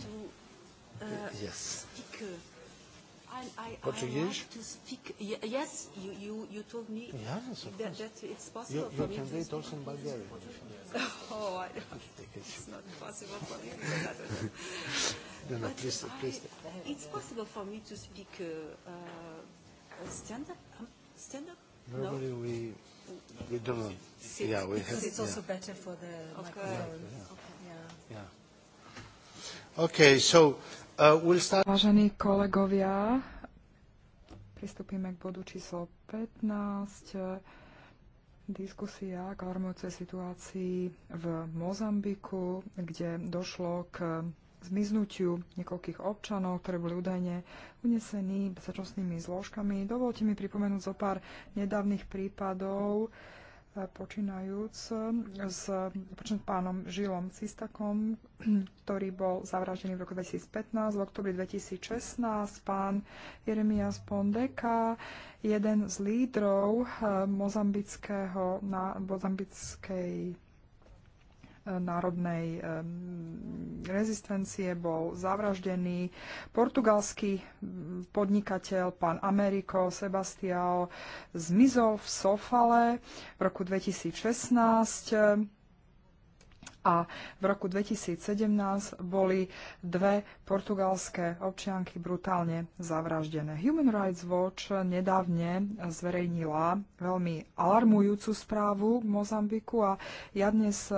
to uh, yes. speak. Uh, I, I, Portuguese? I to speak. Y yes, you, you, you told me yes, of that, that it's possible you, for you can to also in Bulgarian. oh, I don't, it's not possible for me. no, no, please, I, please. It's possible for me to speak uh, uh, stand-up? Um, stand no? Normally no? we, we don't know. Yeah, we because have, it's yeah. better for the okay. microphone. Yeah. Okay, so, uh, we'll start... Vážení kolegovia, pristúpime k bodu číslo 15. Diskusia k alarmujúcej situácii v Mozambiku, kde došlo k zmiznutiu niekoľkých občanov, ktorí boli údajne unesení bezpečnostnými zložkami. Dovolte mi pripomenúť zo pár nedávnych prípadov. Uh, počínajúc s počínajúc pánom Žilom Cistakom, ktorý bol zavraždený v roku 2015, v oktobri 2016 pán Jeremias Pondeka, jeden z lídrov eh, mozambického, na, mozambickej národnej rezistencie bol zavraždený portugalský podnikateľ pán Ameriko Sebastiao zmizol v Sofale v roku 2016 a v roku 2017 boli dve portugalské občianky brutálne zavraždené. Human Rights Watch nedávne zverejnila veľmi alarmujúcu správu k Mozambiku a ja dnes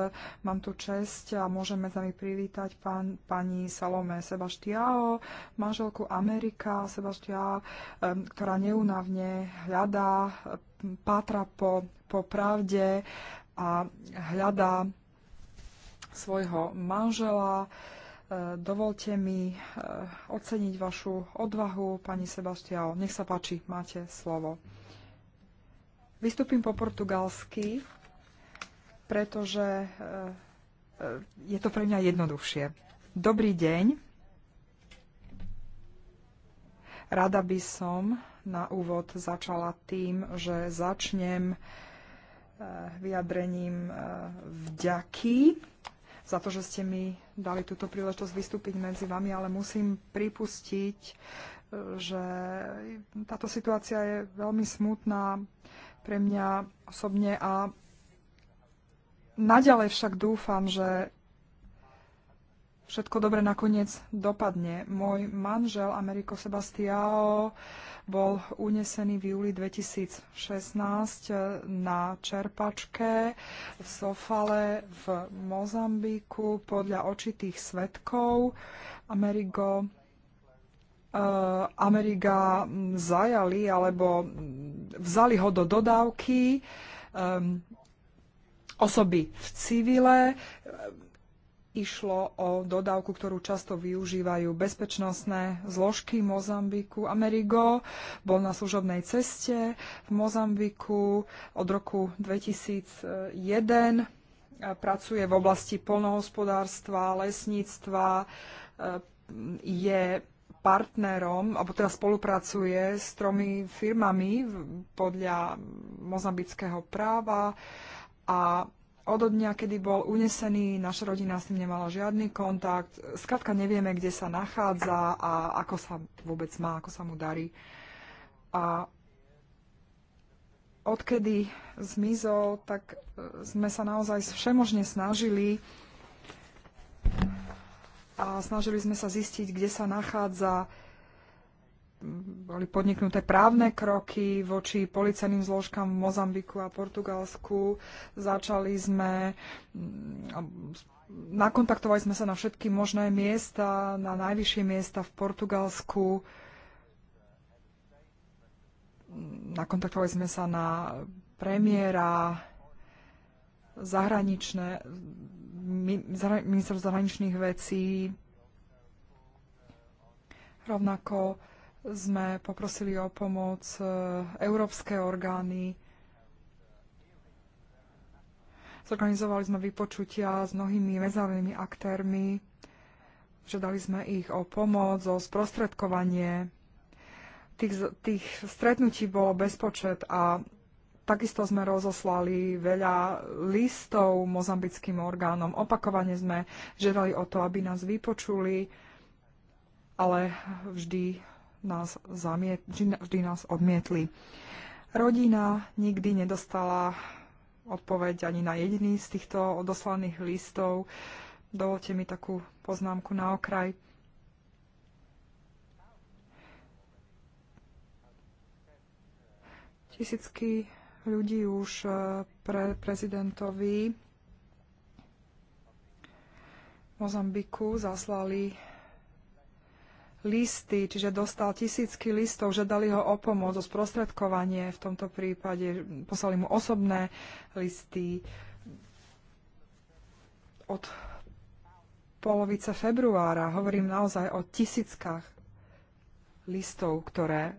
mám tu čest a môžeme s privítať pán, pani Salome Sebastiao, manželku Amerika Sebastiao, ktorá neunavne hľadá, pátra po, po pravde a hľadá svojho manžela. E, dovolte mi e, oceniť vašu odvahu, pani Sebastiao. Nech sa páči, máte slovo. Vystúpim po portugalsky, pretože e, je to pre mňa jednoduchšie. Dobrý deň. Rada by som na úvod začala tým, že začnem vyjadrením vďaky za to, že ste mi dali túto príležitosť vystúpiť medzi vami, ale musím pripustiť, e, že táto situácia je veľmi smutná pre mňa osobne a naďalej však dúfam, že všetko dobre nakoniec dopadne. Môj manžel Ameriko Sebastiao bol unesený v júli 2016 na čerpačke v Sofale v Mozambiku podľa očitých svetkov. Amerigo Uh, Ameriga zajali alebo vzali ho do dodávky um, osoby v civile. Išlo o dodávku, ktorú často využívajú bezpečnostné zložky Mozambiku. Amerigo bol na služobnej ceste v Mozambiku od roku 2001 pracuje v oblasti polnohospodárstva, lesníctva, e, je partnerom, alebo teda spolupracuje s tromi firmami podľa mozambického práva a od dňa, kedy bol unesený, naša rodina s ním nemala žiadny kontakt. Skladka nevieme, kde sa nachádza a ako sa vôbec má, ako sa mu darí. A odkedy zmizol, tak e, sme sa naozaj všemožne snažili a snažili sme sa zistiť, kde sa nachádza, boli podniknuté právne kroky voči policajným zložkám v Mozambiku a Portugalsku. Začali sme, mm, nakontaktovali sme sa na všetky možné miesta, na najvyššie miesta v Portugalsku. Nakontaktovali sme sa na premiéra, zahraničné, ministerstvo zahraničných vecí, rovnako sme poprosili o pomoc e, európske orgány. Zorganizovali sme vypočutia s mnohými medzinárodnými aktérmi. Žiadali sme ich o pomoc, o sprostredkovanie. Tých, tých stretnutí bolo bezpočet a Takisto sme rozoslali veľa listov mozambickým orgánom. Opakovane sme žiadali o to, aby nás vypočuli, ale vždy nás, zamiet, vždy nás odmietli. Rodina nikdy nedostala odpoveď ani na jediný z týchto odoslaných listov. Dovolte mi takú poznámku na okraj. Tisícky ľudí už eh, pre prezidentovi Mozambiku zaslali listy, čiže dostal tisícky listov, že dali ho o pomoc, o sprostredkovanie v tomto prípade, poslali mu osobné listy od polovice februára. Hovorím naozaj o tisíckach listov, ktoré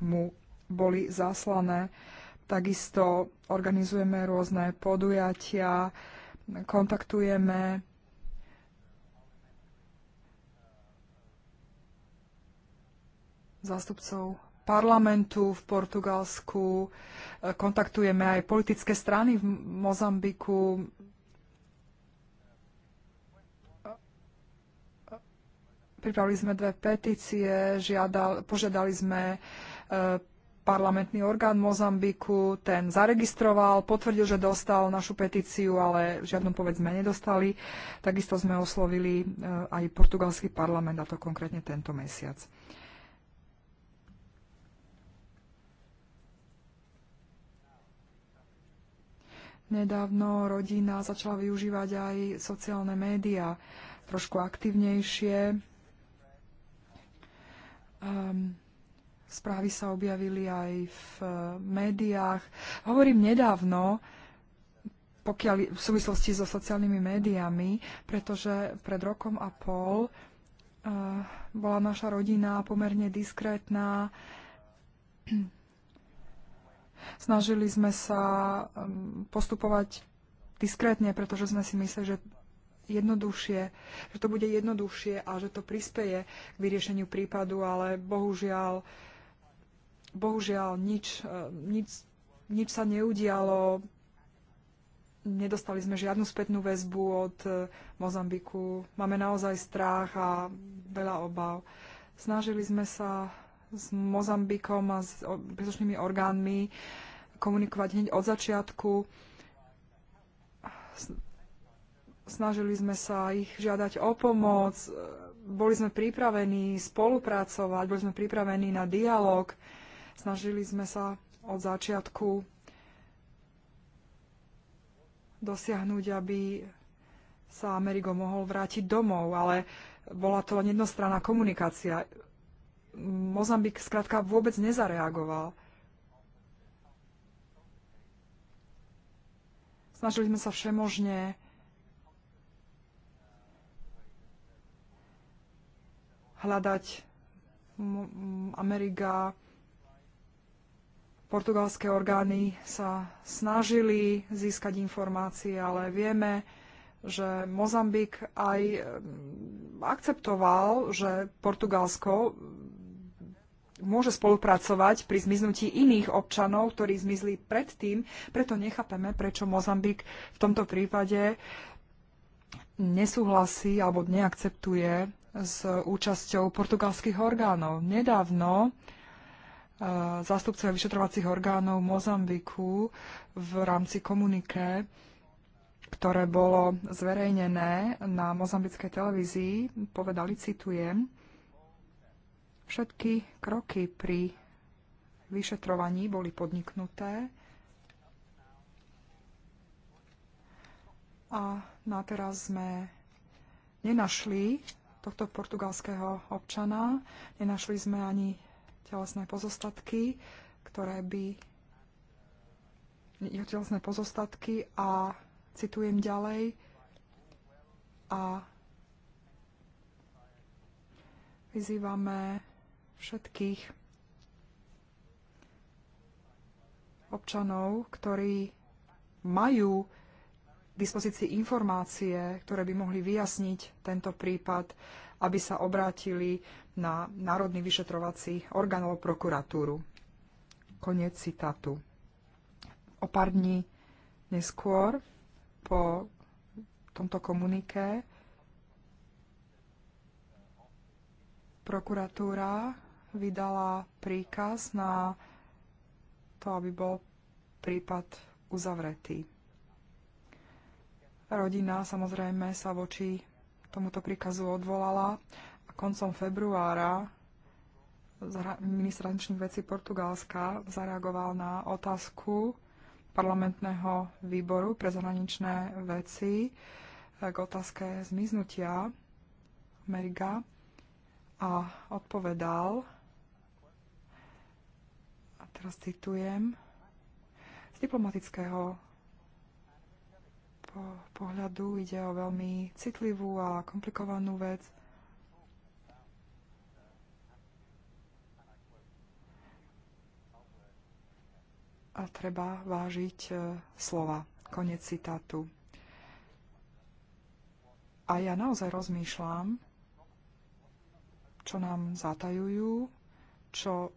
mu boli zaslané. Takisto organizujeme rôzne podujatia, kontaktujeme zástupcov parlamentu v Portugalsku, e, kontaktujeme aj politické strany v Mozambiku. Pripravili sme dve petície, žiadal, požiadali sme e, parlamentný orgán Mozambiku, ten zaregistroval, potvrdil, že dostal našu petíciu, ale žiadnu sme nedostali. Takisto sme oslovili e, aj portugalský parlament, a to konkrétne tento mesiac. Nedávno rodina začala využívať aj sociálne médiá trošku aktivnejšie. Um, správy sa objavili aj v eh, médiách. Hovorím nedávno, pokiaľ v súvislosti so sociálnymi médiami, pretože pred rokom a pol uh, bola naša rodina pomerne diskrétna Snažili sme sa um, postupovať diskrétne, pretože sme si mysleli, že jednoduchšie, že to bude jednoduchšie a že to prispeje k vyriešeniu prípadu, ale bohužiaľ, bohužiaľ nič, uh, nič, nič sa neudialo. Nedostali sme žiadnu spätnú väzbu od uh, Mozambiku. Máme naozaj strach a veľa obav. Snažili sme sa s Mozambikom a s príslušnými orgánmi komunikovať hneď od začiatku. Snažili sme sa ich žiadať o pomoc, boli sme pripravení spolupracovať, boli sme pripravení na dialog, snažili sme sa od začiatku dosiahnuť, aby sa Amerigo mohol vrátiť domov, ale bola to len jednostranná komunikácia. Mozambik skrátka vôbec nezareagoval. Snažili sme sa všemožne hľadať Amerika, portugalské orgány sa snažili získať informácie, ale vieme, že Mozambik aj akceptoval, že Portugalsko môže spolupracovať pri zmiznutí iných občanov, ktorí zmizli predtým. Preto nechápeme, prečo Mozambik v tomto prípade nesúhlasí alebo neakceptuje s účasťou portugalských orgánov. Nedávno e, zástupcovia vyšetrovacích orgánov Mozambiku v rámci komunike, ktoré bolo zverejnené na mozambickej televízii, povedali, citujem, Všetky kroky pri vyšetrovaní boli podniknuté a na no teraz sme nenašli tohto portugalského občana, nenašli sme ani telesné pozostatky, ktoré by jeho telesné pozostatky a citujem ďalej a vyzývame všetkých občanov, ktorí majú k dispozícii informácie, ktoré by mohli vyjasniť tento prípad, aby sa obrátili na Národný vyšetrovací orgán alebo prokuratúru. Koniec citátu. O pár dní neskôr po tomto komuniké prokuratúra vydala príkaz na to, aby bol prípad uzavretý. Rodina samozrejme sa voči tomuto príkazu odvolala a koncom februára ministra zničných vecí Portugalska zareagoval na otázku parlamentného výboru pre zahraničné veci e, k otázke zmiznutia Meriga a odpovedal, teraz citujem, z diplomatického po, pohľadu ide o veľmi citlivú a komplikovanú vec. A treba vážiť e, slova. Konec citátu. A ja naozaj rozmýšľam, čo nám zatajujú, čo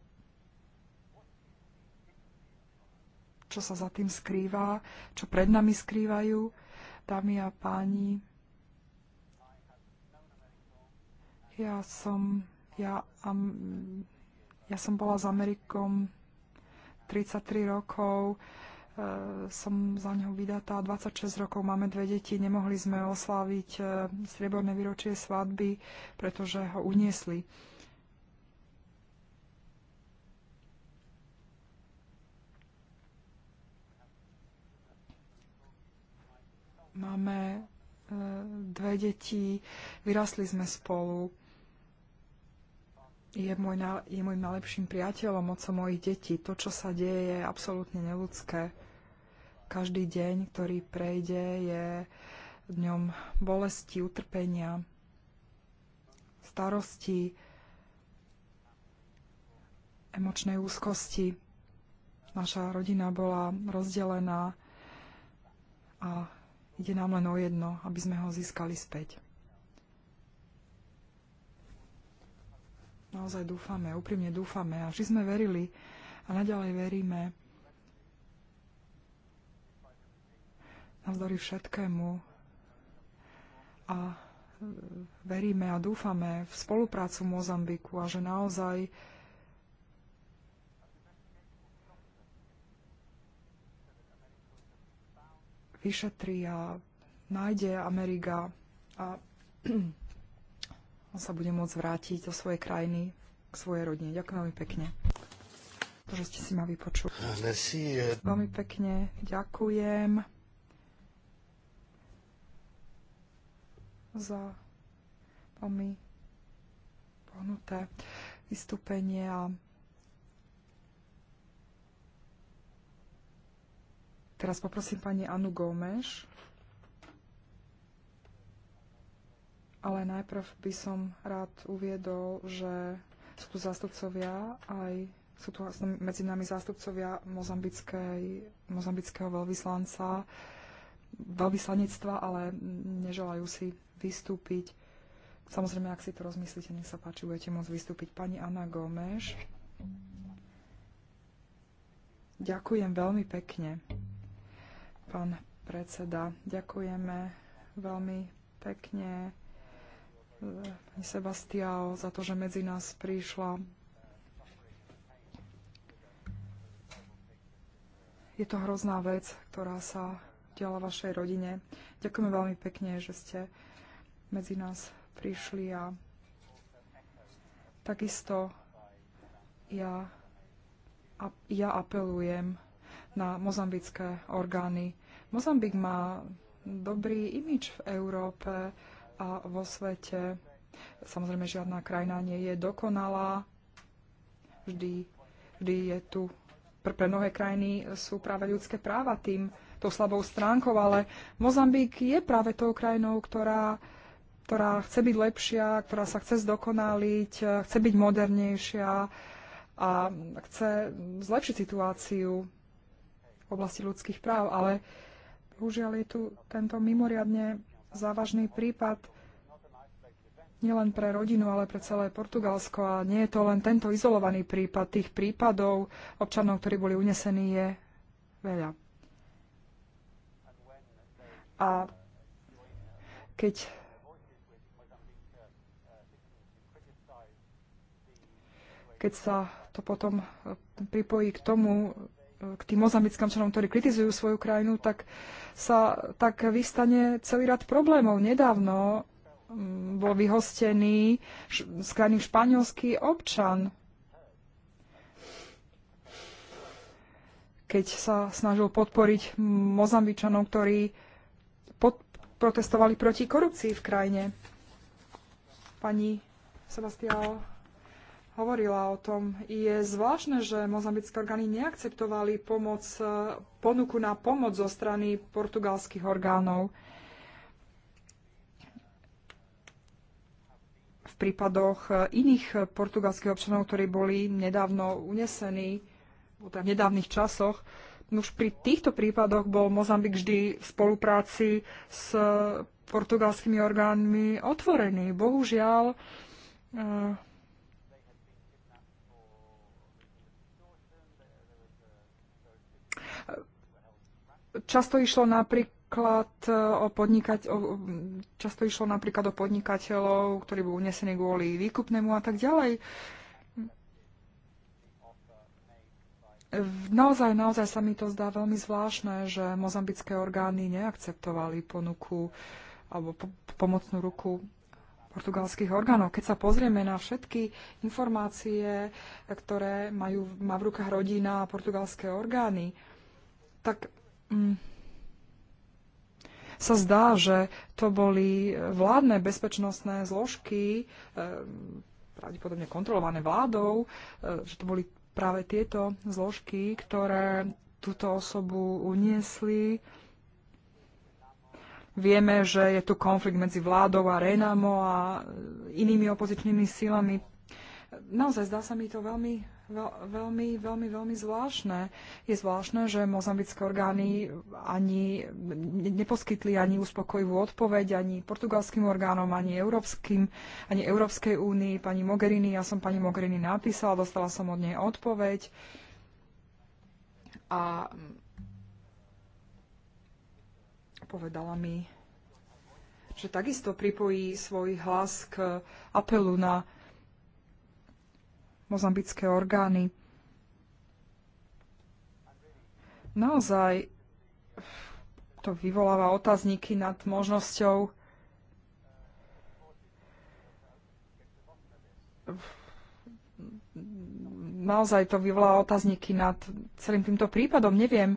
čo sa za tým skrýva, čo pred nami skrývajú. Dámy a páni, ja som, ja, am, ja som bola s Amerikom 33 rokov, e, som za ňou vydatá, 26 rokov máme dve deti, nemohli sme osláviť e, strieborné výročie svadby, pretože ho uniesli. máme e, dve deti, vyrastli sme spolu. Je, môj, je môj najlepším priateľom, otcom mojich detí. To, čo sa deje, je absolútne neludské. Každý deň, ktorý prejde, je dňom bolesti, utrpenia, starosti, emočnej úzkosti. Naša rodina bola rozdelená a Ide nám len o jedno, aby sme ho získali späť. Naozaj dúfame, úprimne dúfame a vždy sme verili a naďalej veríme. Navzdory všetkému a e, veríme a dúfame v spoluprácu Mozambiku a že naozaj vyšetrí a nájde Ameriga a on sa bude môcť vrátiť do svojej krajiny, k svojej rodine. Ďakujem veľmi pekne. To, že ste si ma vypočuli. Ah, merci. Eh. Veľmi pekne ďakujem za veľmi pohnuté vystúpenie a Teraz poprosím pani Anu Gómez. Ale najprv by som rád uviedol, že sú tu zástupcovia aj sú tu medzi nami zástupcovia mozambického veľvyslanca, veľvyslanectva, ale neželajú si vystúpiť. Samozrejme, ak si to rozmyslíte, nech sa páči, budete môcť vystúpiť. Pani Anna Gómez. Ďakujem veľmi pekne pán predseda. Ďakujeme veľmi pekne eh, pani Sebastiao za to, že medzi nás prišla. Je to hrozná vec, ktorá sa diala vašej rodine. Ďakujeme veľmi pekne, že ste medzi nás prišli a takisto ja, ja apelujem na mozambické orgány, Mozambik má dobrý imič v Európe a vo svete. Samozrejme, žiadna krajina nie je dokonalá. Vždy, vždy je tu. Pre, pre mnohé krajiny sú práve ľudské práva tým, tou slabou stránkou, ale Mozambik je práve tou krajinou, ktorá, ktorá chce byť lepšia, ktorá sa chce zdokonaliť, chce byť modernejšia a chce zlepšiť situáciu v oblasti ľudských práv, ale Bohužiaľ je tu tento mimoriadne závažný prípad nielen pre rodinu, ale pre celé Portugalsko. A nie je to len tento izolovaný prípad. Tých prípadov občanov, ktorí boli unesení, je veľa. A keď keď sa to potom pripojí k tomu, k tým mozambickým členom, ktorí kritizujú svoju krajinu, tak sa tak vystane celý rad problémov. Nedávno mm, bol vyhostený z krajiny španielský občan, keď sa snažil podporiť mozambičanov, ktorí pod- protestovali proti korupcii v krajine. Pani Sebastián hovorila o tom. Je zvláštne, že mozambické orgány neakceptovali pomoc, e, ponuku na pomoc zo strany portugalských orgánov. V prípadoch e, iných portugalských občanov, ktorí boli nedávno unesení, teda v nedávnych časoch, už pri týchto prípadoch bol Mozambik vždy v spolupráci s portugalskými orgánmi otvorený. Bohužiaľ, e, Často išlo napríklad e, o, podnikať, o, často išlo napríklad o podnikateľov, ktorí boli unesení kvôli výkupnému a tak ďalej. Naozaj, naozaj sa mi to zdá veľmi zvláštne, že mozambické orgány neakceptovali ponuku alebo po, pomocnú ruku portugalských orgánov. Keď sa pozrieme na všetky informácie, ktoré majú, má v rukách rodina a portugalské orgány, tak Mm. sa zdá, že to boli e, vládne bezpečnostné zložky, e, pravdepodobne kontrolované vládou, e, že to boli práve tieto zložky, ktoré túto osobu uniesli. Vieme, že je tu konflikt medzi vládou a Renamo a inými opozičnými silami. Naozaj zdá sa mi to veľmi, veľmi, veľmi, veľmi zvláštne. Je zvláštne, že mozambické orgány ani neposkytli ani uspokojivú odpoveď ani portugalským orgánom, ani európskym, ani Európskej únii. Pani Mogherini, ja som pani Mogherini napísala, dostala som od nej odpoveď. A povedala mi, že takisto pripojí svoj hlas k apelu na mozambické orgány. Naozaj to vyvoláva otázniky nad možnosťou naozaj to vyvolá otázniky nad celým týmto prípadom. Neviem,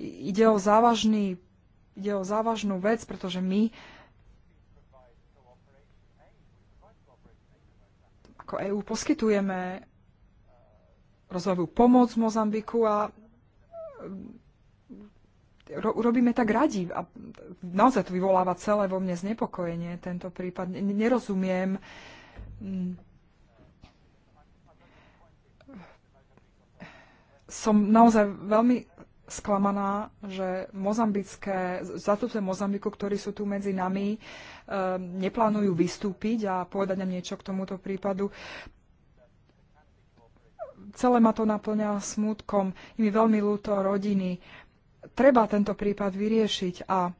ide o závažný ide o závažnú vec, pretože my ako EÚ poskytujeme rozvojovú pomoc Mozambiku a e, ro- urobíme tak radi. A naozaj to vyvoláva celé vo mne znepokojenie, tento prípad. N- Nerozumiem. Som naozaj veľmi sklamaná, že mozambické, zatúce Mozambiku, ktorí sú tu medzi nami, eh, neplánujú vystúpiť a povedať nám niečo k tomuto prípadu. Celé ma to naplňa smutkom. Je mi veľmi ľúto rodiny. Treba tento prípad vyriešiť a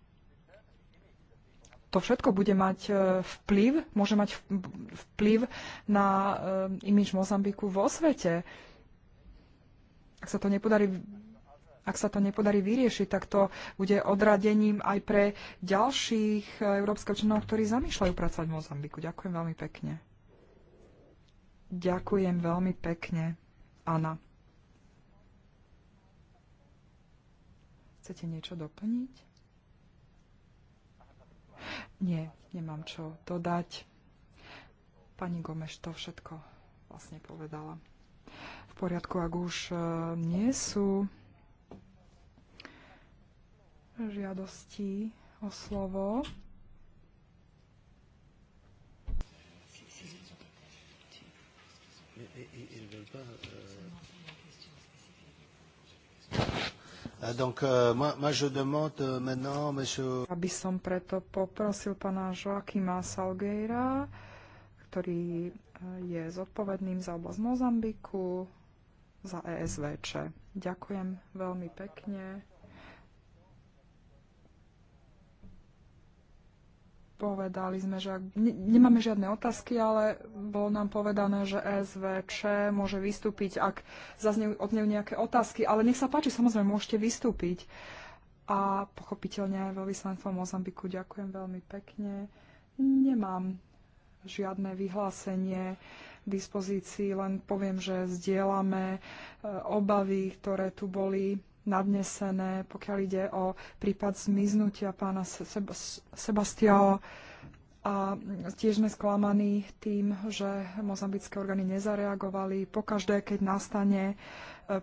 to všetko bude mať eh, vplyv, môže mať vplyv na eh, imič Mozambiku vo svete. Ak sa to nepodarí ak sa to nepodarí vyriešiť, tak to bude odradením aj pre ďalších eh, európskych členov, ktorí zamýšľajú pracovať v Mozambiku. Ďakujem veľmi pekne. Ďakujem veľmi pekne, Anna. Chcete niečo doplniť? Nie, nemám čo dodať. Pani Gomeš to všetko vlastne povedala. V poriadku, ak už eh, nie sú žiadosti o slovo. Aby som preto poprosil pana Joaquima Salgueira, ktorý euh, je zodpovedným za oblasť Mozambiku, za ESVČ. Ďakujem veľmi pekne. Povedali sme, že ak, ne, nemáme žiadne otázky, ale bolo nám povedané, že SVČ môže vystúpiť, ak zaznie od nej nejaké otázky. Ale nech sa páči, samozrejme, môžete vystúpiť. A pochopiteľne aj veľvyslanstvo Mozambiku ďakujem veľmi pekne. Nemám žiadne vyhlásenie k dispozícii, len poviem, že zdieľame e, obavy, ktoré tu boli nadnesené, pokiaľ ide o prípad zmiznutia pána Seb- Sebastiao. A tiež sme sklamaní tým, že mozambické orgány nezareagovali. Pokaždé, keď nastane e,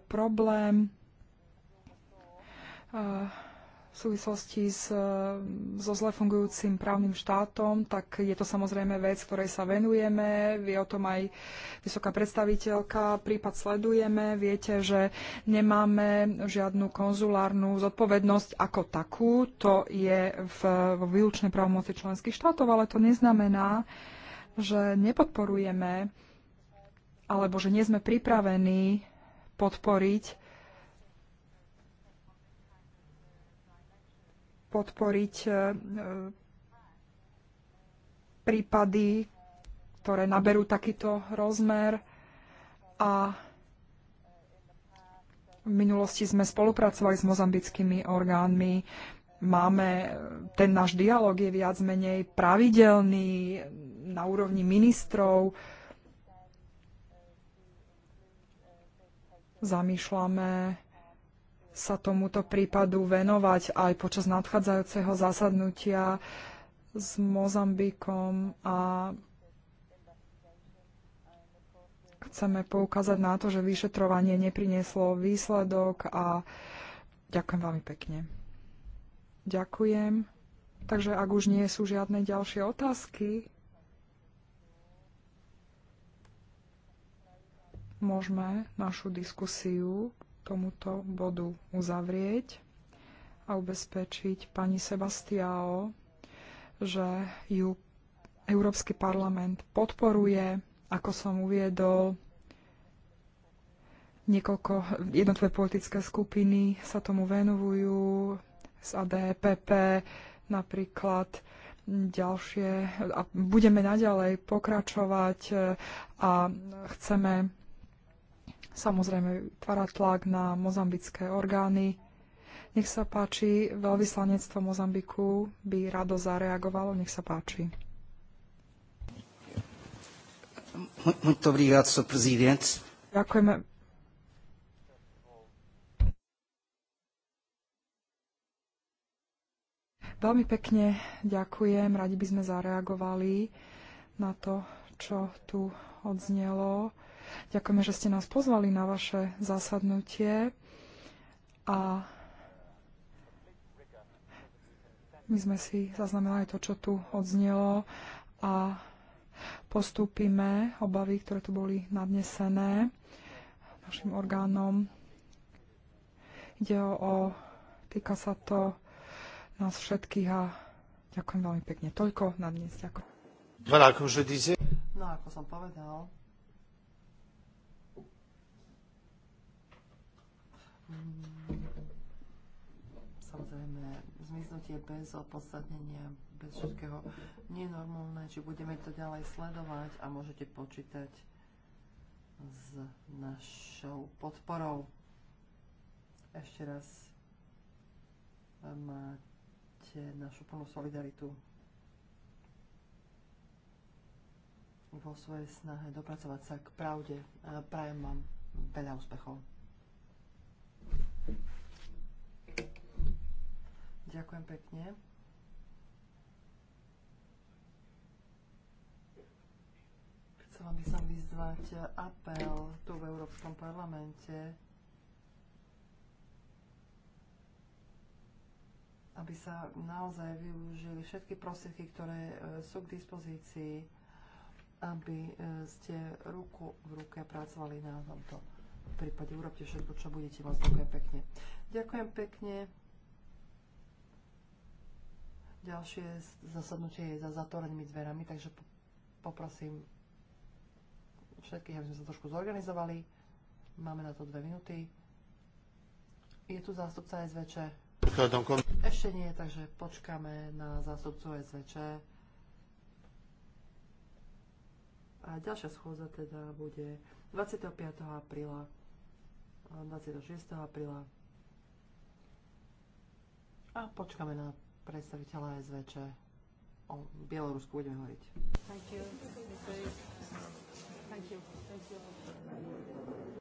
problém, uh, v súvislosti s, eh, so zle fungujúcim právnym štátom, tak je to samozrejme vec, ktorej sa venujeme. Vie o tom aj vysoká predstaviteľka. Prípad sledujeme. Viete, že nemáme žiadnu konzulárnu zodpovednosť ako takú. To je v, v výlučnej právomoci členských štátov, ale to neznamená, že nepodporujeme alebo že nie sme pripravení podporiť podporiť e, e, prípady, ktoré naberú takýto rozmer a v minulosti sme spolupracovali s mozambickými orgánmi. Máme, e, ten náš dialog je viac menej pravidelný na úrovni ministrov. Zamýšľame sa tomuto prípadu venovať aj počas nadchádzajúceho zasadnutia s Mozambikom a chceme poukázať na to, že vyšetrovanie neprinieslo výsledok a ďakujem veľmi pekne. Ďakujem. Takže ak už nie sú žiadne ďalšie otázky, môžeme našu diskusiu tomuto bodu uzavrieť a ubezpečiť pani Sebastiao, že ju Európsky parlament podporuje, ako som uviedol, niekoľko jednotlivé politické skupiny sa tomu venujú, z ADPP napríklad ďalšie a budeme naďalej pokračovať eh, a chceme samozrejme vytvára tlak na mozambické orgány. Nech sa páči, veľvyslanectvo Mozambiku by rado zareagovalo. Nech sa páči. Ďakujeme. Veľmi pekne ďakujem. Radi by sme zareagovali na to, čo tu odznelo. Ďakujeme, že ste nás pozvali na vaše zasadnutie a my sme si zaznamenali to, čo tu odznelo a postúpime obavy, ktoré tu boli nadnesené našim orgánom. Ide o, o týka sa to nás všetkých a ďakujem veľmi pekne. Toľko na dnes. Ďakujem. No ako som povedal, Mm, samozrejme zmiznutie bez opodstatnenia, bez všetkého nenormálne, či budeme to ďalej sledovať a môžete počítať s našou podporou. Ešte raz máte našu plnú solidaritu vo svojej snahe dopracovať sa k pravde. Prajem vám veľa úspechov. Ďakujem pekne. Chcela by som vyzvať apel tu v Európskom parlamente, aby sa naozaj využili všetky prostriedky, ktoré e, sú k dispozícii, aby e, ste ruku v ruke pracovali na tomto prípade. Urobte všetko, čo budete môcť. Ďakujem pekne. Ďakujem pekne. Ďalšie zasadnutie je za zatvorenými dverami, takže poprosím všetkých, aby sme sa trošku zorganizovali. Máme na to dve minúty. Je tu zástupca SVČ. Ešte nie, takže počkáme na zástupcu SVČ. A ďalšia schôdza teda bude 25. apríla, 26. apríla. A počkáme na predstaviteľa SVČ. O Bielorusku budeme hovoriť. Thank you. Thank you. Thank you. Thank you.